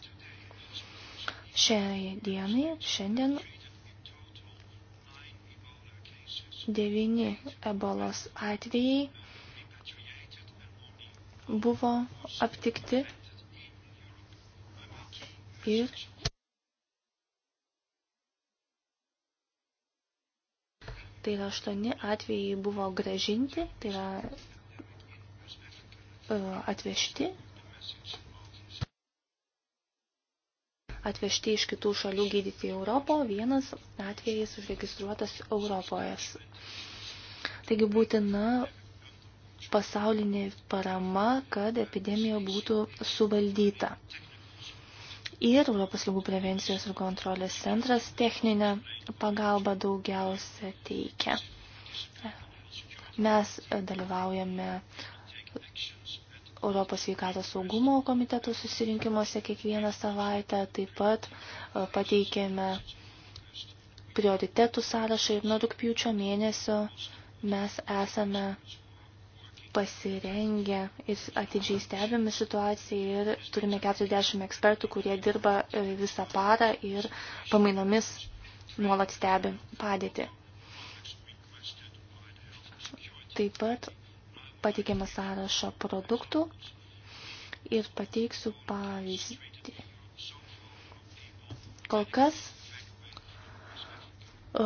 Šiai dienai, šiandien, devyni ebolos atvejai buvo aptikti ir tai yra aštuoni atvejai buvo gražinti, tai yra e, atvežti, atvežti iš kitų šalių gydyti į Europą, vienas atvejais užregistruotas Europoje. Taigi būtina pasaulinė parama, kad epidemija būtų suvaldyta. Ir Europos lygų prevencijos ir kontrolės centras techninę pagalbą daugiausia teikia. Mes dalyvaujame Europos sveikatos saugumo komiteto susirinkimuose kiekvieną savaitę, taip pat e, pateikėme prioritetų sąrašą ir nuo rūpjūčio mėnesio mes esame pasirengę ir atidžiai stebime situaciją ir turime 40 ekspertų, kurie dirba e, visą parą ir pamainomis nuolat stebi padėtį. Taip pat pateikiamą sąrašą produktų ir pateiksiu pavyzdį. Kol kas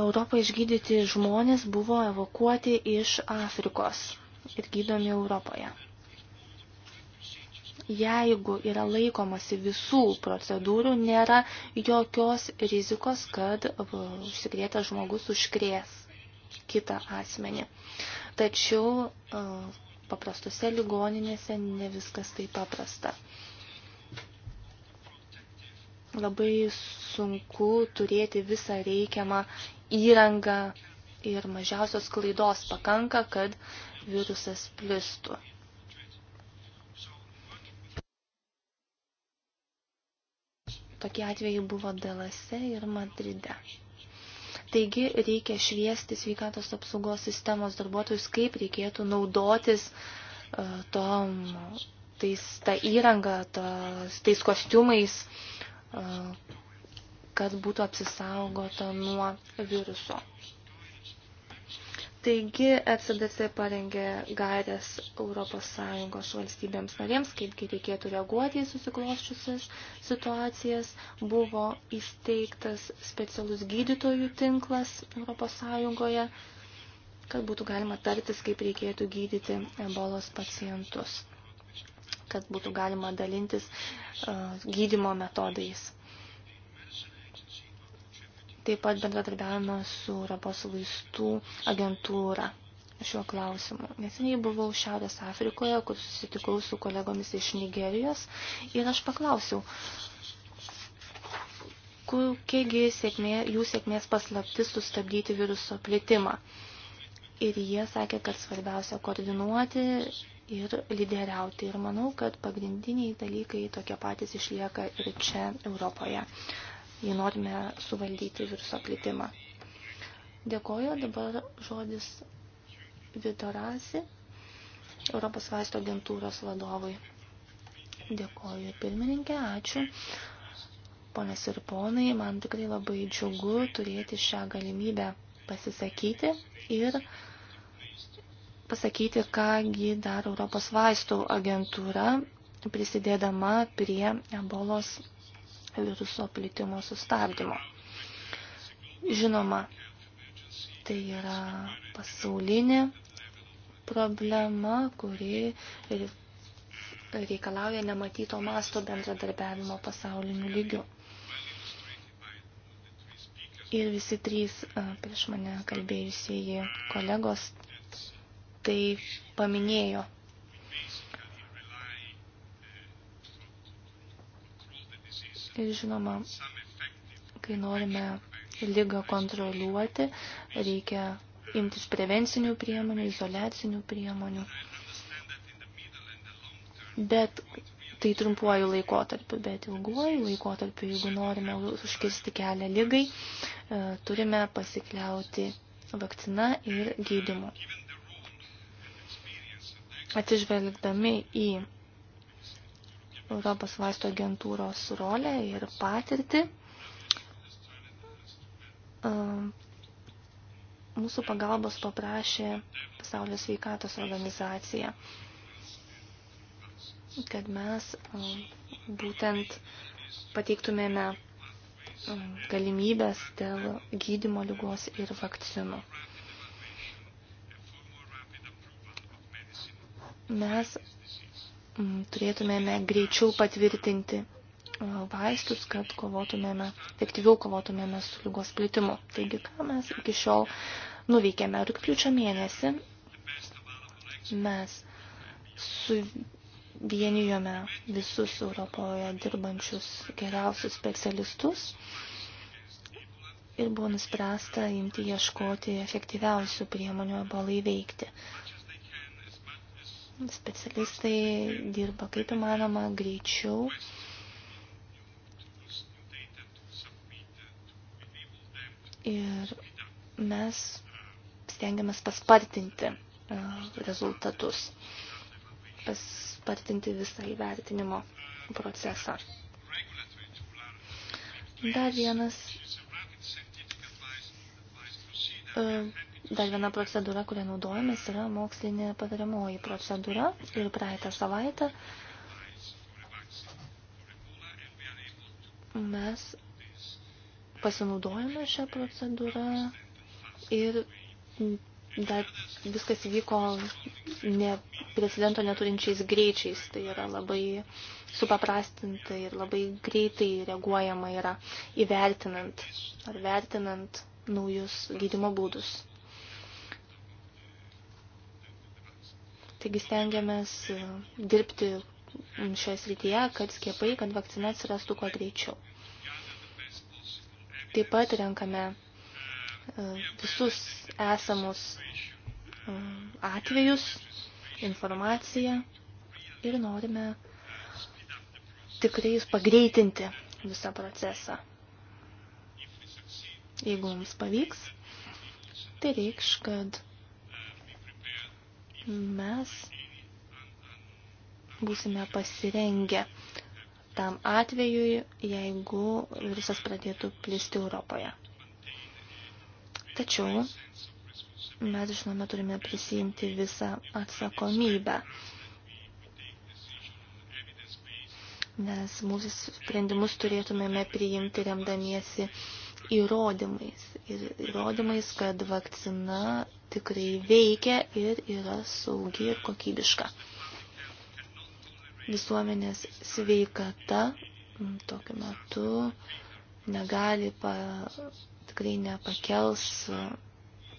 Europą išgydyti žmonės buvo evakuoti iš Afrikos ir gydomi Europoje. Jeigu yra laikomasi visų procedūrų, nėra jokios rizikos, kad uh, užsikrėtas žmogus užkrės kitą asmenį. Tačiau uh, paprastose ligoninėse ne viskas taip paprasta. Labai sunku turėti visą reikiamą įrangą, ir mažiausios klaidos pakanka, kad virusas plistų. Tokie atvejai buvo Dalase ir Madride. Taigi reikia šviesti sveikatos apsaugos sistemos darbuotojus, kaip reikėtų naudotis uh, tom, tais, tą įrangą, tos, tais kostiumais, uh, kad būtų apsisaugota nuo viruso. Taigi ECDC parengė gairias ES valstybėms narėms, kaipgi reikėtų reaguoti į susikloščiusias situacijas. Buvo įsteigtas specialus gydytojų tinklas ES, kad būtų galima tartis, kaip reikėtų gydyti ebolos pacientus, kad būtų galima dalintis uh, gydymo metodais. Taip pat bendradarbiavimą su Europos vaistų agentūra šiuo klausimu. Neseniai buvau Šiaurės Afrikoje, kur susitikau su kolegomis iš Nigerijos ir aš paklausiau, kokiegi sėkmė, jų sėkmės paslaptis sustabdyti viruso plitimą. Ir jie sakė, kad svarbiausia koordinuoti ir lyderiauti. Ir manau, kad pagrindiniai dalykai tokie patys išlieka ir čia Europoje jei norime suvaldyti viruso plitimą. Dėkoju, dabar žodis Vidorasi, Europos vaisto agentūros vadovui. Dėkoju pirmininkė, ačiū. Ponas ir ponai, man tikrai labai džiugu turėti šią galimybę pasisakyti ir pasakyti, kągi dar Europos vaistų agentūra prisidėdama prie ebolos viruso plitimo sustabdymo. Žinoma, tai yra pasaulinė problema, kuri reikalauja nematyto masto bendradarbiavimo pasauliniu lygiu. Ir visi trys prieš mane kalbėjusieji kolegos tai paminėjo. Ir žinoma, kai norime lygą kontroliuoti, reikia imtis prevencinių priemonių, izoliacinių priemonių. Bet tai trumpuoju laikotarpiu, bet ilguoju laikotarpiu, jeigu norime užkirsti kelią lygai, e, turime pasikliauti vakcina ir gydimu. Atsižvelgdami į Europos vaisto agentūros rolę ir patirtį. E, mūsų pagalbos paprašė Pasaulio sveikatos organizacija, kad mes e, būtent pateiktumėme e, galimybės dėl gydymo lygos ir vakcinų. Mes Mm, turėtumėme greičiau patvirtinti uh, vaistus, kad kovotumėme, efektyviau kovotumėme su lygos plitimu. Taigi, ką mes iki šiol nuveikėme rūpiučio mėnesį, mes suvienijome visus Europoje dirbančius geriausius specialistus ir buvo nuspręsta imti ieškoti efektyviausių priemonių ebolai veikti specialistai dirba kaip įmanoma greičiau. Ir mes stengiamės paspartinti e, rezultatus, paspartinti visą įvertinimo procesą. Dar vienas e, Dar viena procedūra, kurią naudojamės, yra mokslinė patariamoji procedūra. Ir praeitą savaitę mes pasinaudojame šią procedūrą ir dar viskas vyko ne prezidento neturinčiais greičiais. Tai yra labai supaprastinta ir labai greitai reaguojama yra įvertinant ar vertinant naujus gydimo būdus. Taigi stengiamės e, dirbti šioje srityje, kad skiepai, kad vakcina atsirastų kuo greičiau. Taip pat renkame e, visus esamus e, atvejus, informaciją ir norime tikrai pagreitinti visą procesą. Jeigu mums pavyks, tai reikš, kad mes būsime pasirengę tam atvejui, jeigu virusas pradėtų plisti Europoje. Tačiau mes, žinome, turime prisijimti visą atsakomybę, nes mūsų sprendimus turėtumėme priimti remdamiesi įrodymais. Ir įrodymais, kad vakcina tikrai veikia ir yra saugi ir kokybiška. Visuomenės sveikata mm, tokiu metu negali, pa, tikrai nepakels mm,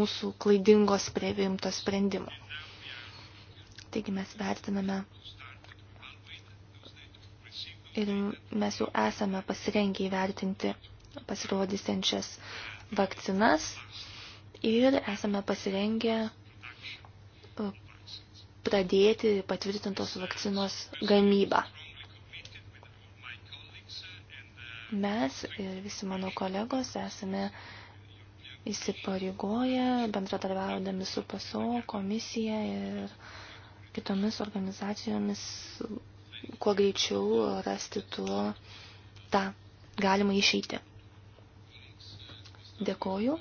mūsų klaidingos priimto sprendimo. Taigi mes vertiname ir mes jau esame pasirengę įvertinti pasirodysiančias vakcinas ir esame pasirengę pradėti patvirtintos vakcinos gamybą. Mes ir visi mano kolegos esame įsipareigoję bendradarbiaudami su PASO komisija ir kitomis organizacijomis kuo greičiau rasti tuo tą galimą išeitį. Dėkoju.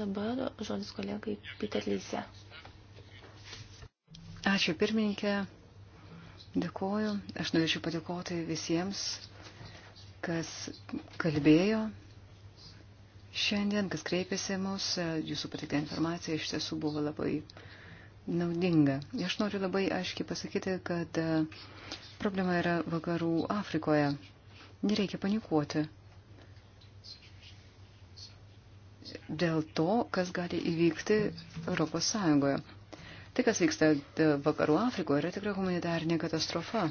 Dabar žodis kolegai Peter Lyse. Ačiū pirmininkė. Dėkoju. Aš norėčiau padėkoti visiems, kas kalbėjo šiandien, kas kreipėsi mus. Jūsų patikta informacija iš tiesų buvo labai naudinga. Aš noriu labai aiškiai pasakyti, kad e, problema yra vakarų Afrikoje. Nereikia panikuoti. dėl to, kas gali įvykti Europos Sąjungoje. Tai, kas vyksta vakarų Afrikoje, yra tikrai humanitarinė katastrofa.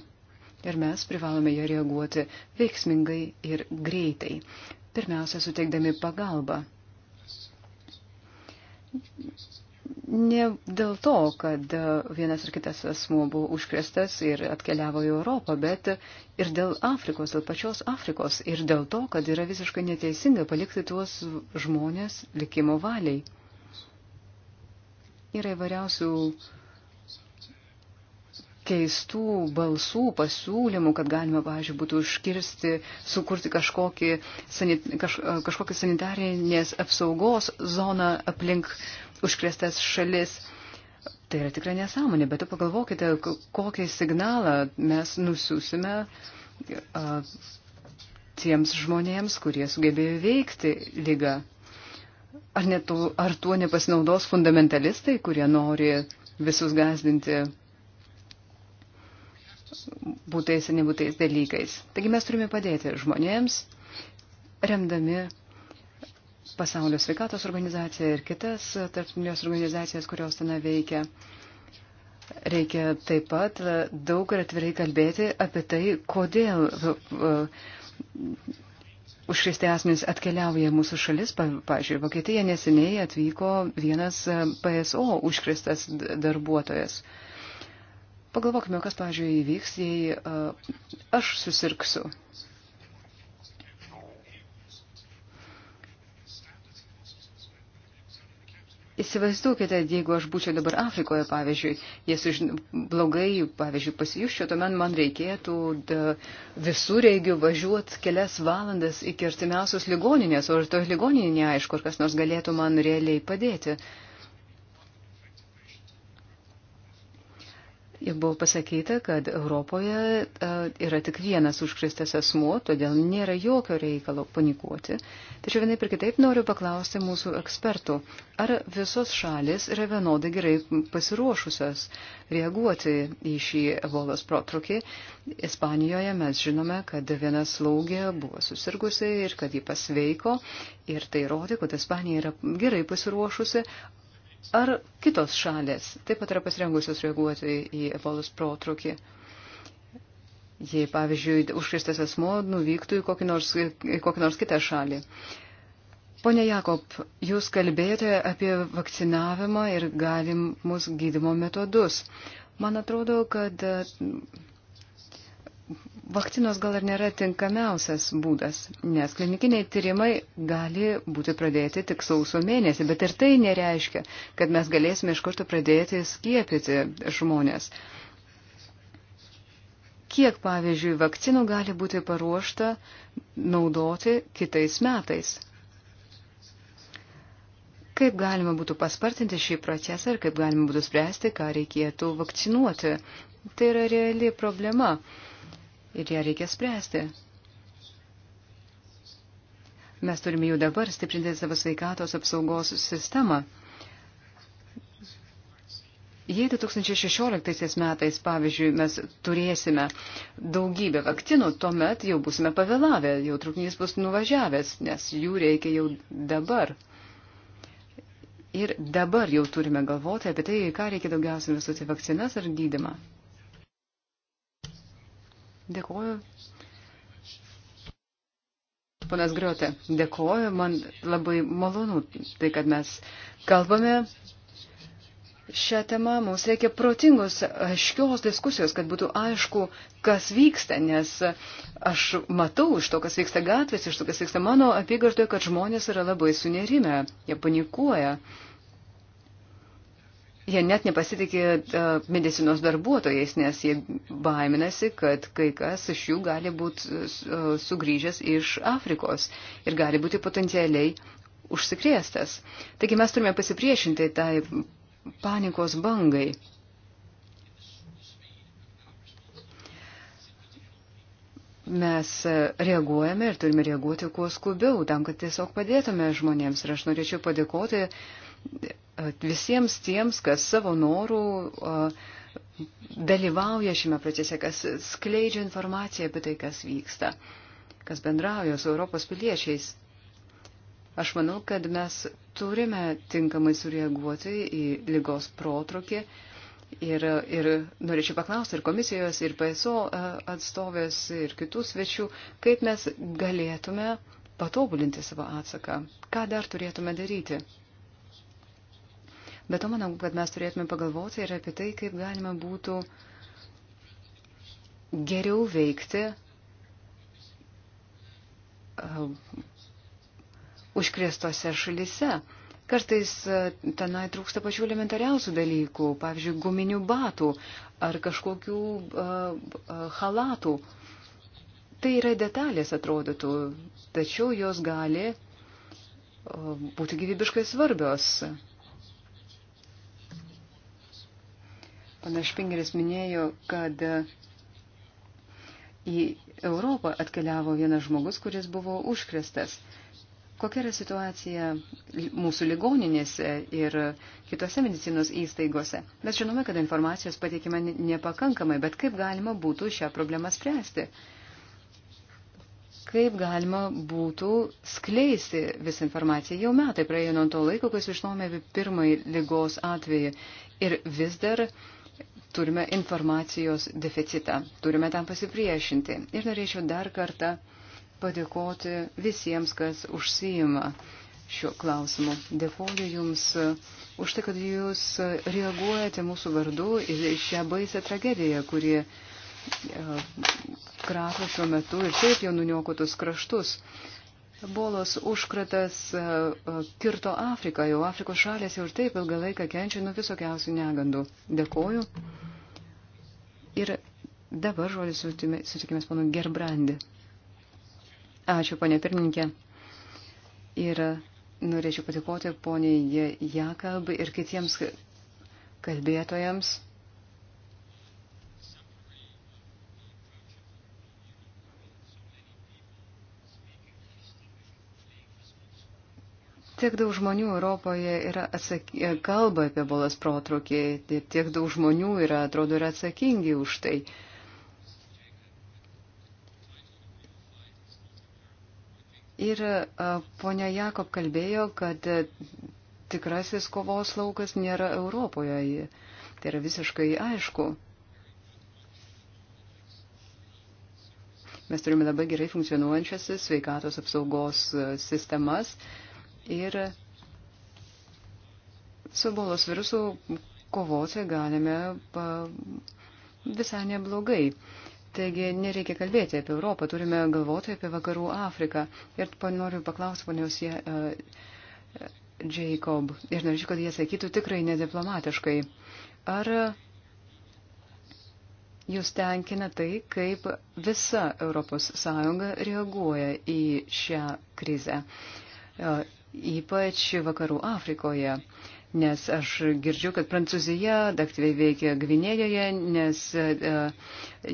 Ir mes privalome ją reaguoti veiksmingai ir greitai. Pirmiausia, suteikdami pagalbą ne dėl to, kad vienas ar kitas asmuo buvo užkrestas ir atkeliavo į Europą, bet ir dėl Afrikos, dėl pačios Afrikos, ir dėl to, kad yra visiškai neteisinga palikti tuos žmonės likimo valiai. Yra įvairiausių keistų balsų, pasiūlymų, kad galima, pavyzdžiui, būtų užkirsti, sukurti kažkokį, sanit, kaž, kažkokį sanitarinės apsaugos zoną aplink uh, užkrėstas šalis. Tai yra tikrai nesąmonė, bet pagalvokite, kokį signalą mes nusiusime tiems žmonėms, kurie sugebėjo veikti lygą. Ar, tu, ar tuo nepasinaudos fundamentalistai, kurie nori visus gazdinti būtais ir nebūtais dalykais. Taigi mes turime padėti žmonėms, remdami Pasaulio sveikatos organizaciją ir kitas tarptautinės organizacijas, kurios ten veikia. Reikia taip pat daug ir atvirai kalbėti apie tai, kodėl e, užkristi asmenys atkeliauja mūsų šalis. Pavyzdžiui, Vokietija neseniai atvyko vienas e, PSO užkristas darbuotojas. Pagalvokime, kas, pavyzdžiui, įvyks, jei e, aš susirksiu. Įsivaizduokite, jeigu aš būčiau dabar Afrikoje, pavyzdžiui, jie sužin... blogai, pavyzdžiui, pasijuščiau, tuomet man reikėtų visų reigių važiuoti kelias valandas iki artimiausios ligoninės, o ar to ligoninė neaišku, ar kas nors galėtų man realiai padėti. Uh, Buvo pasakyta, kad Europoje e, yra tik vienas užkristas asmuo, todėl nėra jokio reikalo panikuoti. Tačiau vienai per kitaip noriu paklausti mūsų ekspertų, ar visos šalis yra vienodai gerai pasiruošusios reaguoti į šį ebolos protrukį. Ispanijoje mes žinome, kad viena slaugė buvo susirgusi ir kad ji pasveiko ir tai rodi, kad Ispanija yra gerai pasiruošusi, Ar kitos šalės taip pat yra pasirengusios reaguoti į ebolos protrukį? Jei, pavyzdžiui, užkristas asmo nuvyktų į kokį nors, į kokį nors kitą šalį. Pone Jakob, jūs kalbėjote apie vakcinavimą ir galimus gydimo metodus. Man atrodo, kad vakcinos gal ir nėra tinkamiausias būdas, nes klinikiniai tyrimai gali būti pradėti tik sausio mėnesį, bet ir tai nereiškia, kad mes galėsime iš karto pradėti skiepyti žmonės. Kiek, pavyzdžiui, vakcinų gali būti paruošta naudoti kitais metais? Kaip galima būtų paspartinti šį procesą ir kaip galima būtų spręsti, ką reikėtų vakcinuoti? Tai yra reali problema ir ją reikia spręsti. Mes turime jau dabar stiprinti savo sveikatos apsaugos sistemą. Jei 2016 metais, pavyzdžiui, mes turėsime daugybę vakcinų, tuomet jau busime pavėlavę, jau truknys bus nuvažiavęs, nes jų reikia jau dabar. Ir dabar jau turime galvoti apie tai, ką reikia daugiausiai investuoti vakcinas ar gydimą. Dėkuoju. Ponas Griotė, dėkuoju, man labai malonu tai, kad mes kalbame šią temą. Mums reikia protingos, aiškios diskusijos, kad būtų aišku, kas vyksta, nes aš matau iš to, kas vyksta gatvės, iš to, kas vyksta mano apygardoje, kad žmonės yra labai sunerime, jie panikuoja. Jie net nepasitikė medicinos darbuotojais, nes jie baiminasi, kad kai kas iš jų gali būti sugrįžęs iš Afrikos ir gali būti potencialiai užsikrėstas. Taigi mes turime pasipriešinti tai panikos bangai. Mes reaguojame ir turime reaguoti kuo skubiau, tam, kad tiesiog padėtume žmonėms. Ir aš norėčiau padėkoti visiems tiems, kas savo norų dalyvauja šiame procese, kas skleidžia informaciją apie tai, kas vyksta, kas bendrauja su Europos piliečiais. Aš manau, kad mes turime tinkamai sureaguoti į lygos protrukį ir, ir norėčiau paklausti ir komisijos, ir PSO atstovės, ir kitų svečių, kaip mes galėtume patobulinti savo atsaką, ką dar turėtume daryti. Bet to manau, kad mes turėtume pagalvoti ir apie tai, kaip galima būtų geriau veikti, uh, užkrėstose šalise. Kartais uh, tenai trūksta pačių elementariausių dalykų, pavyzdžiui, guminių batų ar kažkokių uh, uh halatų. Tai yra detalės, atrodytų, tačiau jos gali uh, būti gyvybiškai svarbios. Uh, Pana Špingeris minėjo, kad į Europą atkeliavo vienas žmogus, kuris buvo užkrestas. Kokia yra situacija mūsų ligoninėse ir kitose medicinos įstaigose? Mes žinome, kad informacijos pateikime nepakankamai, bet kaip galima būtų šią problemą spręsti? Kaip galima būtų skleisti visą informaciją? Jau metai praėjo nuo to laiko, kai sužinome pirmąjį lygos atvejį ir vis dar uh, turime informacijos deficitą, turime tam pasipriešinti. Ir norėčiau dar kartą padėkoti visiems, kas užsijima šiuo klausimu. Dėkoju Jums už tai, kad Jūs reaguojate mūsų vardu į šią baisę tragediją, kuri e, krato šiuo metu ir taip jau nuniokotus kraštus. Bolos užkratas e, e, kirto Afriką, jau Afrikos šalės jau ir taip ilgą laiką kenčia nuo visokiausių negandų. Dėkoju. Ir dabar žodį sutikimės panu Gerbrandi. Ačiū, ponė pirmininkė. Ir norėčiau patikoti poniai Jakab ir kitiems kalbėtojams tiek daug žmonių Europoje yra atsaky, kalba apie bolas protrukį, tiek daug žmonių yra, atrodo, yra atsakingi už tai. Ir ponia Jakob kalbėjo, kad e, tikrasis kovos laukas nėra Europoje. Tai yra visiškai aišku. Mes turime labai gerai funkcionuojančias sveikatos apsaugos e, sistemas, ir su bolos virusu kovoti galime visai neblogai. Taigi nereikia kalbėti apie Europą, turime galvoti apie Vakarų Afriką. Ir noriu paklausti ponios jie, uh, Jacob, ir norėčiau, kad jie sakytų tikrai nediplomatiškai. Ar jūs tenkina tai, kaip visa ES reaguoja į šią krizę? Uh, ypač vakarų Afrikoje. Nes aš girdžiu, kad Prancūzija aktyviai veikia Gvinėjoje, nes e,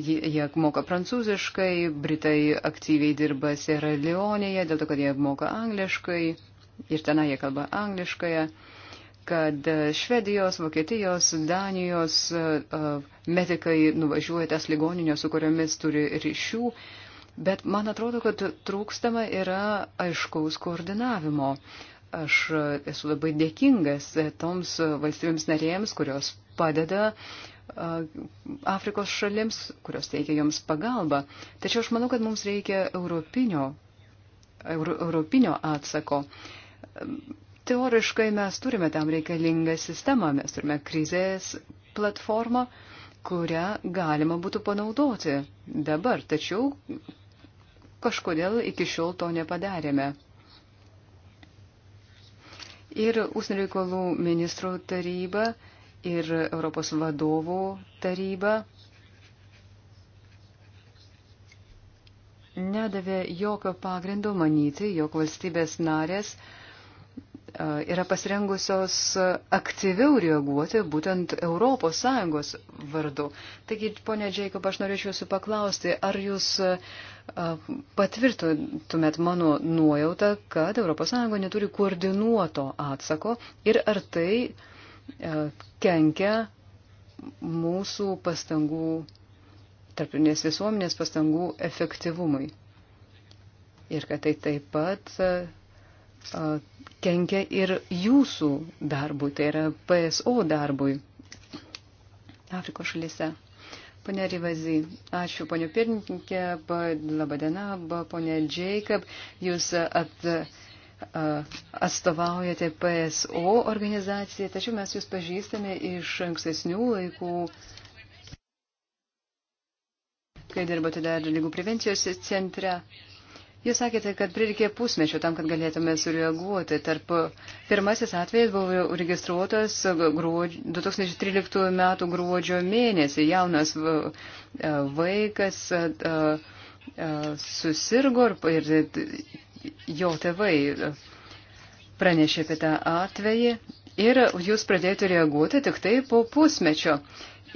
jie moka prancūziškai, Britai aktyviai dirba Sierra Leonėje, dėl to, kad jie moka angliškai ir tenai jie kalba angliškai, kad Švedijos, Vokietijos, Danijos e, e, medikai nuvažiuoja tas ligoninės, su kuriomis turi ryšių Bet man atrodo, kad trūkstama yra aiškaus koordinavimo. Aš esu labai dėkingas toms valstybėms narėms, kurios padeda Afrikos šalims, kurios teikia joms pagalbą. Tačiau aš manau, kad mums reikia europinio, euro, europinio atsako. Teoriškai mes turime tam reikalingą sistemą, mes turime krizės platformą, kurią galima būtų panaudoti dabar. Tačiau Kažkodėl iki šiol to nepadarėme. Ir Užsienio reikalų ministrų taryba ir Europos vadovų taryba nedavė jokio pagrindo manyti, jog valstybės narės uh, yra pasirengusios aktyviau reaguoti būtent ES vardu. Taigi, ponia Džeikob, aš norėčiau jūsų paklausti, ar jūs patvirtumėt mano nuojautą, kad ES neturi koordinuoto atsako ir ar tai kenkia mūsų pastangų, tarpinės visuomenės pastangų efektyvumui. Ir kad tai taip pat kenkia ir jūsų darbui, tai yra PSO darbui Afrikos šalyse. Pane Rivazy, ačiū, ponio pirmininkė, labadiena, ponė Jacob, jūs at, atstovaujate PSO organizaciją, tačiau mes jūs pažįstame iš ankstesnių laikų kai dirbate dar lygų prevencijos centre. Jūs sakėte, kad prireikė pusmečio tam, kad galėtume sureaguoti. Tarp pirmasis atvejas buvo registruotas gruodž... 2013 m. gruodžio mėnesį. Jaunas e, vaikas e, e, susirgo ir jo tėvai pranešė apie tą atvejį ir jūs pradėjote reaguoti tik tai po pusmečio.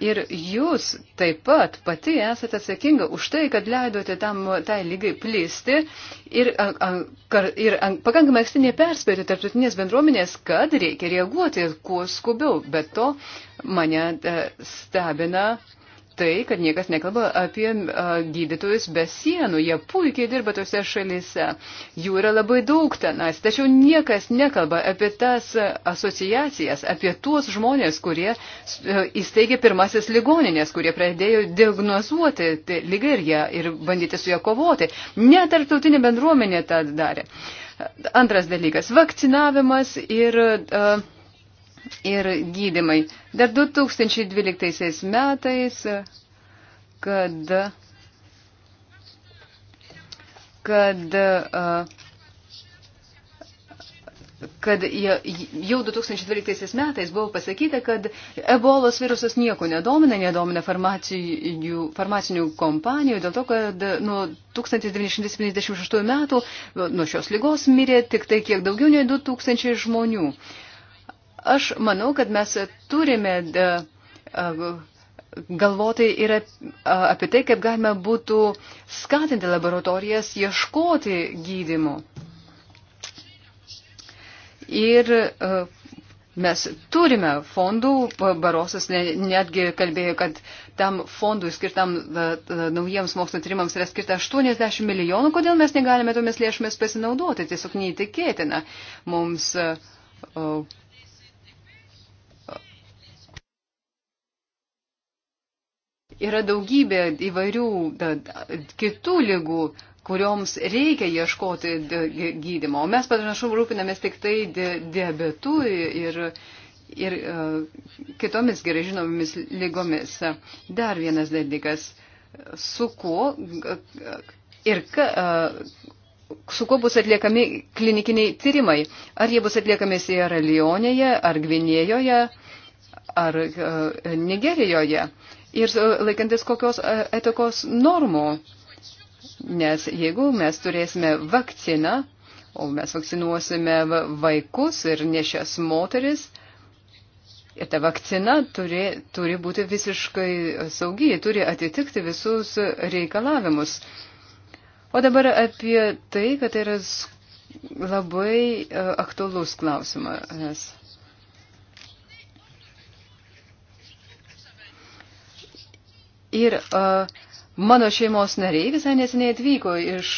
Ir jūs taip pat pati esate atsakinga už tai, kad leidote tam tai lygai plisti ir, ir pakankamai anksti neperspėjote tarptautinės bendruomenės, kad reikia reaguoti kuo skubiau. Bet to mane e, stebina uh, tai, kad niekas nekalba apie gydytojus be sienų. Jie puikiai dirba tose šalise. Jų yra labai daug tenas. Tačiau niekas nekalba apie tas asociacijas, apie tuos žmonės, kurie įsteigė pirmasis ligoninės, kurie pradėjo diagnozuoti tai lygą ir, ją, ir bandyti su ją kovoti. Net tarptautinė bendruomenė tą darė. Antras dalykas - vakcinavimas ir. Uh, ir gydimai. Dar 2012 metais, kad, kad, kad jau 2012 metais buvo pasakyta, kad ebolos virusas nieko nedomina, nedomina farmacinių, farmacinių kompanijų, dėl to, kad nuo 1976 metų nuo šios lygos mirė tik tai kiek daugiau nei 2000 žmonių. Aš manau, kad mes turime e, e, galvoti ir apie tai, kaip galime būtų skatinti laboratorijas ieškoti gydimų. Ir e, mes turime fondų, Barosas netgi kalbėjo, kad tam fondui skirtam naujiems mokslo tyrimams yra skirta 80 milijonų, kodėl mes negalime tomis lėšomis pasinaudoti, tiesiog neįtikėtina mums. Uh, Yra daugybė įvairių da, kitų lygų, kurioms reikia ieškoti gydimo. O mes panašu rūpinamės tik tai di diabetu ir, ir uh, kitomis gerai žinomomis lygomis. Dar vienas dalykas. Su kuo ir ka, uh, su kuo bus atliekami klinikiniai tyrimai. Ar jie bus atliekami Sierra Leonėje, ar Gvinėjoje, ar uh, Nigerijoje ir e, laikantis kokios e, etikos normų. Nes jeigu mes turėsime vakciną, o mes vakcinuosime vaikus ir nešias moteris, ir ta vakcina turi, turi būti visiškai saugi, turi atitikti visus reikalavimus. O dabar apie tai, kad tai yra labai e, aktualus klausimas. Ir uh, mano šeimos nariai visai neseniai atvyko iš.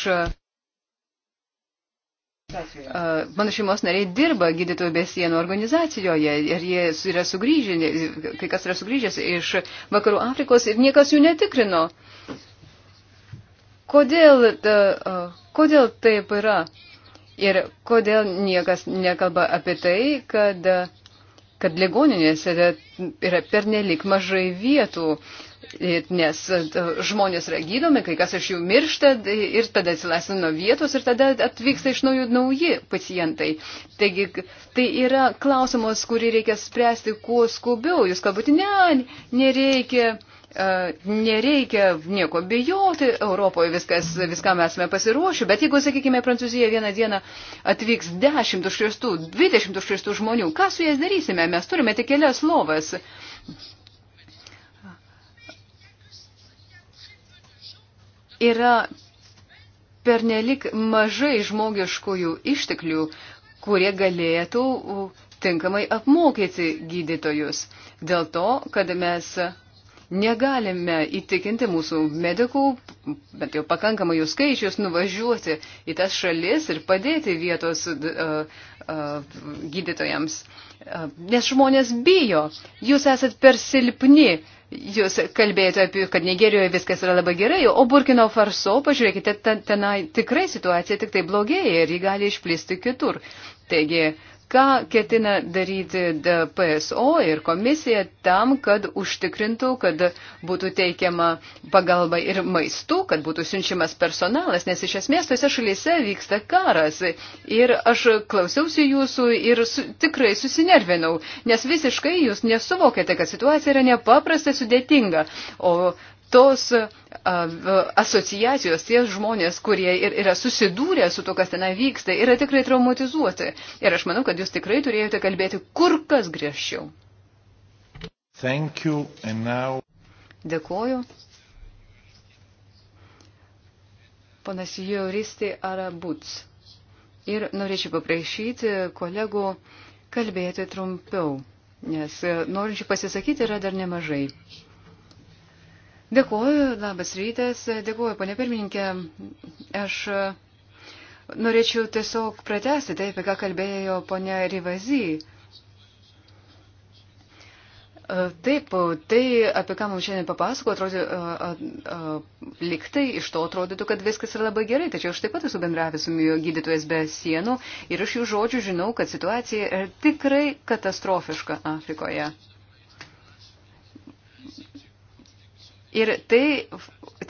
Uh, mano šeimos nariai dirba gydytojų be sienų organizacijoje ir jie yra sugrįžę, kai kas yra sugrįžęs iš vakarų Afrikos ir niekas jų netikrino. Kodėl, ta, uh, kodėl taip yra? Ir kodėl niekas nekalba apie tai, kad, kad ligoninėse yra pernelik mažai vietų, nes e, žmonės yra gydomi, kai kas iš jų miršta ir tada atsilaisvina nuo vietos ir tada atvyksta iš naujų nauji pacientai. Taigi tai yra klausimas, kurį reikia spręsti kuo skubiau. Jūs kalbate, ne, nereikia. E, nereikia nieko bijoti, Europoje viskas, viskam esame pasiruošę, bet jeigu, sakykime, Prancūzija vieną dieną atvyks 10 užkristų, 20 užkristų žmonių, ką su jais darysime? Mes turime tik kelias lovas. yra pernelik mažai žmogiškųjų išteklių, kurie galėtų tinkamai apmokyti gydytojus. Dėl to, kad mes negalime įtikinti mūsų medikų, bet jau pakankamai jų skaičius, nuvažiuoti į tas šalis ir padėti vietos E, gydytojams, e, nes žmonės bijo, jūs esat per silpni. Jūs kalbėjote apie, kad Nigerijoje viskas yra labai gerai, o Burkino Farso, pažiūrėkite, ten, tenai tikrai situacija tik tai blogėja ir ji gali išplisti kitur. Taigi ką ketina daryti PSO ir komisija tam, kad užtikrintų, kad būtų teikiama pagalba ir maistu, kad būtų siunčiamas personalas, nes iš esmės tose šalyse vyksta karas. Ir aš klausiausi jūsų ir su, tikrai susinervinau, nes visiškai jūs nesuvokėte, kad situacija yra nepaprastai sudėtinga, o tos asociacijos, tie žmonės, kurie ir, yra susidūrę su to, kas ten vyksta, yra tikrai traumatizuoti. Ir aš manau, kad jūs tikrai turėjote kalbėti kur kas griežčiau. Now... Dėkuoju. Panas Juristi Arabuts. Ir norėčiau paprašyti kolegų kalbėti trumpiau, nes e, norinčių pasisakyti yra dar nemažai. Dėkuoju, labas rytas, dėkuoju, ponė pirmininkė. Aš norėčiau tiesiog pratesti tai, apie ką kalbėjo ponė Rivazy. Taip, tai, apie ką mums šiandien papasako, atrodo, liktai iš to atrodytų, kad viskas yra labai gerai, tačiau aš taip pat esu bendravęs su gydytojas be sienų ir iš jų žodžių žinau, kad situacija yra tikrai katastrofiška Afrikoje. Ir tai,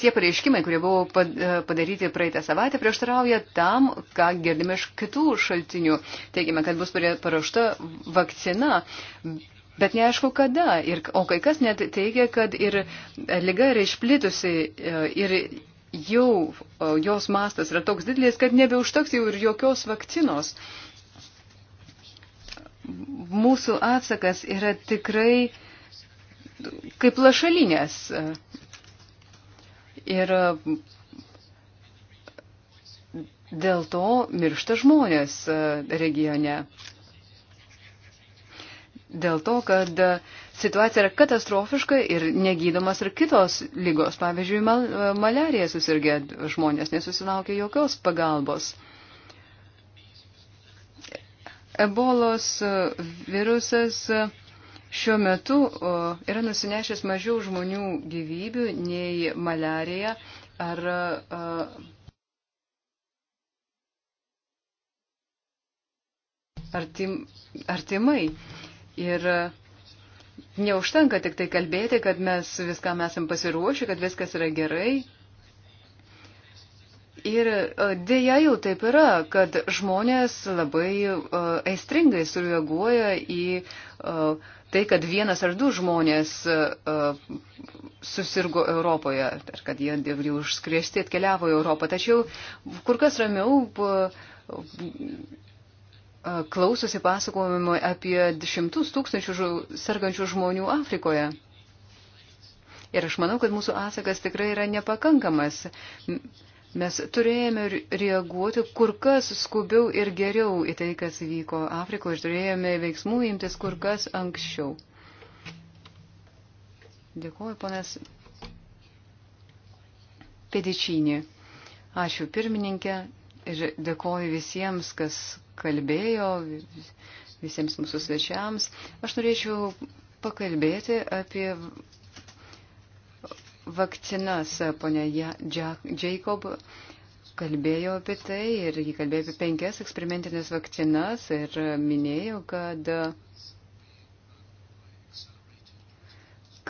tie pareiškimai, kurie buvo padaryti praeitą savaitę, prieštarauja tam, ką girdime iš kitų šaltinių. Teigime, kad bus paruošta vakcina, bet neaišku kada. Ir, o kai kas net teigia, kad ir lyga yra išplitusi e, ir jau jos mastas yra toks didelis, kad nebeužteks jau ir jokios vakcinos. Mūsų atsakas yra tikrai kaip lašalinės. Ir dėl to miršta žmonės regione. Dėl to, kad situacija yra katastrofiška ir negydomas ir kitos lygos. Pavyzdžiui, mal malerija susirgė žmonės, nesusilaukė jokios pagalbos. Ebolos virusas šiuo metu yra nusinešęs mažiau žmonių gyvybių nei malarija ar. Ar, tim, ar timai. Ir neužtenka tik tai kalbėti, kad mes viskam esam pasiruošę, kad viskas yra gerai. Ir dėja jau taip yra, kad žmonės labai aistringai sureaguoja į uh, tai, kad vienas ar du žmonės e, susirgo Europoje, ar kad jie jau užskrėsti atkeliavo į Europą. Tačiau kur kas ramiau e, klausosi pasakojimo apie šimtus tūkstančių sergančių žmonių Afrikoje. Ir aš manau, kad mūsų atsakas tikrai yra nepakankamas. Mes turėjome reaguoti kur kas skubiau ir geriau į tai, kas vyko Afrikoje ir turėjome veiksmų imtis kur kas anksčiau. Dėkuoju, ponas Pedičinį. Ačiū pirmininkė ir dėkuoju visiems, kas kalbėjo, visiems mūsų svečiams. Aš norėčiau pakalbėti apie vakcinas. Pone Jacob kalbėjo apie tai ir jį kalbėjo apie penkias eksperimentinės vakcinas ir minėjo, kad,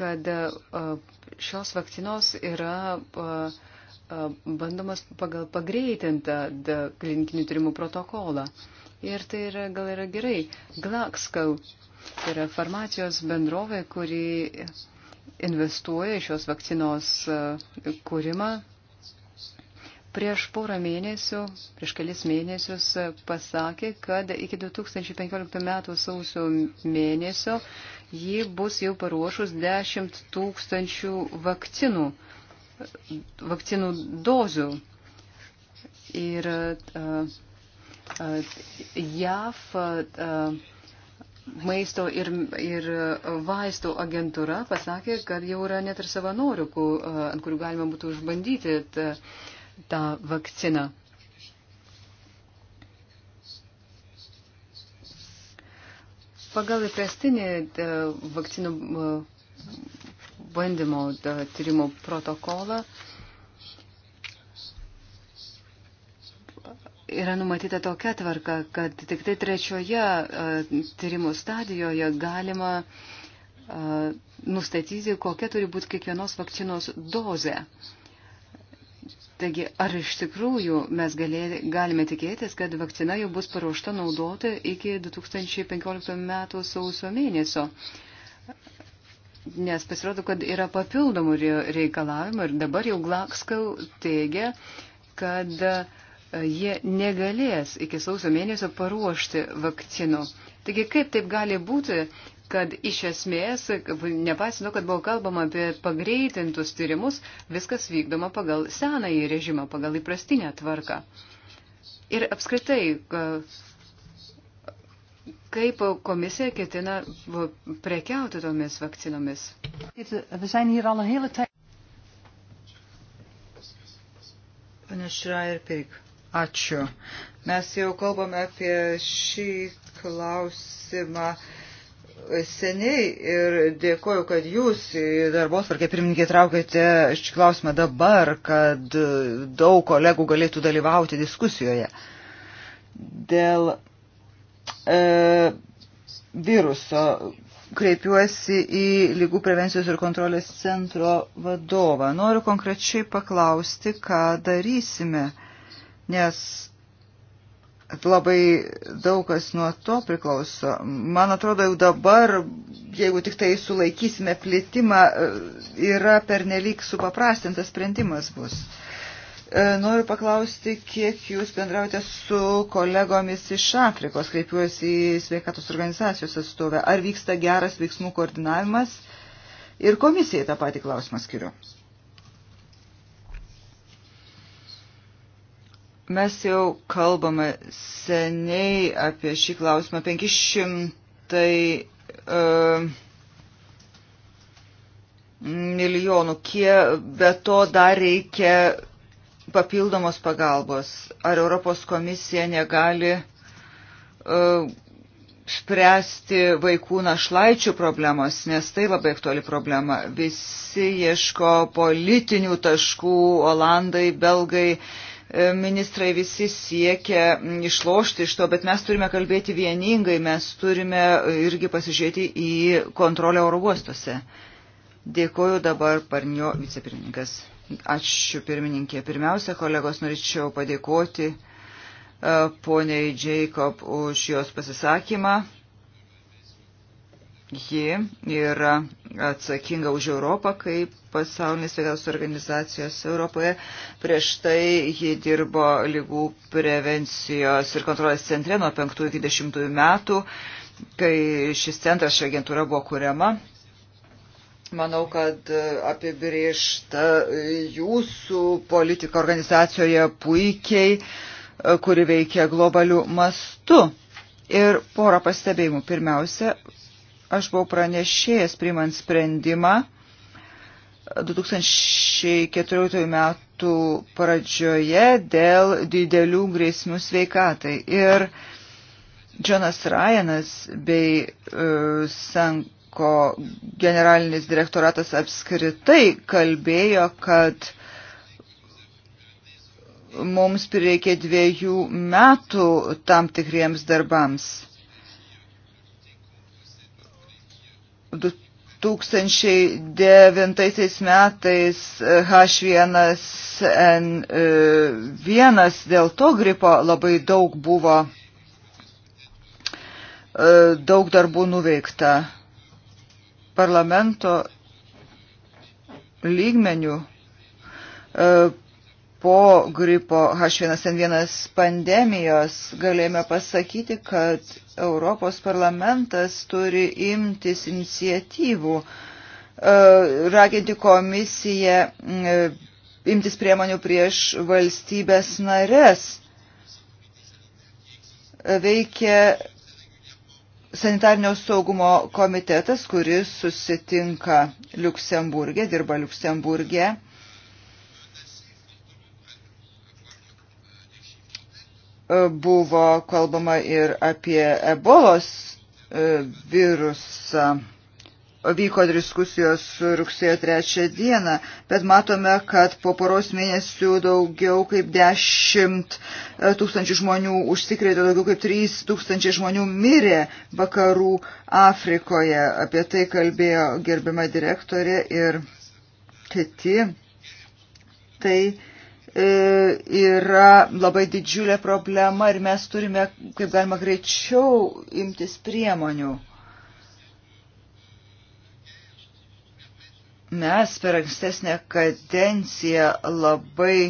kad šios vakcinos yra bandomas pagal pagreitintą klinikinių tyrimų protokolą. Ir tai yra, gal yra gerai. Glaxcal yra farmacijos bendrovė, kuri investuoja į šios vakcinos e, kūrimą. Prieš porą mėnesių, prieš kelis mėnesius e, pasakė, kad iki 2015 metų sausio mėnesio ji bus jau paruošus 10 tūkstančių vakcinų, vakcinų dozių. Ir uh, uh, JAF uh, maisto ir, ir vaistų agentūra pasakė, kad jau yra net ir savanorių, kur, ant kurių galima būtų užbandyti tą, tą vakciną. Pagal įprastinį vakcinų bandymo tyrimo protokolą yra numatyta tokia tvarka, kad tik tai trečioje tyrimų stadijoje galima nustatyti, kokia turi būti kiekvienos vakcinos doze. Taigi, ar iš tikrųjų mes galė, galime tikėtis, kad vakcina jau bus paruošta naudoti iki 2015 metų sausio mėnesio? Nes pasirodo, kad yra papildomų reikalavimų ir dabar jau Glakskau teigia, kad uh, E, jie negalės iki sausio mėnesio paruošti vakcinų. Taigi kaip taip gali būti, kad iš esmės, nepasinu, kad buvo kalbama apie pagreitintus tyrimus, viskas vykdoma pagal senąjį režimą, pagal įprastinę tvarką. Ir apskritai, e, kaip komisija ketina prekiauti tomis vakcinomis? Pane Šrair Pirik. Ačiū. Mes jau kalbame apie šį klausimą seniai ir dėkoju, kad jūs į darbos varkę pirmininkė traukėte šį klausimą dabar, kad daug kolegų galėtų dalyvauti diskusijoje. Dėl e, viruso kreipiuosi į lygų prevencijos ir kontrolės centro vadovą. Noriu konkrečiai paklausti, ką darysime. E, nes labai daug kas nuo to priklauso. Man atrodo, jau dabar, jeigu tik tai sulaikysime plitimą, yra pernelyg supaprastintas sprendimas bus. E, noriu paklausti, kiek jūs bendraujate su kolegomis iš Afrikos, kreipiuosi į sveikatos organizacijos atstovę. Ar vyksta geras veiksmų koordinavimas? Ir komisijai tą patį klausimą skiriu. Mes jau kalbame seniai apie šį klausimą. 500 uh, e, milijonų, kie be to dar reikia papildomos pagalbos. Ar Europos komisija negali uh, spręsti vaikų našlaičių problemos, nes tai labai aktuali problema. Visi ieško politinių taškų, olandai, belgai, E, ministrai visi siekia išlošti iš to, bet mes turime kalbėti vieningai, mes turime irgi pasižiūrėti į kontrolę oro uostuose. Dėkoju dabar Parnio vicepirmininkas. Ačiū pirmininkė. Pirmiausia, kolegos, norėčiau padėkoti e, poniai Jacob už jos pasisakymą. Ji yra atsakinga už Europą kaip pasaulinės sveikatos organizacijos Europoje. Prieš tai ji dirbo lygų prevencijos ir kontrolės centre nuo 5 iki 10 metų, kai šis centras ši agentūra buvo kuriama. Manau, kad apibriešta jūsų politika organizacijoje puikiai, kuri veikia globalių mastu. Ir porą pastebėjimų. Pirmiausia, Aš buvau pranešėjęs priimant sprendimą 2014 metų pradžioje dėl didelių grėsmių sveikatai. Ir Jonas Ryanas bei uh, Sanko generalinis direktoratas apskritai kalbėjo, kad mums prireikė dviejų metų tam tikriems darbams. 2009 metais H1N1 dėl to gripo labai daug buvo, e, daug darbų nuveikta parlamento lygmenių e, po gripo H1N1 pandemijos galėjome pasakyti, kad Europos parlamentas turi imtis iniciatyvų, e, raginti komisiją e, imtis priemonių prieš valstybės nares. Veikia sanitarnio saugumo komitetas, kuris susitinka Luksemburgė, dirba Luksemburgė buvo kalbama ir apie ebolos e, virusą. Vyko diskusijos rugsėjo 3 dieną, bet matome, kad po poros mėnesių daugiau kaip 10 e, tūkstančių žmonių užsikrėtė, daugiau kaip 3 tūkstančiai žmonių mirė vakarų Afrikoje. Apie tai kalbėjo gerbima direktorė ir kiti. Tai E, yra labai didžiulė problema ir mes turime, kaip galima greičiau, imtis priemonių. Mes per ankstesnę kadenciją labai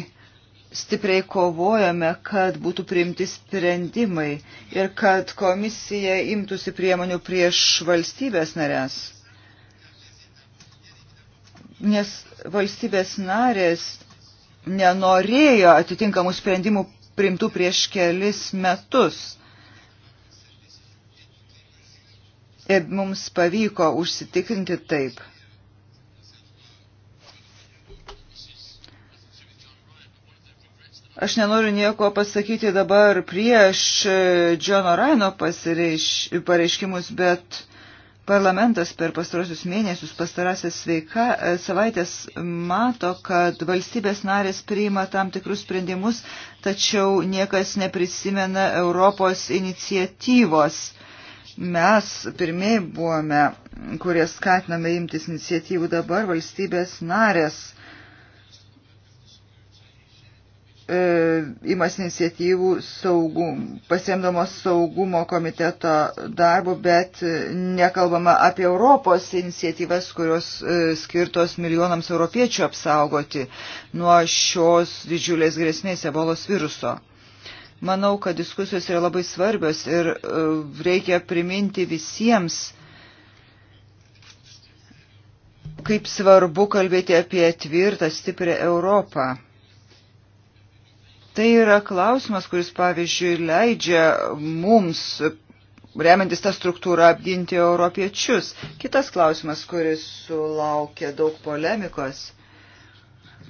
stipriai kovojame, kad būtų priimti sprendimai ir kad komisija imtųsi priemonių prieš valstybės narės. Nes valstybės narės nenorėjo atitinkamų sprendimų priimtų prieš kelis metus. Ir mums pavyko užsitikrinti taip. Aš nenoriu nieko pasakyti dabar prieš Džono Raino pareiškimus, bet Parlamentas per pastarosius mėnesius, pastarasias sveika, e, savaitės mato, kad valstybės narės priima tam tikrus sprendimus, tačiau niekas neprisimena Europos iniciatyvos. Mes pirmieji buvome, kurie skatiname imtis iniciatyvų dabar valstybės narės E, imas iniciatyvų saugum, pasiemdamos saugumo komiteto darbų, bet nekalbama apie Europos iniciatyvas, kurios e, skirtos milijonams europiečių apsaugoti nuo šios didžiulės grėsmės ebolos viruso. Manau, kad diskusijos yra labai svarbios ir e, reikia priminti visiems, kaip svarbu kalbėti apie tvirtą, stiprią Europą Tai yra klausimas, kuris, pavyzdžiui, leidžia mums, remiantis tą struktūrą, apginti europiečius. Kitas klausimas, kuris sulaukė daug polemikos,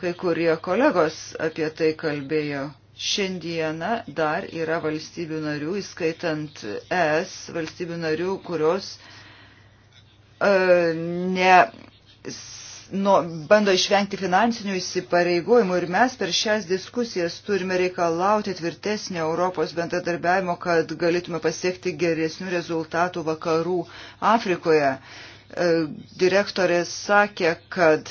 kai kurie kolegos apie tai kalbėjo. Šiandieną dar yra valstybių narių, įskaitant ES valstybių narių, kurios e, ne nu, bando išvengti finansinių įsipareigojimų ir mes per šias diskusijas turime reikalauti tvirtesnio Europos bendradarbiavimo, kad galėtume pasiekti geresnių rezultatų vakarų Afrikoje. E, direktorė sakė, kad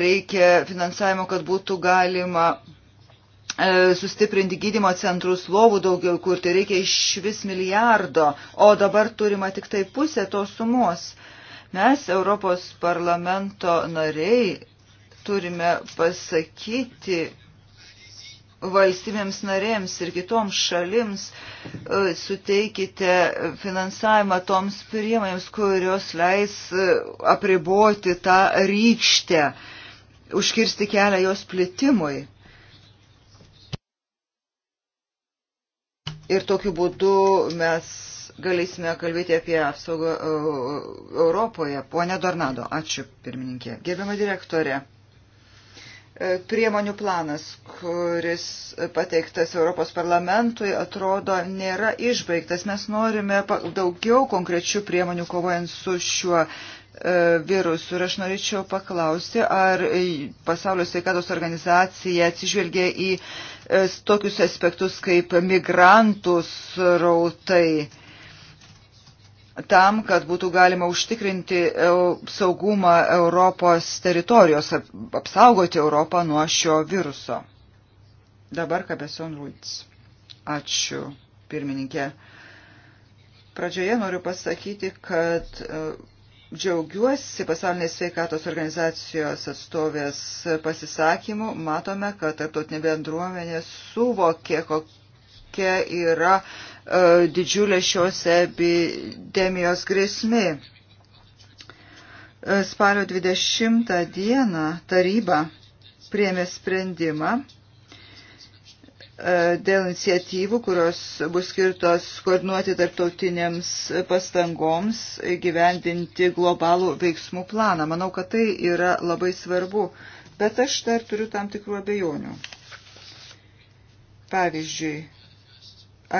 reikia finansavimo, kad būtų galima e, sustiprinti gydymo centrus, lovų daugiau kurti, reikia iš vis milijardo, o dabar turima tik tai pusė tos sumos. Mes, Europos parlamento nariai, turime pasakyti valstybėms narėms ir kitoms šalims e, suteikite finansavimą toms priemonėms, kurios leis e, apriboti tą rykštę, užkirsti kelią jos plitimui. Ir tokiu būdu mes galėsime kalbėti apie apsaugą e, Europoje. Pone Dornado, ačiū pirmininkė. Gerbiama direktorė, e, priemonių planas, kuris pateiktas Europos parlamentui, atrodo nėra išbaigtas. Mes norime daugiau konkrečių priemonių kovojant su šiuo e, virusų. Ir aš norėčiau paklausti, ar pasaulio sveikatos organizacija atsižvelgia į tokius aspektus kaip migrantų srautai tam, kad būtų galima užtikrinti saugumą Europos teritorijos, apsaugoti Europą nuo šio viruso. Dabar Kabeson Ruiz. Ačiū, pirmininkė. Pradžioje noriu pasakyti, kad e, džiaugiuosi pasaulinės sveikatos organizacijos atstovės pasisakymu. Matome, kad tarptautinė bendruomenė suvokė, kokia yra E, didžiulė šios epidemijos grėsmė. E, spalio 20 dieną taryba priemė sprendimą e, dėl iniciatyvų, kurios bus skirtos koordinuoti tarptautinėms pastangoms gyvendinti globalų veiksmų planą. Manau, kad tai yra labai svarbu, bet aš dar turiu tam tikrų abejonių. Pavyzdžiui,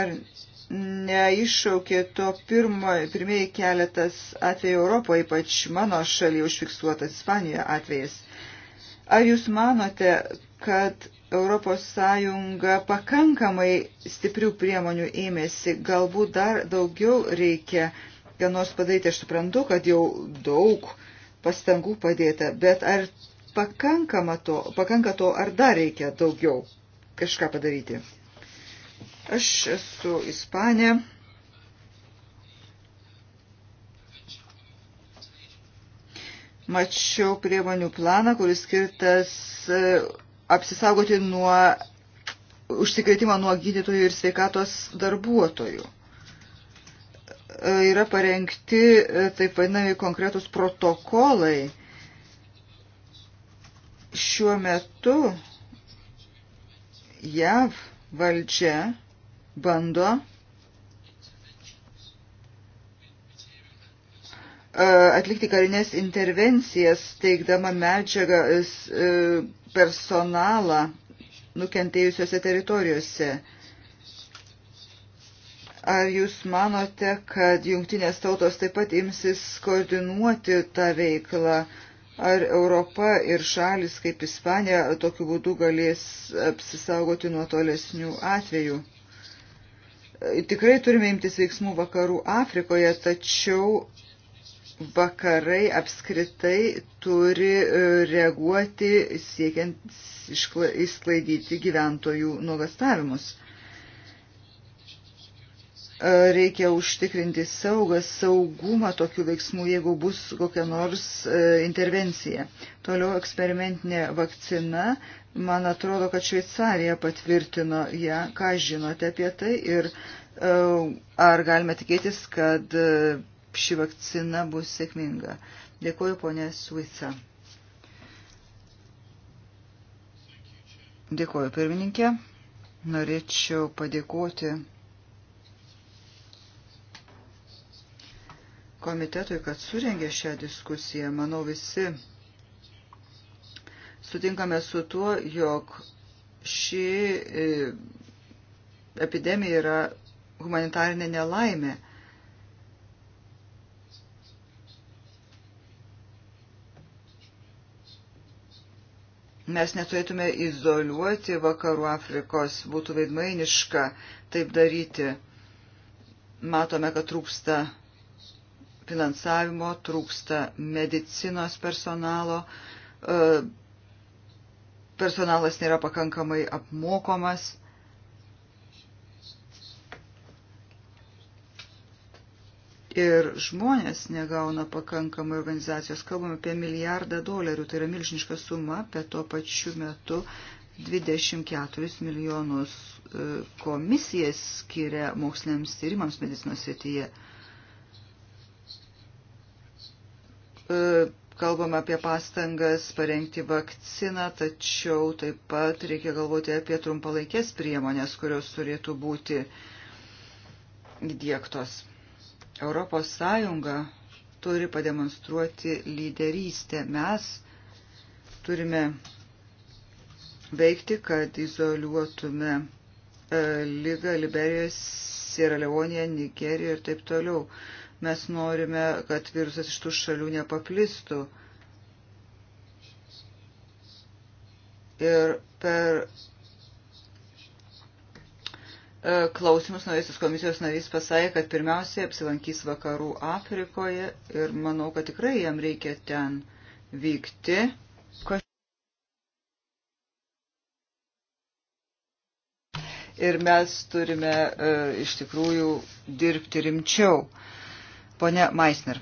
ar neiššaukė to pirmo, pirmieji keletas atvejų Europoje, ypač mano šalyje užfiksuotas Ispanijoje atvejas. Ar jūs manote, kad ES pakankamai stiprių priemonių ėmėsi, galbūt dar daugiau reikia, ką nors padaryti, aš suprantu, kad jau daug pastangų padėta, bet ar pakankama to, pakanka to, ar dar reikia daugiau kažką padaryti? Aš esu Ispanė. Mačiau priemonių planą, kuris skirtas e, apsisaugoti nuo užsikrėtimo nuo gydytojų ir sveikatos darbuotojų. E, yra parengti e, taip vadinami konkretus protokolai. Šiuo metu JAV valdžia bando e, atlikti karinės intervencijas, teikdama medžiagą e, e, personalą nukentėjusiose teritorijose. Ar jūs manote, kad jungtinės tautos taip pat imsis koordinuoti tą veiklą? Ar Europa ir šalis kaip Ispanija tokiu būdu galės apsisaugoti nuo tolesnių atvejų? Tikrai turime imtis veiksmų vakarų Afrikoje, tačiau vakarai apskritai turi e, reaguoti siekiant išsklaidyti gyventojų nuogastavimus. E, reikia užtikrinti saugą, saugumą tokių veiksmų, jeigu bus kokia nors e, intervencija. Toliau eksperimentinė vakcina, man atrodo, kad Šveicarija patvirtino ją, ką žinote apie tai ir e, ar galime tikėtis, kad ši vakcina bus sėkminga. Dėkuoju, ponė Suica. Dėkuoju, pirmininkė. Norėčiau padėkoti komitetui, kad surengė šią diskusiją. Manau, visi sutinkame su tuo, jog ši e, epidemija yra humanitarinė nelaimė. Mes neturėtume izoliuoti vakarų Afrikos, būtų veidmainiška taip daryti. Matome, kad trūksta finansavimo, trūksta medicinos personalo, e, personalas nėra pakankamai apmokomas. Ir žmonės negauna pakankamai organizacijos. Kalbame apie milijardą dolerių, tai yra milžiniška suma, bet tuo pačiu metu 24 milijonus e, komisija skiria moksliniams tyrimams medicinos srityje. Tai E, kalbame apie pastangas parengti vakciną, tačiau taip pat reikia galvoti apie trumpalaikės priemonės, kurios turėtų būti įdėktos. Europos Sąjunga turi pademonstruoti lyderystę. Mes turime veikti, kad izoliuotume e, lygą Liberijoje, Sierra Leonėje, Nigerijoje ir taip toliau. Mes norime, kad virusas iš tų šalių nepaplistų. Ir per e, klausimus naujasis komisijos narys pasakė, kad pirmiausiai apsilankys vakarų Afrikoje ir manau, kad tikrai jam reikia ten vykti. Kas... Ir mes turime e, iš tikrųjų dirbti rimčiau. E, Pone Maisner.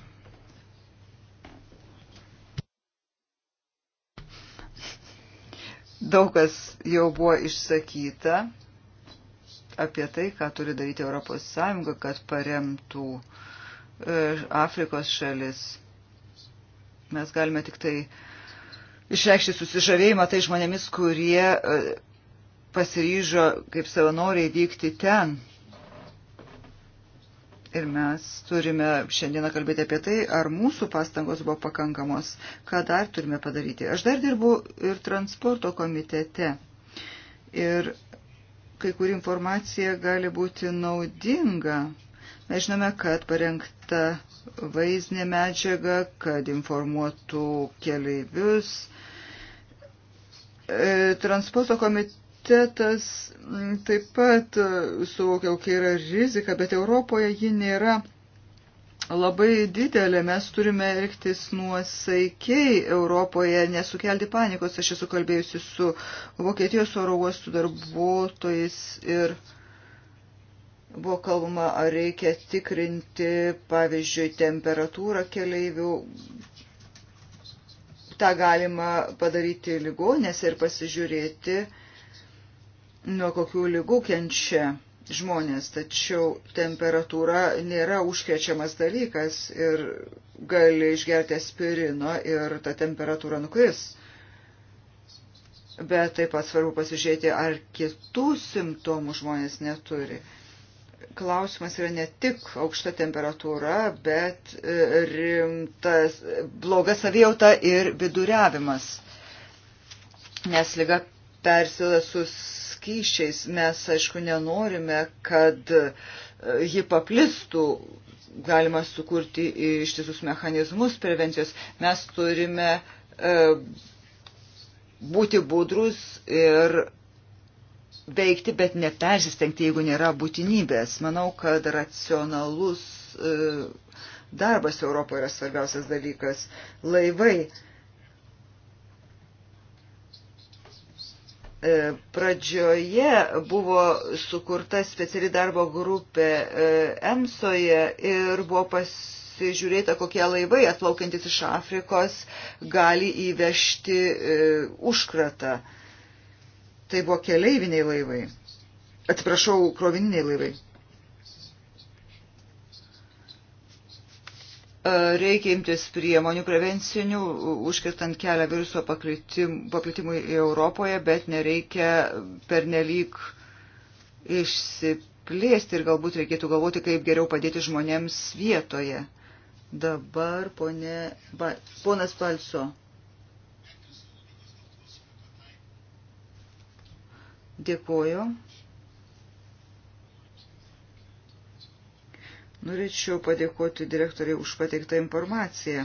Daug kas jau buvo išsakyta apie tai, ką turi daryti Europos Sąjunga, kad paremtų e, Afrikos šalis. Mes galime tik tai išreikšti susižavėjimą tai žmonėmis, kurie e, pasiryžo kaip savanoriai vykti ten. Ir mes turime šiandieną kalbėti apie tai, ar mūsų pastangos buvo pakankamos, ką dar turime padaryti. Aš dar dirbu ir transporto komitete. Ir kai kur informacija gali būti naudinga. Mes žinome, kad parengta vaizdinė medžiaga, kad informuotų keleivius. E, transporto komitete komitetas mm, taip pat e, suvokia, kokia yra rizika, bet Europoje ji nėra labai didelė. Mes turime elgtis nuosaikiai Europoje, nesukelti panikos. Aš esu kalbėjusi su Vokietijos oro uostų darbuotojais ir buvo kalbama, ar reikia tikrinti, pavyzdžiui, temperatūrą keleivių. Ta galima padaryti ligonėse ir pasižiūrėti, nuo kokių lygų kenčia žmonės, tačiau temperatūra nėra užkrečiamas dalykas ir gali išgerti aspirino ir ta temperatūra nukris. Bet taip pat svarbu pasižiūrėti, ar kitų simptomų žmonės neturi. Klausimas yra ne tik aukšta temperatūra, bet e, rimtas bloga savijauta ir viduriavimas, nes lyga persila su skyščiais. Mes, aišku, nenorime, kad e, ji paplistų, galima sukurti ištisus mechanizmus prevencijos. Mes turime e, būti budrus ir veikti, bet nepersistengti, jeigu nėra būtinybės. Manau, kad racionalus e, darbas Europoje yra svarbiausias dalykas. Laivai E, pradžioje buvo sukurta speciali darbo grupė EMSOje ir buvo pasižiūrėta, kokie laivai atplaukiantis iš Afrikos gali įvežti e, užkratą. Tai buvo keleiviniai laivai. Atsiprašau, krovininiai laivai. E, reikia imtis priemonių prevencinių, užkirtant kelią viruso paplitimui Europoje, bet nereikia pernelyg išsiplėsti ir galbūt reikėtų galvoti, kaip geriau padėti žmonėms vietoje. Dabar ponė, ba, ponas Palso. Dėkuoju. Norėčiau padėkoti direktoriai už pateiktą informaciją.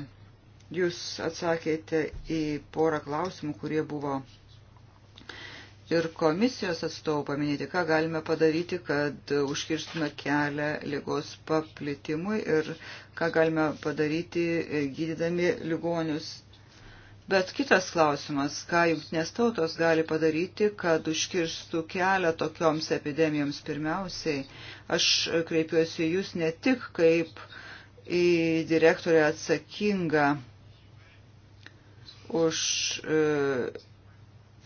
Jūs atsakėte į porą klausimų, kurie buvo ir komisijos atstovų paminėti, ką galime padaryti, kad užkirstume kelią lygos paplitimui ir ką galime padaryti gydydami ligonius. Bet kitas klausimas, ką jungtinės tautos gali padaryti, kad užkirstų kelią tokioms epidemijoms pirmiausiai. Aš kreipiuosi jūs ne tik kaip į direktorę atsakingą už e,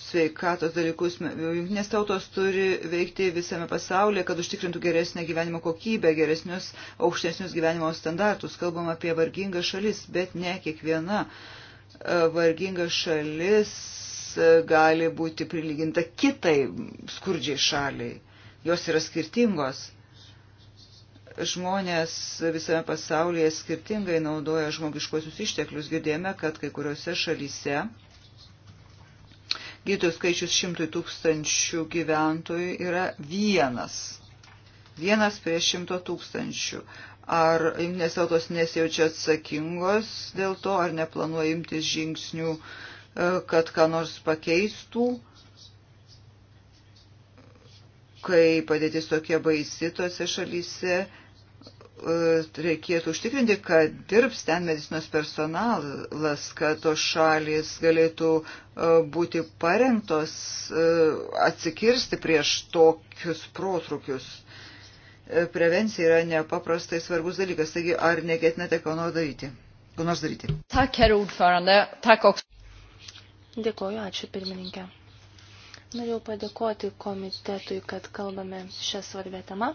sveikatos dalykus. Junktinės tautos turi veikti visame pasaulyje, kad užtikrintų geresnę gyvenimo kokybę, geresnius, aukštesnius gyvenimo standartus. Kalbam apie vargingas šalis, bet ne kiekviena uh, varginga šalis e, gali būti prilyginta kitai skurdžiai šaliai. Jos yra skirtingos. Žmonės visame pasaulyje skirtingai naudoja žmogiškosius išteklius. Girdėjome, kad kai kuriuose šalyse gydytojų skaičius šimtui tūkstančių gyventojų yra vienas. Vienas prie šimto tūkstančių. Ar jungtinės tautos nesijaučia atsakingos dėl to, ar neplanuoja imtis žingsnių, e, kad ką nors pakeistų, kai padėtis tokia baisi tose šalyse e, reikėtų užtikrinti, kad dirbs ten medicinos personalas, kad tos šalis galėtų e, būti parengtos atsikirsti prieš tokius protrukius prevencija yra nepaprastai svarbus dalykas. Taigi, ar neketinate ko nors daryti? Ko nors daryti? Tak, herr ordförande. Tak, oks. Dėkoju, ačiū pirmininkė. Norėjau padėkoti komitetui, kad kalbame šią svarbę temą.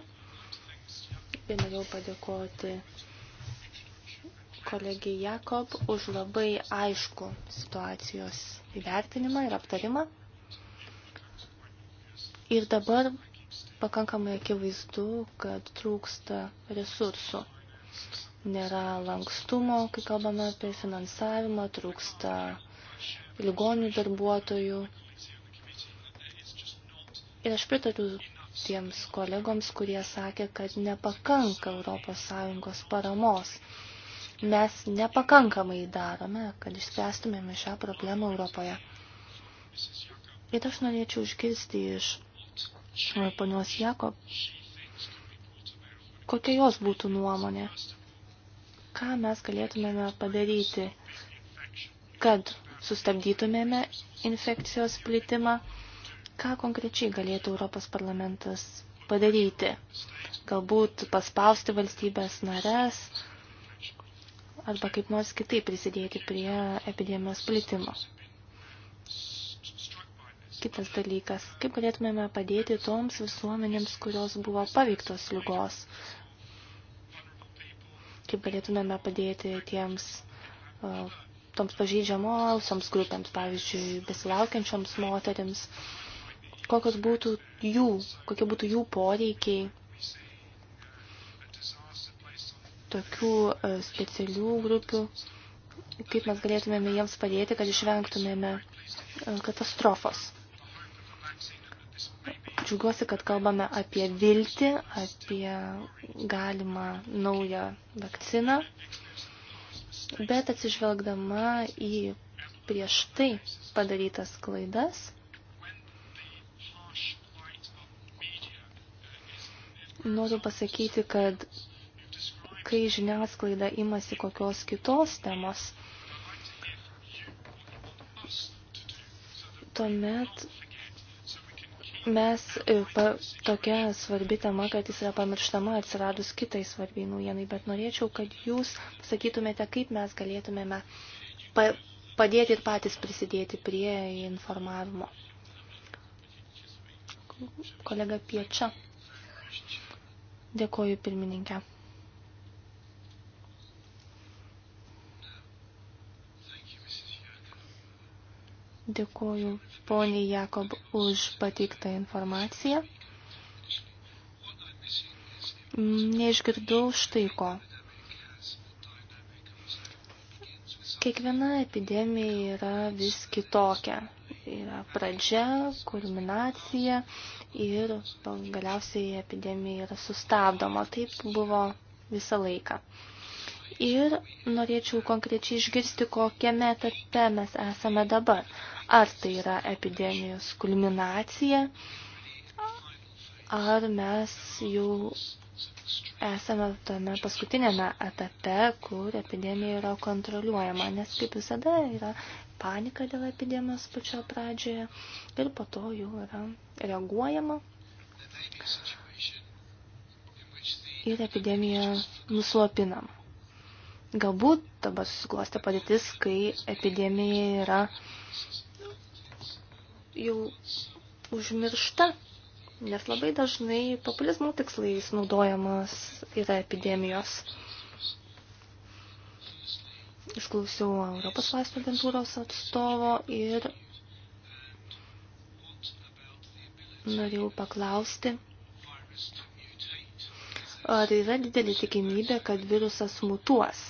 Ir norėjau padėkoti kolegijai Jakob už labai aišku situacijos įvertinimą ir aptarimą. Ir dabar pakankamai akivaizdu, kad trūksta resursų. Nėra lankstumo, kai kalbame apie finansavimą, trūksta ligonių darbuotojų. Ir aš pritariu tiems kolegoms, kurie sakė, kad nepakanka ES paramos. Mes nepakankamai darome, kad išspręstumėme šią problemą Europoje. Ir aš norėčiau išgirsti iš E, ponios Jakob. Kokia jos būtų nuomonė? Ką mes galėtumėme padaryti, kad sustabdytumėme infekcijos plitimą? Ką konkrečiai galėtų Europos parlamentas padaryti? Galbūt paspausti valstybės nares arba kaip nors kitaip prisidėti prie epidemijos plitimo. Kitas dalykas, kaip galėtumėme padėti toms visuomenėms, kurios buvo paveiktos lygos? Kaip galėtumėme padėti tiems toms pažydžiamosioms grupėms, pavyzdžiui, besilaukiančioms moterims? Kokios būtų jų, kokie būtų jų poreikiai? tokių specialių grupių, kaip mes galėtumėme jiems padėti, kad išvengtumėme katastrofos. Džiugiuosi, kad kalbame apie viltį, apie galimą naują vakciną, bet atsižvelgdama į prieš tai padarytas klaidas, noriu pasakyti, kad kai žiniasklaida imasi kokios kitos temos, tuomet mes e, pa, tokia svarbi tema, kad jis yra pamirštama atsiradus kitai svarbiai naujienai, bet norėčiau, kad jūs sakytumėte, kaip mes galėtumėme pa, padėti ir patys prisidėti prie informavimo. Kolega Piečia. Dėkoju pirmininkė. Dėkuoju poniai Jakob už pateiktą informaciją. Neišgirdau štai ko. Kiekviena epidemija yra vis kitokia. Yra pradžia, kulminacija ir galiausiai epidemija yra sustabdoma. Taip buvo visą laiką ir norėčiau konkrečiai išgirsti, kokiame etape mes esame dabar ar tai yra epidemijos kulminacija, ar mes jau esame tame paskutinėme etape, kur epidemija yra kontroliuojama, nes kaip visada yra panika dėl epidemijos pačio pradžioje ir po to jau yra reaguojama. Ir epidemija nuslopinama. Galbūt dabar susiklosti padėtis, kai epidemija yra jau užmiršta, nes labai dažnai populizmo tikslais naudojamas yra epidemijos. Išklausiau Europos vaistų agentūros atstovo ir norėjau paklausti, ar yra didelė tikimybė, kad virusas mutuos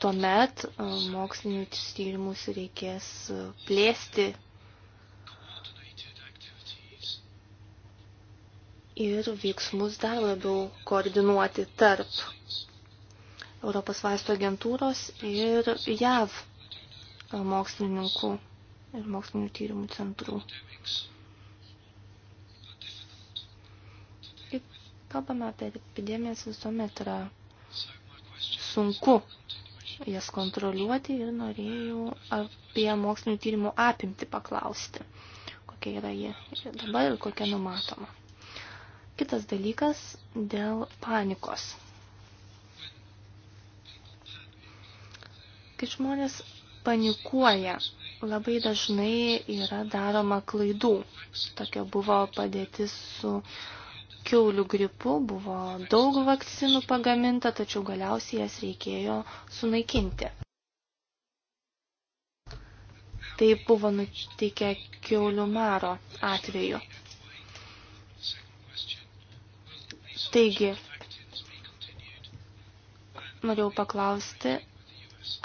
tuomet e, mokslinius tyrimus reikės e, plėsti ir veiksmus dar labiau koordinuoti tarp Europos vaisto agentūros ir JAV e, mokslininkų ir mokslinių tyrimų centrų. Kaip kalbame apie epidemijas, visuomet yra sunku jas kontroliuoti ir norėjau apie mokslinių tyrimų apimti paklausti, kokia yra ji dabar ir kokia numatoma. Kitas dalykas dėl panikos. Kai žmonės panikuoja, labai dažnai yra daroma klaidų. Tokia buvo padėtis su uh, kiaulių gripu buvo daug vakcinų pagaminta, tačiau galiausiai jas reikėjo sunaikinti. Tai buvo nutikę kiaulių maro atveju. Taigi, norėjau paklausti,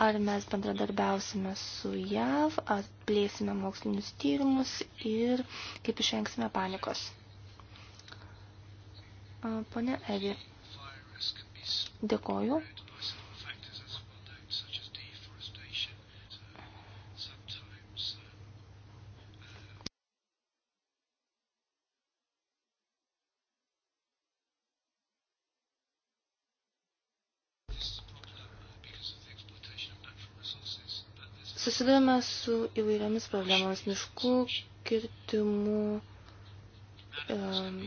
ar mes bendradarbiausime su JAV, ar plėsime mokslinius tyrimus ir kaip išvengsime panikos. Pone Evi, dėkoju. Susidurime su įvairiomis problemomis miškų kirtimų Um,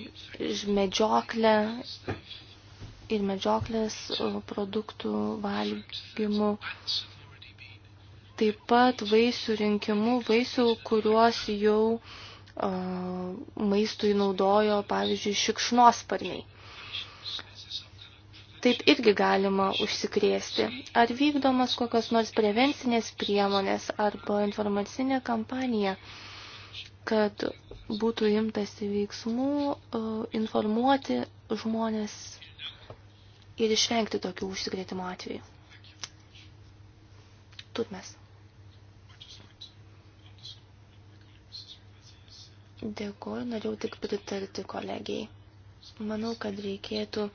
medžioklę ir medžioklės uh, produktų valgymu. Taip pat vaisių rinkimu, vaisių, kuriuos jau uh, maistui naudojo, pavyzdžiui, šikšnosparniai. Taip irgi galima užsikrėsti. Ar vykdomas kokios nors prevencinės priemonės arba informacinė kampanija? Uh, kad būtų imtasi veiksmų, e, informuoti žmonės ir išvengti tokių užsikrėtimo atvejų. Tutmes. Dėkuoju, norėjau tik pritarti kolegijai. Manau, kad reikėtų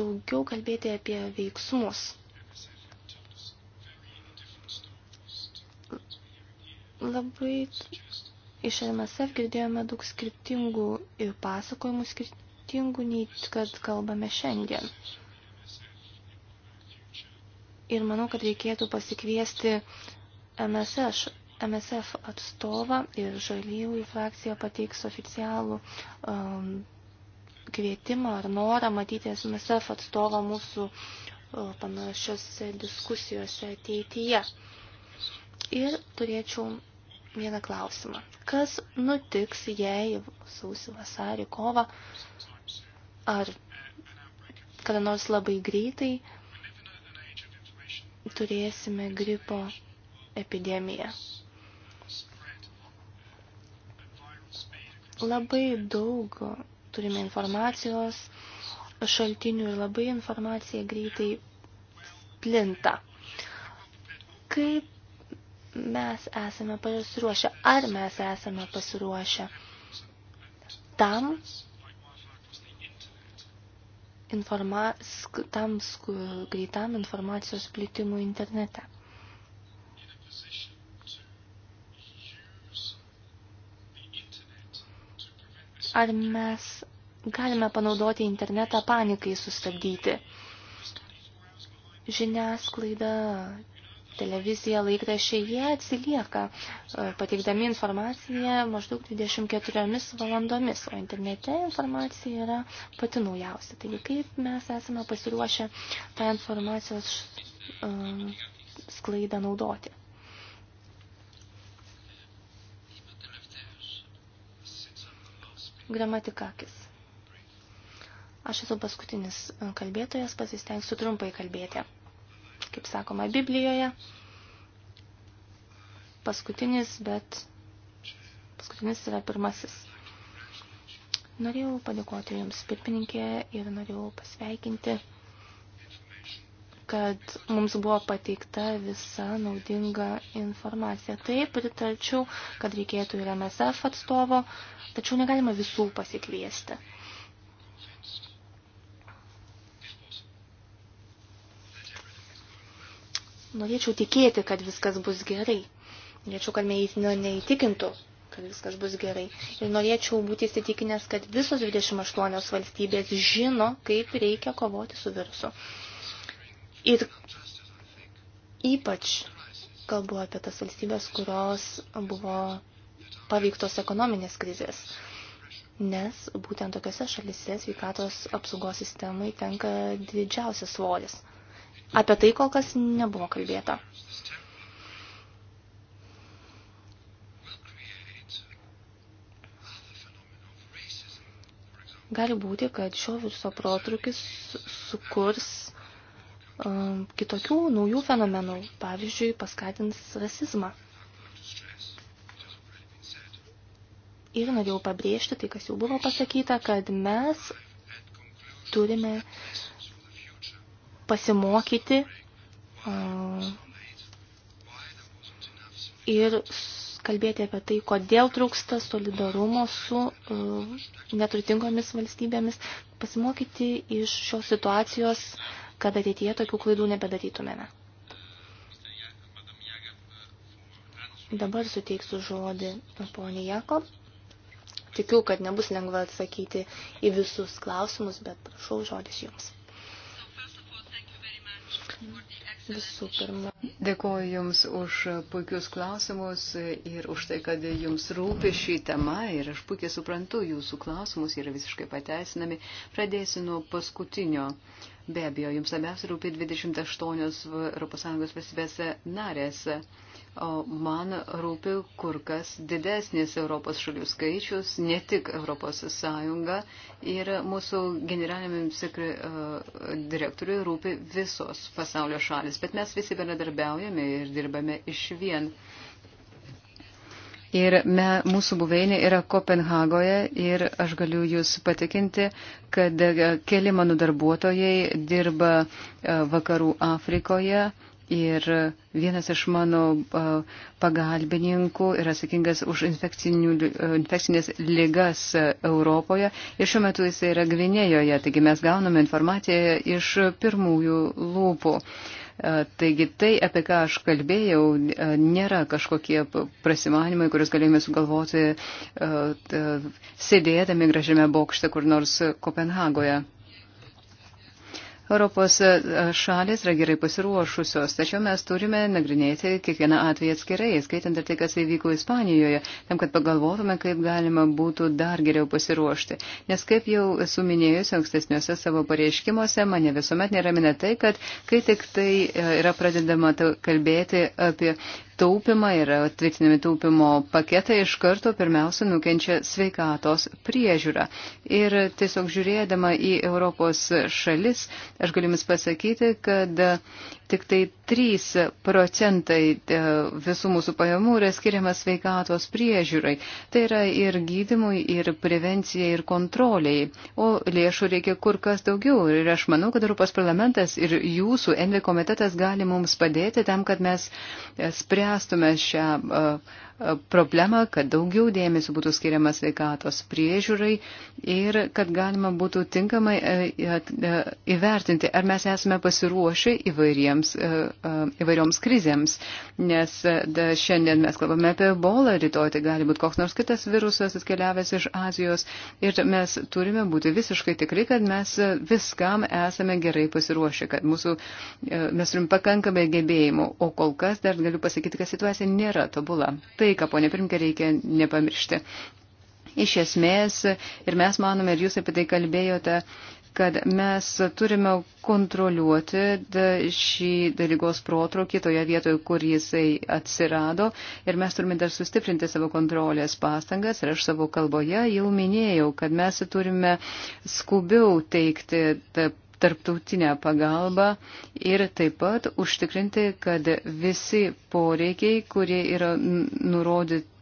daugiau kalbėti apie veiksmus labai iš MSF girdėjome daug skirtingų ir pasakojimų skirtingų, nei kad kalbame šiandien. Ir manau, kad reikėtų pasikviesti MSF, MSF atstovą ir žaliųjų frakcija pateiks oficialų um, kvietimą ar norą matyti MSF atstovą mūsų uh, panašiose diskusijose ateityje. Ir turėčiau vieną klausimą. Kas nutiks, jei sausį, vasarį, kovą ar kada nors labai greitai turėsime gripo epidemiją? Labai daug turime informacijos šaltinių ir labai informacija greitai plinta. Kaip mes esame pasiruošę, ar mes esame pasiruošę tam, informa, tam greitam informacijos plitimui internete. Ar mes galime panaudoti internetą panikai sustabdyti? Žiniasklaida, televizija, laikrašiai, jie atsilieka, e, pateikdami informaciją maždaug 24 valandomis, o internete informacija yra pati naujausia. Taigi, kaip mes esame pasiruošę tą informacijos e, sklaidą naudoti. Gramatikakis. Aš esu paskutinis e, kalbėtojas, pasistengsiu trumpai kalbėti kaip sakoma Biblijoje. Paskutinis, bet paskutinis yra pirmasis. Norėjau padėkoti Jums pirmininkė ir norėjau pasveikinti, kad mums buvo pateikta visa naudinga informacija. Taip, pritarčiau, kad reikėtų ir MSF atstovo, tačiau negalima visų pasikviesti. Norėčiau tikėti, kad viskas bus gerai. Norėčiau, kad mane nu, neįtikintų, kad viskas bus gerai. Ir norėčiau būti įsitikinęs, kad visos 28 valstybės žino, kaip reikia kovoti su virusu. Ir ypač kalbu apie tas valstybės, kurios buvo paveiktos ekonominės krizės. Nes būtent tokiuose šalise sveikatos apsaugos sistemai tenka didžiausias svoris. Apie tai kol kas nebuvo kalbėta. Gali būti, kad šio viruso protrukis sukurs um, kitokių naujų fenomenų, pavyzdžiui, paskatins rasizmą. Ir norėjau pabrėžti tai, kas jau buvo pasakyta, kad mes turime uh, pasimokyti ir kalbėti apie tai, kodėl trūksta solidarumo su neturtingomis valstybėmis, pasimokyti iš šios situacijos, kad ateityje tokių klaidų nebedarytumėme. Dabar suteiksiu žodį poniai Jakob. Tikiu, kad nebus lengva atsakyti į visus klausimus, bet prašau žodis jums. Visų pirma. Dėkuoju Jums už puikius klausimus ir už tai, kad Jums rūpi šį temą ir aš puikiai suprantu, Jūsų klausimus yra visiškai pateisinami. Pradėsiu nuo paskutinio. Be abejo, Jums labiausiai rūpi 28 ES valstybėse narėse man rūpi kur kas didesnis Europos šalių skaičius, ne tik Europos Sąjunga. Ir mūsų generaliniam sekre, direktoriui rūpi visos pasaulio šalis. Bet mes visi bendradarbiaujame ir dirbame iš vien. Ir me, mūsų buveinė yra Kopenhagoje ir aš galiu Jūs patikinti, kad keli mano darbuotojai dirba e, vakarų Afrikoje Ir vienas iš mano pagalbininkų yra atsakingas už infekcinės ligas Europoje. Ir šiuo metu jis yra Gvinėjoje, taigi mes gauname informaciją iš pirmųjų lūpų. Taigi tai, apie ką aš kalbėjau, nėra kažkokie prasimanimai, kuriuos galėjome sugalvoti sėdėdami gražiame bokšte kur nors Kopenhagoje. Europos e, šalis yra gerai pasiruošusios, tačiau mes turime nagrinėti kiekvieną atvejį atskirai, skaitant ir tai, kas įvyko Ispanijoje, tam, kad pagalvotume, kaip galima būtų dar geriau pasiruošti. Nes kaip jau esu minėjusi ankstesniuose savo pareiškimuose, mane visuomet neramina tai, kad kai tik tai e, yra pradedama kalbėti apie taupimą ir tvirtinami taupimo paketai iš karto pirmiausia nukenčia sveikatos priežiūra. Ir tiesiog žiūrėdama į Europos šalis, aš galiu jums pasakyti, kad tik tai 3 procentai e, visų mūsų pajamų yra skiriamas sveikatos priežiūrai. Tai yra ir gydimui, ir prevencijai, ir kontroliai. O lėšų reikia kur kas daugiau. Ir aš manau, kad Europos parlamentas ir jūsų NV komitetas gali mums padėti tam, kad mes e, spręstume šią. Uh, problemą, kad daugiau dėmesio būtų skiriama sveikatos priežiūrai ir kad galima būtų tinkamai e, e, e, įvertinti, ar mes esame pasiruošę įvairioms krizėms. Nes šiandien mes kalbame apie bolą, rytoj tai gali būti koks nors kitas virusas atkeliavęs iš Azijos ir mes turime būti visiškai tikri, kad mes viskam esame gerai pasiruošę, kad mūsų, mes turim pakankamai gebėjimų, o kol kas dar galiu pasakyti, kad situacija nėra tobula. Tai štai, ką ponė pirmkė reikia nepamiršti. Iš esmės, ir mes manome, ir jūs apie tai kalbėjote, kad mes turime kontroliuoti šį lygos protrukį toje vietoje, kur jisai atsirado ir mes turime dar sustiprinti savo kontrolės pastangas ir aš savo kalboje jau minėjau, kad mes turime skubiau teikti tarptautinę pagalbą ir taip pat užtikrinti, kad visi poreikiai, kurie yra nurodyti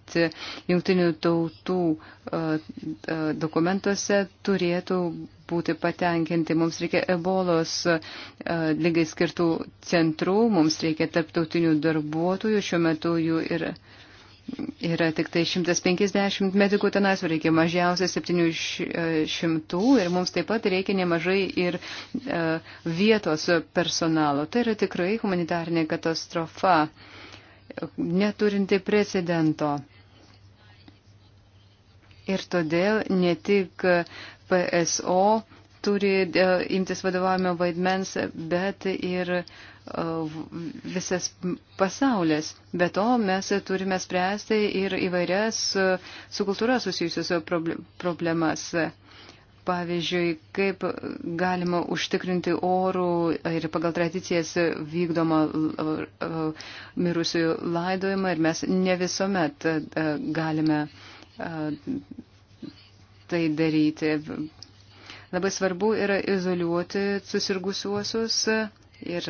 jungtinių tautų dokumentuose, turėtų būti patenkinti. Mums reikia ebolos lygai skirtų centrų, mums reikia tarptautinių darbuotojų, šiuo metu jų yra. Ir Yra tik tai 150 medikų tenas, reikia mažiausiai 700 e, ir mums taip pat reikia nemažai ir e, vietos personalo. Tai yra tikrai humanitarinė katastrofa, neturinti precedento. Ir todėl ne tik PSO turi e, imtis vadovavimo vaidmens, bet ir e, visas pasaulis. Be to mes turime spręsti ir įvairias e, su kultūra susijusios problemas. Pavyzdžiui, kaip galima užtikrinti orų ir pagal tradicijas vykdomą mirusiųjų laidojimą ir mes ne visuomet galime tai daryti Labai svarbu yra izoliuoti susirgusiuosius ir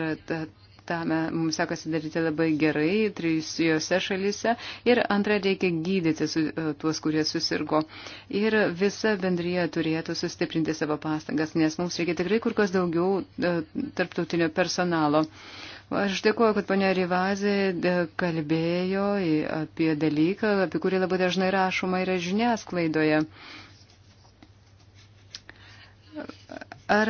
tą mums sekasi daryti labai gerai trijose šalyse. Ir antra, reikia gydyti su, e, tuos, kurie susirgo. Ir visa bendryje turėtų sustiprinti savo pastangas, nes mums reikia tikrai kur kas daugiau e, tarptautinio personalo. Aš dėkuoju, kad ponia Rivazė e, kalbėjo apie dalyką, apie kurį labai dažnai rašoma yra žiniasklaidoje. Ar,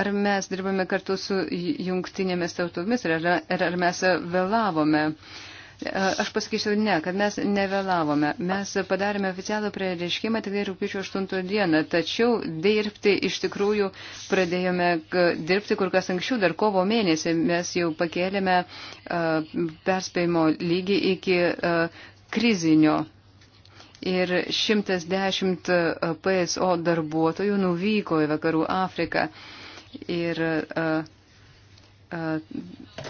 ar mes dirbame kartu su jungtinėmis tautomis ir ar, ar mes vėlavome? Aš pasakysiu ne, kad mes nevėlavome. Mes padarėme oficialų prireiškimą tik tai rūpiučio 8 dieną, tačiau dirbti iš tikrųjų pradėjome dirbti kur kas anksčiau, dar kovo mėnesį mes jau pakėlėme perspėjimo lygį iki krizinio ir 110 e, PSO darbuotojų nuvyko į Vakarų Afriką. Ir uh, uh,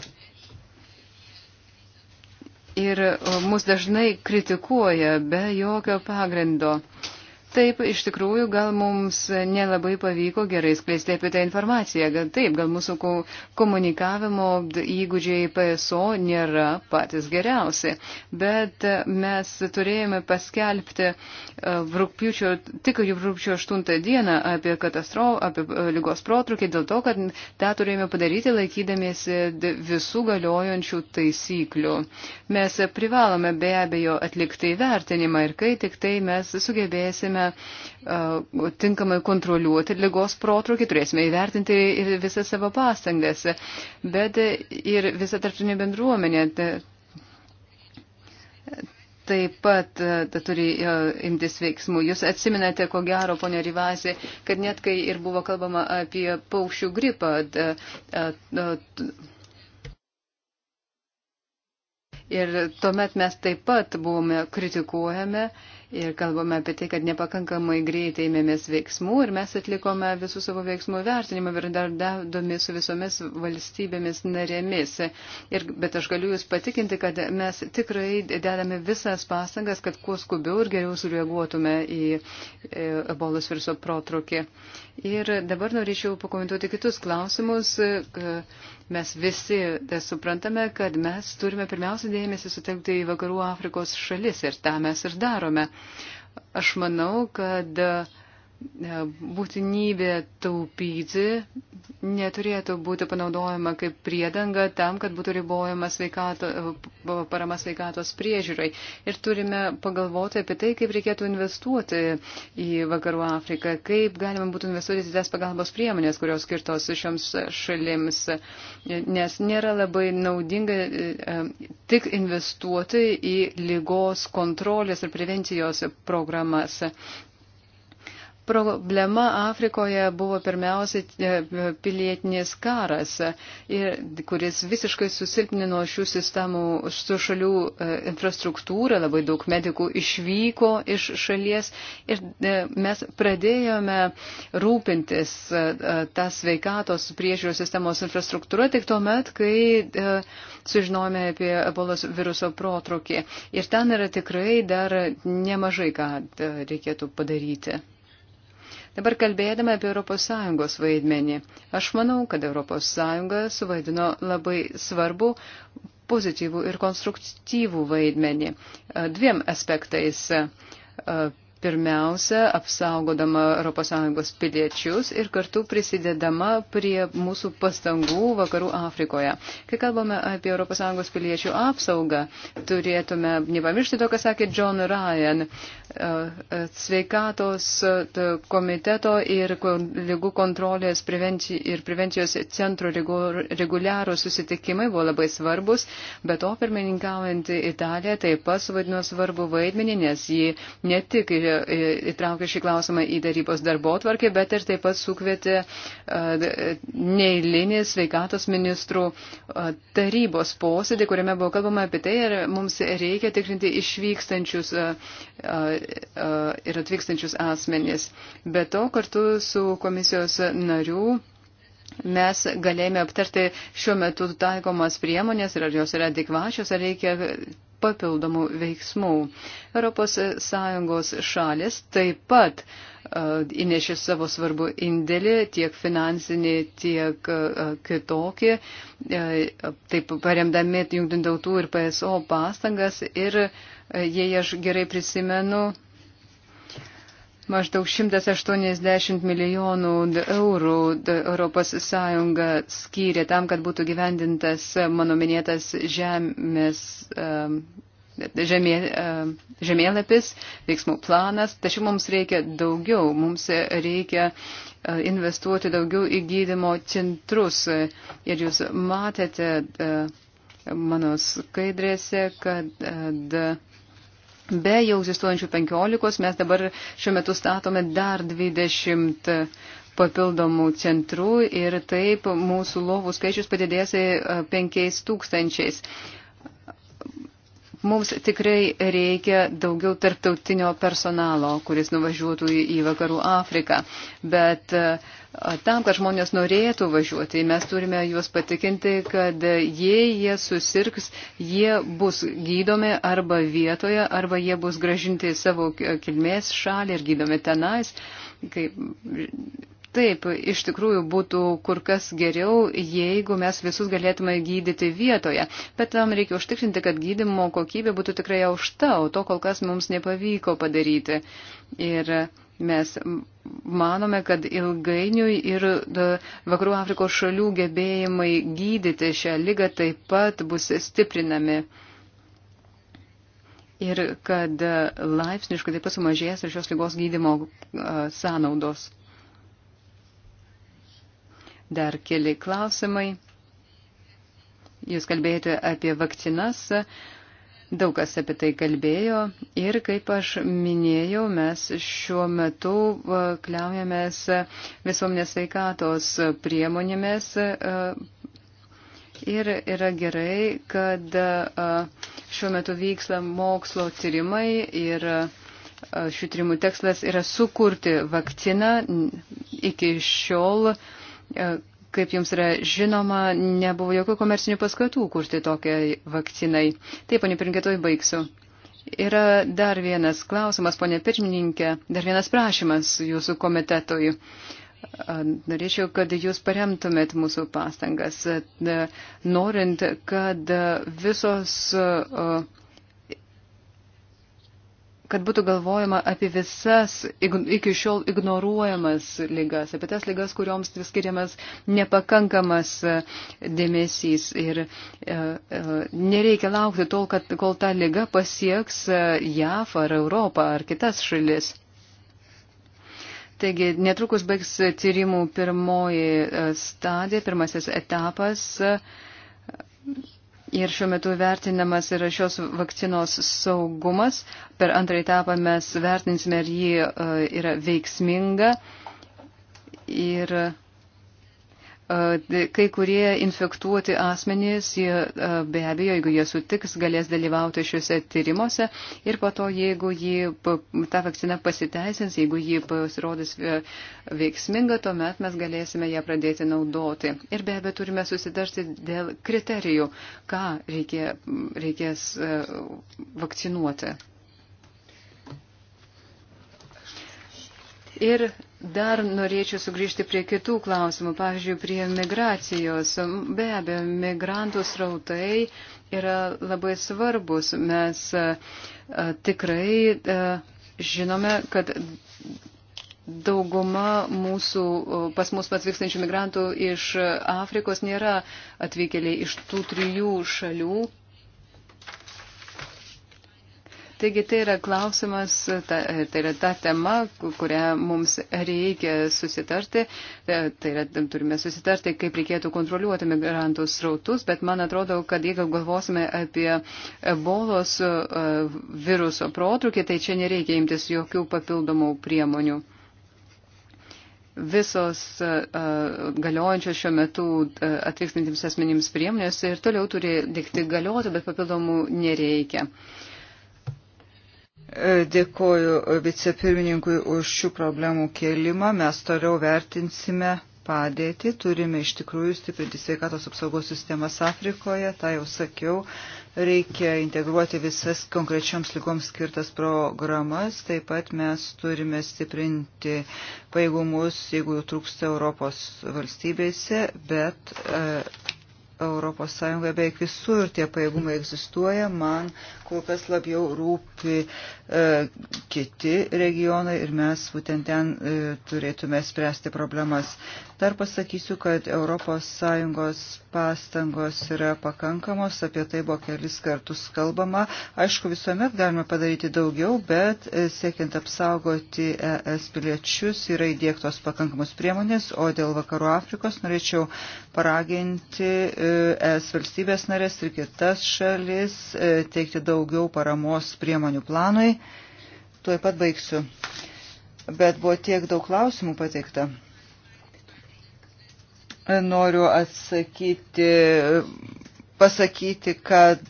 Ir mus dažnai kritikuoja be jokio pagrindo. Uh, Taip, iš tikrųjų, gal mums nelabai pavyko gerai skleisti apie tą informaciją. Gal taip, gal mūsų komunikavimo įgūdžiai PSO nėra patys geriausi. Bet mes turėjome paskelbti e, rūpiučio, tik jau rūpiučio 8 dieną apie katastrofą, apie e, lygos protrukį, dėl to, kad tą turėjome padaryti laikydamiesi visų galiojančių taisyklių. Mes privalome be abejo atlikti įvertinimą ir kai tik tai mes sugebėsime turėsime e, tinkamai kontroliuoti lygos protrukį, turėsime įvertinti ir visą savo pastangas, bet ir visą tarptautinę bendruomenę. E, taip pat e, ta, turi imtis veiksmų. Jūs atsiminate, ko gero, ponė Rivasi, kad net kai ir buvo kalbama apie paukščių gripą, da, da, da, Ir tuomet mes taip pat buvome kritikuojame ir kalbame apie tai, kad nepakankamai greitai ėmėmės veiksmų ir mes atlikome visų savo veiksmų vertinimą ir dar davdomi su visomis valstybėmis narėmis. Ir, bet aš galiu Jūs patikinti, kad mes tikrai dedame visas pastangas, kad kuo skubiau ir geriau sureaguotume į e, ebolos viruso protrukį. Ir dabar norėčiau pakomentuoti kitus klausimus. Kad, e, Mes visi suprantame, kad mes turime pirmiausia dėmesį sutelkti į vakarų Afrikos šalis ir tą mes ir darome. Aš manau, kad uh, E, būtinybė taupyti neturėtų būti panaudojama kaip priedanga tam, kad būtų ribojama sveikato, e, parama sveikatos priežiūrai. Ir turime pagalvoti apie tai, kaip reikėtų investuoti į Vakarų Afriką, kaip galima būtų investuoti į tas pagalbos priemonės, kurios skirtos šioms šalims, nes nėra labai naudinga e, tik investuoti į lygos kontrolės ir prevencijos programas problema Afrikoje buvo pirmiausiai e, pilietinis karas, e, kuris visiškai susilpnino šių sistemų, šių šalių e, infrastruktūrą, labai daug medikų išvyko iš šalies ir mes pradėjome rūpintis tą sveikatos priežiūros sistemos infrastruktūrą tik tuo met, kai sužinojome apie ebolos viruso protrukį. Ir ten yra tikrai dar nemažai, ką reikėtų padaryti. Dabar kalbėdama apie ES vaidmenį, aš manau, kad ES suvaidino labai svarbu pozityvų ir konstruktyvų vaidmenį e, dviem aspektais e, pirmiausia, apsaugodama ES piliečius ir kartu prisidedama prie mūsų pastangų Vakarų Afrikoje. Kai kalbame apie ES piliečių apsaugą, turėtume nepamiršti to, ką sakė John Ryan, e, e, sveikatos e, komiteto ir lygų kontrolės ir prevencijos centro reguliarų susitikimai buvo labai svarbus, bet to pirmininkaujant Italija taip pat suvaidino svarbu vaidmenį, nes ji ne tik ir E, įtraukė šį klausimą į darybos darbo tvarkį, bet ir taip pat sukvietė e, neįlinį sveikatos ministrų e, tarybos posėdį, kuriame buvo kalbama apie tai, ar mums reikia tikrinti išvykstančius ir atvykstančius asmenys. Be to, kartu su komisijos narių mes galėjome aptarti šiuo metu taikomas priemonės ir ar jos yra adekvačios, ar reikia papildomų veiksmų. ES šalis taip pat e, įnešė savo svarbu indėlį, tiek finansinį, tiek e, kitokį, e, taip paremdami jungtintautų ir PSO pastangas. Ir jei aš gerai prisimenu, maždaug 180 milijonų eurų ES skyrė tam, kad būtų gyvendintas mano minėtas žemės, žemė, žemėlapis, veiksmų planas. Tačiau mums reikia daugiau, mums reikia e, investuoti daugiau į gydymo centrus. Ir jūs matėte e, mano skaidrėse, kad. E, da, Be jau egzistuojančių 15 mes dabar šiuo metu statome dar 20 papildomų centrų ir taip mūsų lovų skaičius padidės 5 e, tūkstančiais. Mums tikrai reikia daugiau tarptautinio personalo, kuris nuvažiuotų į Vakarų Afriką. Bet e, tam, kad žmonės norėtų važiuoti, mes turime juos patikinti, kad jei jie susirgs, jie bus gydomi arba vietoje, arba jie bus gražinti į savo kilmės šalį ir gydomi tenais. Kaip, Taip, iš tikrųjų būtų kur kas geriau, jeigu mes visus galėtume gydyti vietoje, bet tam reikia užtikrinti, kad gydimo kokybė būtų tikrai aukšta, o to kol kas mums nepavyko padaryti. Ir mes manome, kad ilgainiui ir Vakarų Afrikos šalių gebėjimai gydyti šią lygą taip pat bus stiprinami. Ir kad laipsniškai taip pat sumažės ir šios lygos gydimo sąnaudos. Dar keli klausimai. Jūs kalbėjote apie vakcinas, daug kas apie tai kalbėjo ir, kaip aš minėjau, mes šiuo metu kliaujamės visuomenės veikatos priemonėmis e, ir yra gerai, kad e, šiuo metu vyksta mokslo tyrimai ir e, šių tyrimų tikslas yra sukurti vakciną iki šiol. Uh, E, kaip jums yra žinoma, nebuvo jokių komercinių paskatų kurti tokiai vakcinai. Taip, ponė pirmkėtoj, baigsiu. Yra dar vienas klausimas, ponė pirmininkė, dar vienas prašymas jūsų komitetui. E, norėčiau, kad jūs paremtumėt mūsų pastangas, e, norint, kad visos kad būtų galvojama apie visas iki šiol ignoruojamas lygas, apie tas lygas, kurioms skiriamas nepakankamas e, dėmesys. Ir e, e, nereikia laukti tol, kad, kol ta lyga pasieks e, JAF ar Europą ar kitas šalis. Taigi, netrukus baigs tyrimų pirmoji e, stadija, pirmasis etapas. E, Ir šiuo metu vertinamas yra šios vakcinos saugumas. Per antrą etapą mes vertinsime, ar ji e, yra veiksminga. Ir Kai kurie infektuoti asmenys, jie, be abejo, jeigu jie sutiks, galės dalyvauti šiuose tyrimuose ir po to, jeigu jį, ta vakcina pasiteisins, jeigu ji pasirodys veiksminga, tuomet mes galėsime ją pradėti naudoti. Ir be abejo, turime susidarsti dėl kriterijų, ką reikia, reikės vakcinuoti. Ir Dar norėčiau sugrįžti prie kitų klausimų, pavyzdžiui, prie migracijos. Be abejo, migrantų srautai yra labai svarbus. Mes a, e, e, tikrai a, e, žinome, kad dauguma mūsų, pas mus atvykstančių migrantų iš Afrikos nėra atvykėliai iš tų trijų šalių, Taigi tai yra klausimas, ta, tai yra ta tema, kurią mums reikia susitarti. E, tai yra, turime susitarti, kaip reikėtų kontroliuoti migrantų srautus, bet man atrodo, kad jeigu galvosime apie ebolos e, viruso protrukį, tai čia nereikia imtis jokių papildomų priemonių. Visos uh, galiojančios šiuo metu uh, atvykstantiems asmenims priemonės ir toliau turi likti galioti, bet papildomų nereikia. Uh, Dėkoju vicepirmininkui už šių problemų kėlimą. Mes toliau vertinsime padėtį. Turime iš tikrųjų stiprinti sveikatos apsaugos sistemas Afrikoje. Ta jau sakiau, reikia integruoti visas konkrečioms lygoms skirtas programas. Taip pat mes turime stiprinti paėgumus, jeigu jų trūksta Europos valstybėse, bet. E, Europos Sąjungoje beveik visur tie pajėgumai egzistuoja. Man kol kas labiau rūpi e, kiti regionai ir mes būtent ten e, turėtume spręsti problemas. Dar pasakysiu, kad ES pastangos yra pakankamos, apie tai buvo kelis kartus kalbama. Aišku, visuomet galima padaryti daugiau, bet e, siekiant apsaugoti ES piliečius yra įdėktos pakankamos priemonės, o dėl Vakarų Afrikos norėčiau paraginti ES e valstybės narės ir kitas šalis e, teikti daugiau paramos priemonių planui. Tuoj pat baigsiu. Bet buvo tiek daug klausimų pateikta. Noriu atsakyti, pasakyti, kad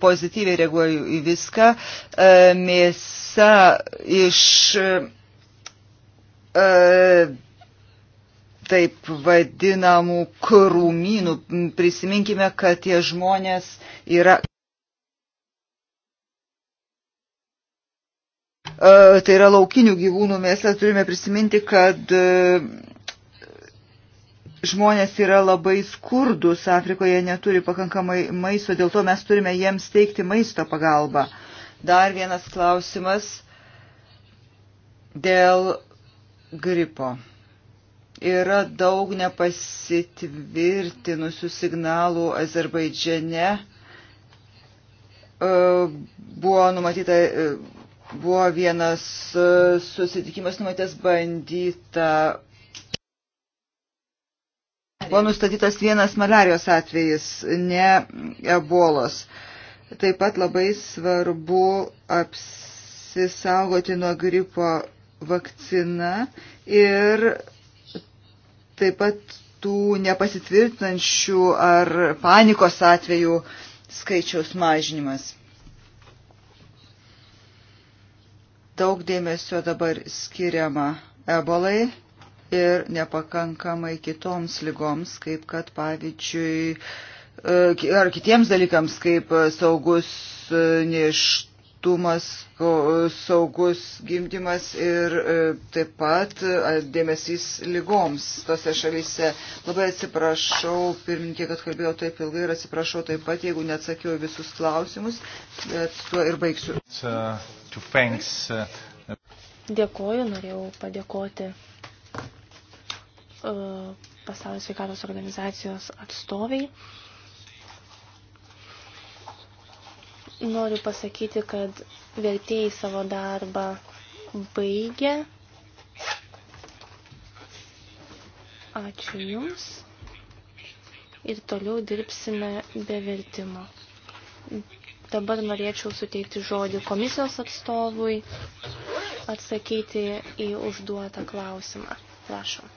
pozityviai reaguoju į viską. E, mėsa iš e, taip vadinamų krūmynų. Prisiminkime, kad tie žmonės yra. E, tai yra laukinių gyvūnų mėsa. Turime prisiminti, kad žmonės yra labai skurdus, Afrikoje neturi pakankamai maisto, dėl to mes turime jiems teikti maisto pagalbą. Dar vienas klausimas dėl gripo. Yra daug nepasitvirtinusių signalų Azerbaidžiane. E, buvo numatyta, e, buvo vienas e, susitikimas numatytas bandyta Buvo nustatytas vienas malarijos atvejis, ne ebolos. Taip pat labai svarbu apsisaugoti nuo gripo vakciną ir taip pat tų nepasitvirtinančių ar panikos atvejų skaičiaus mažinimas. Daug dėmesio dabar skiriama ebolai ir nepakankamai kitoms lygoms, kaip kad pavyzdžiui, e, ar kitiems dalykams, kaip saugus e, neštumas, saugus gimdymas ir e, taip pat dėmesys lygoms tose šalyse. Labai atsiprašau, pirmininkė, kad kalbėjau taip ilgai ir atsiprašau taip pat, jeigu neatsakiau visus klausimus, bet tuo ir baigsiu. Uh, uh, Dėkoju, norėjau padėkoti E, pasaulio sveikatos organizacijos atstoviai. Noriu pasakyti, kad vertėjai savo darbą baigė. Ačiū Jums. Ir toliau dirbsime be vertimo. Dabar norėčiau suteikti žodį komisijos atstovui atsakyti į užduotą klausimą. Prašom.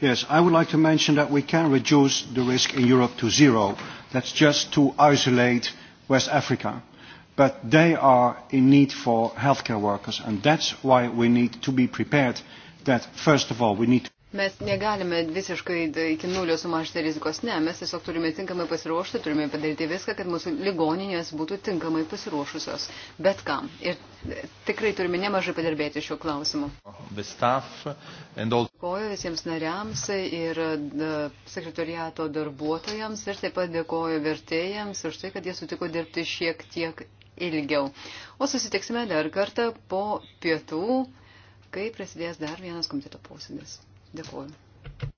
Yes, I would like to mention that we can reduce the risk in Europe to zero. That's just to isolate West Africa. But they are in need for healthcare workers, and that's why we need to be prepared that, first of all, we need to Mes negalime visiškai iki nulio sumažinti rizikos, ne, mes tiesiog turime tinkamai pasiruošti, turime padaryti viską, kad mūsų ligoninės būtų tinkamai pasiruošusios bet kam. Ir e, tikrai turime nemažai padirbėti šiuo klausimu. Dėkoju visiems nariams ir e, sekretoriato darbuotojams ir taip pat dėkoju vertėjams už tai, kad jie sutiko dirbti šiek tiek ilgiau. O susitiksime dar kartą po pietų, kai prasidės dar vienas komiteto posėdis. Dėkuoju.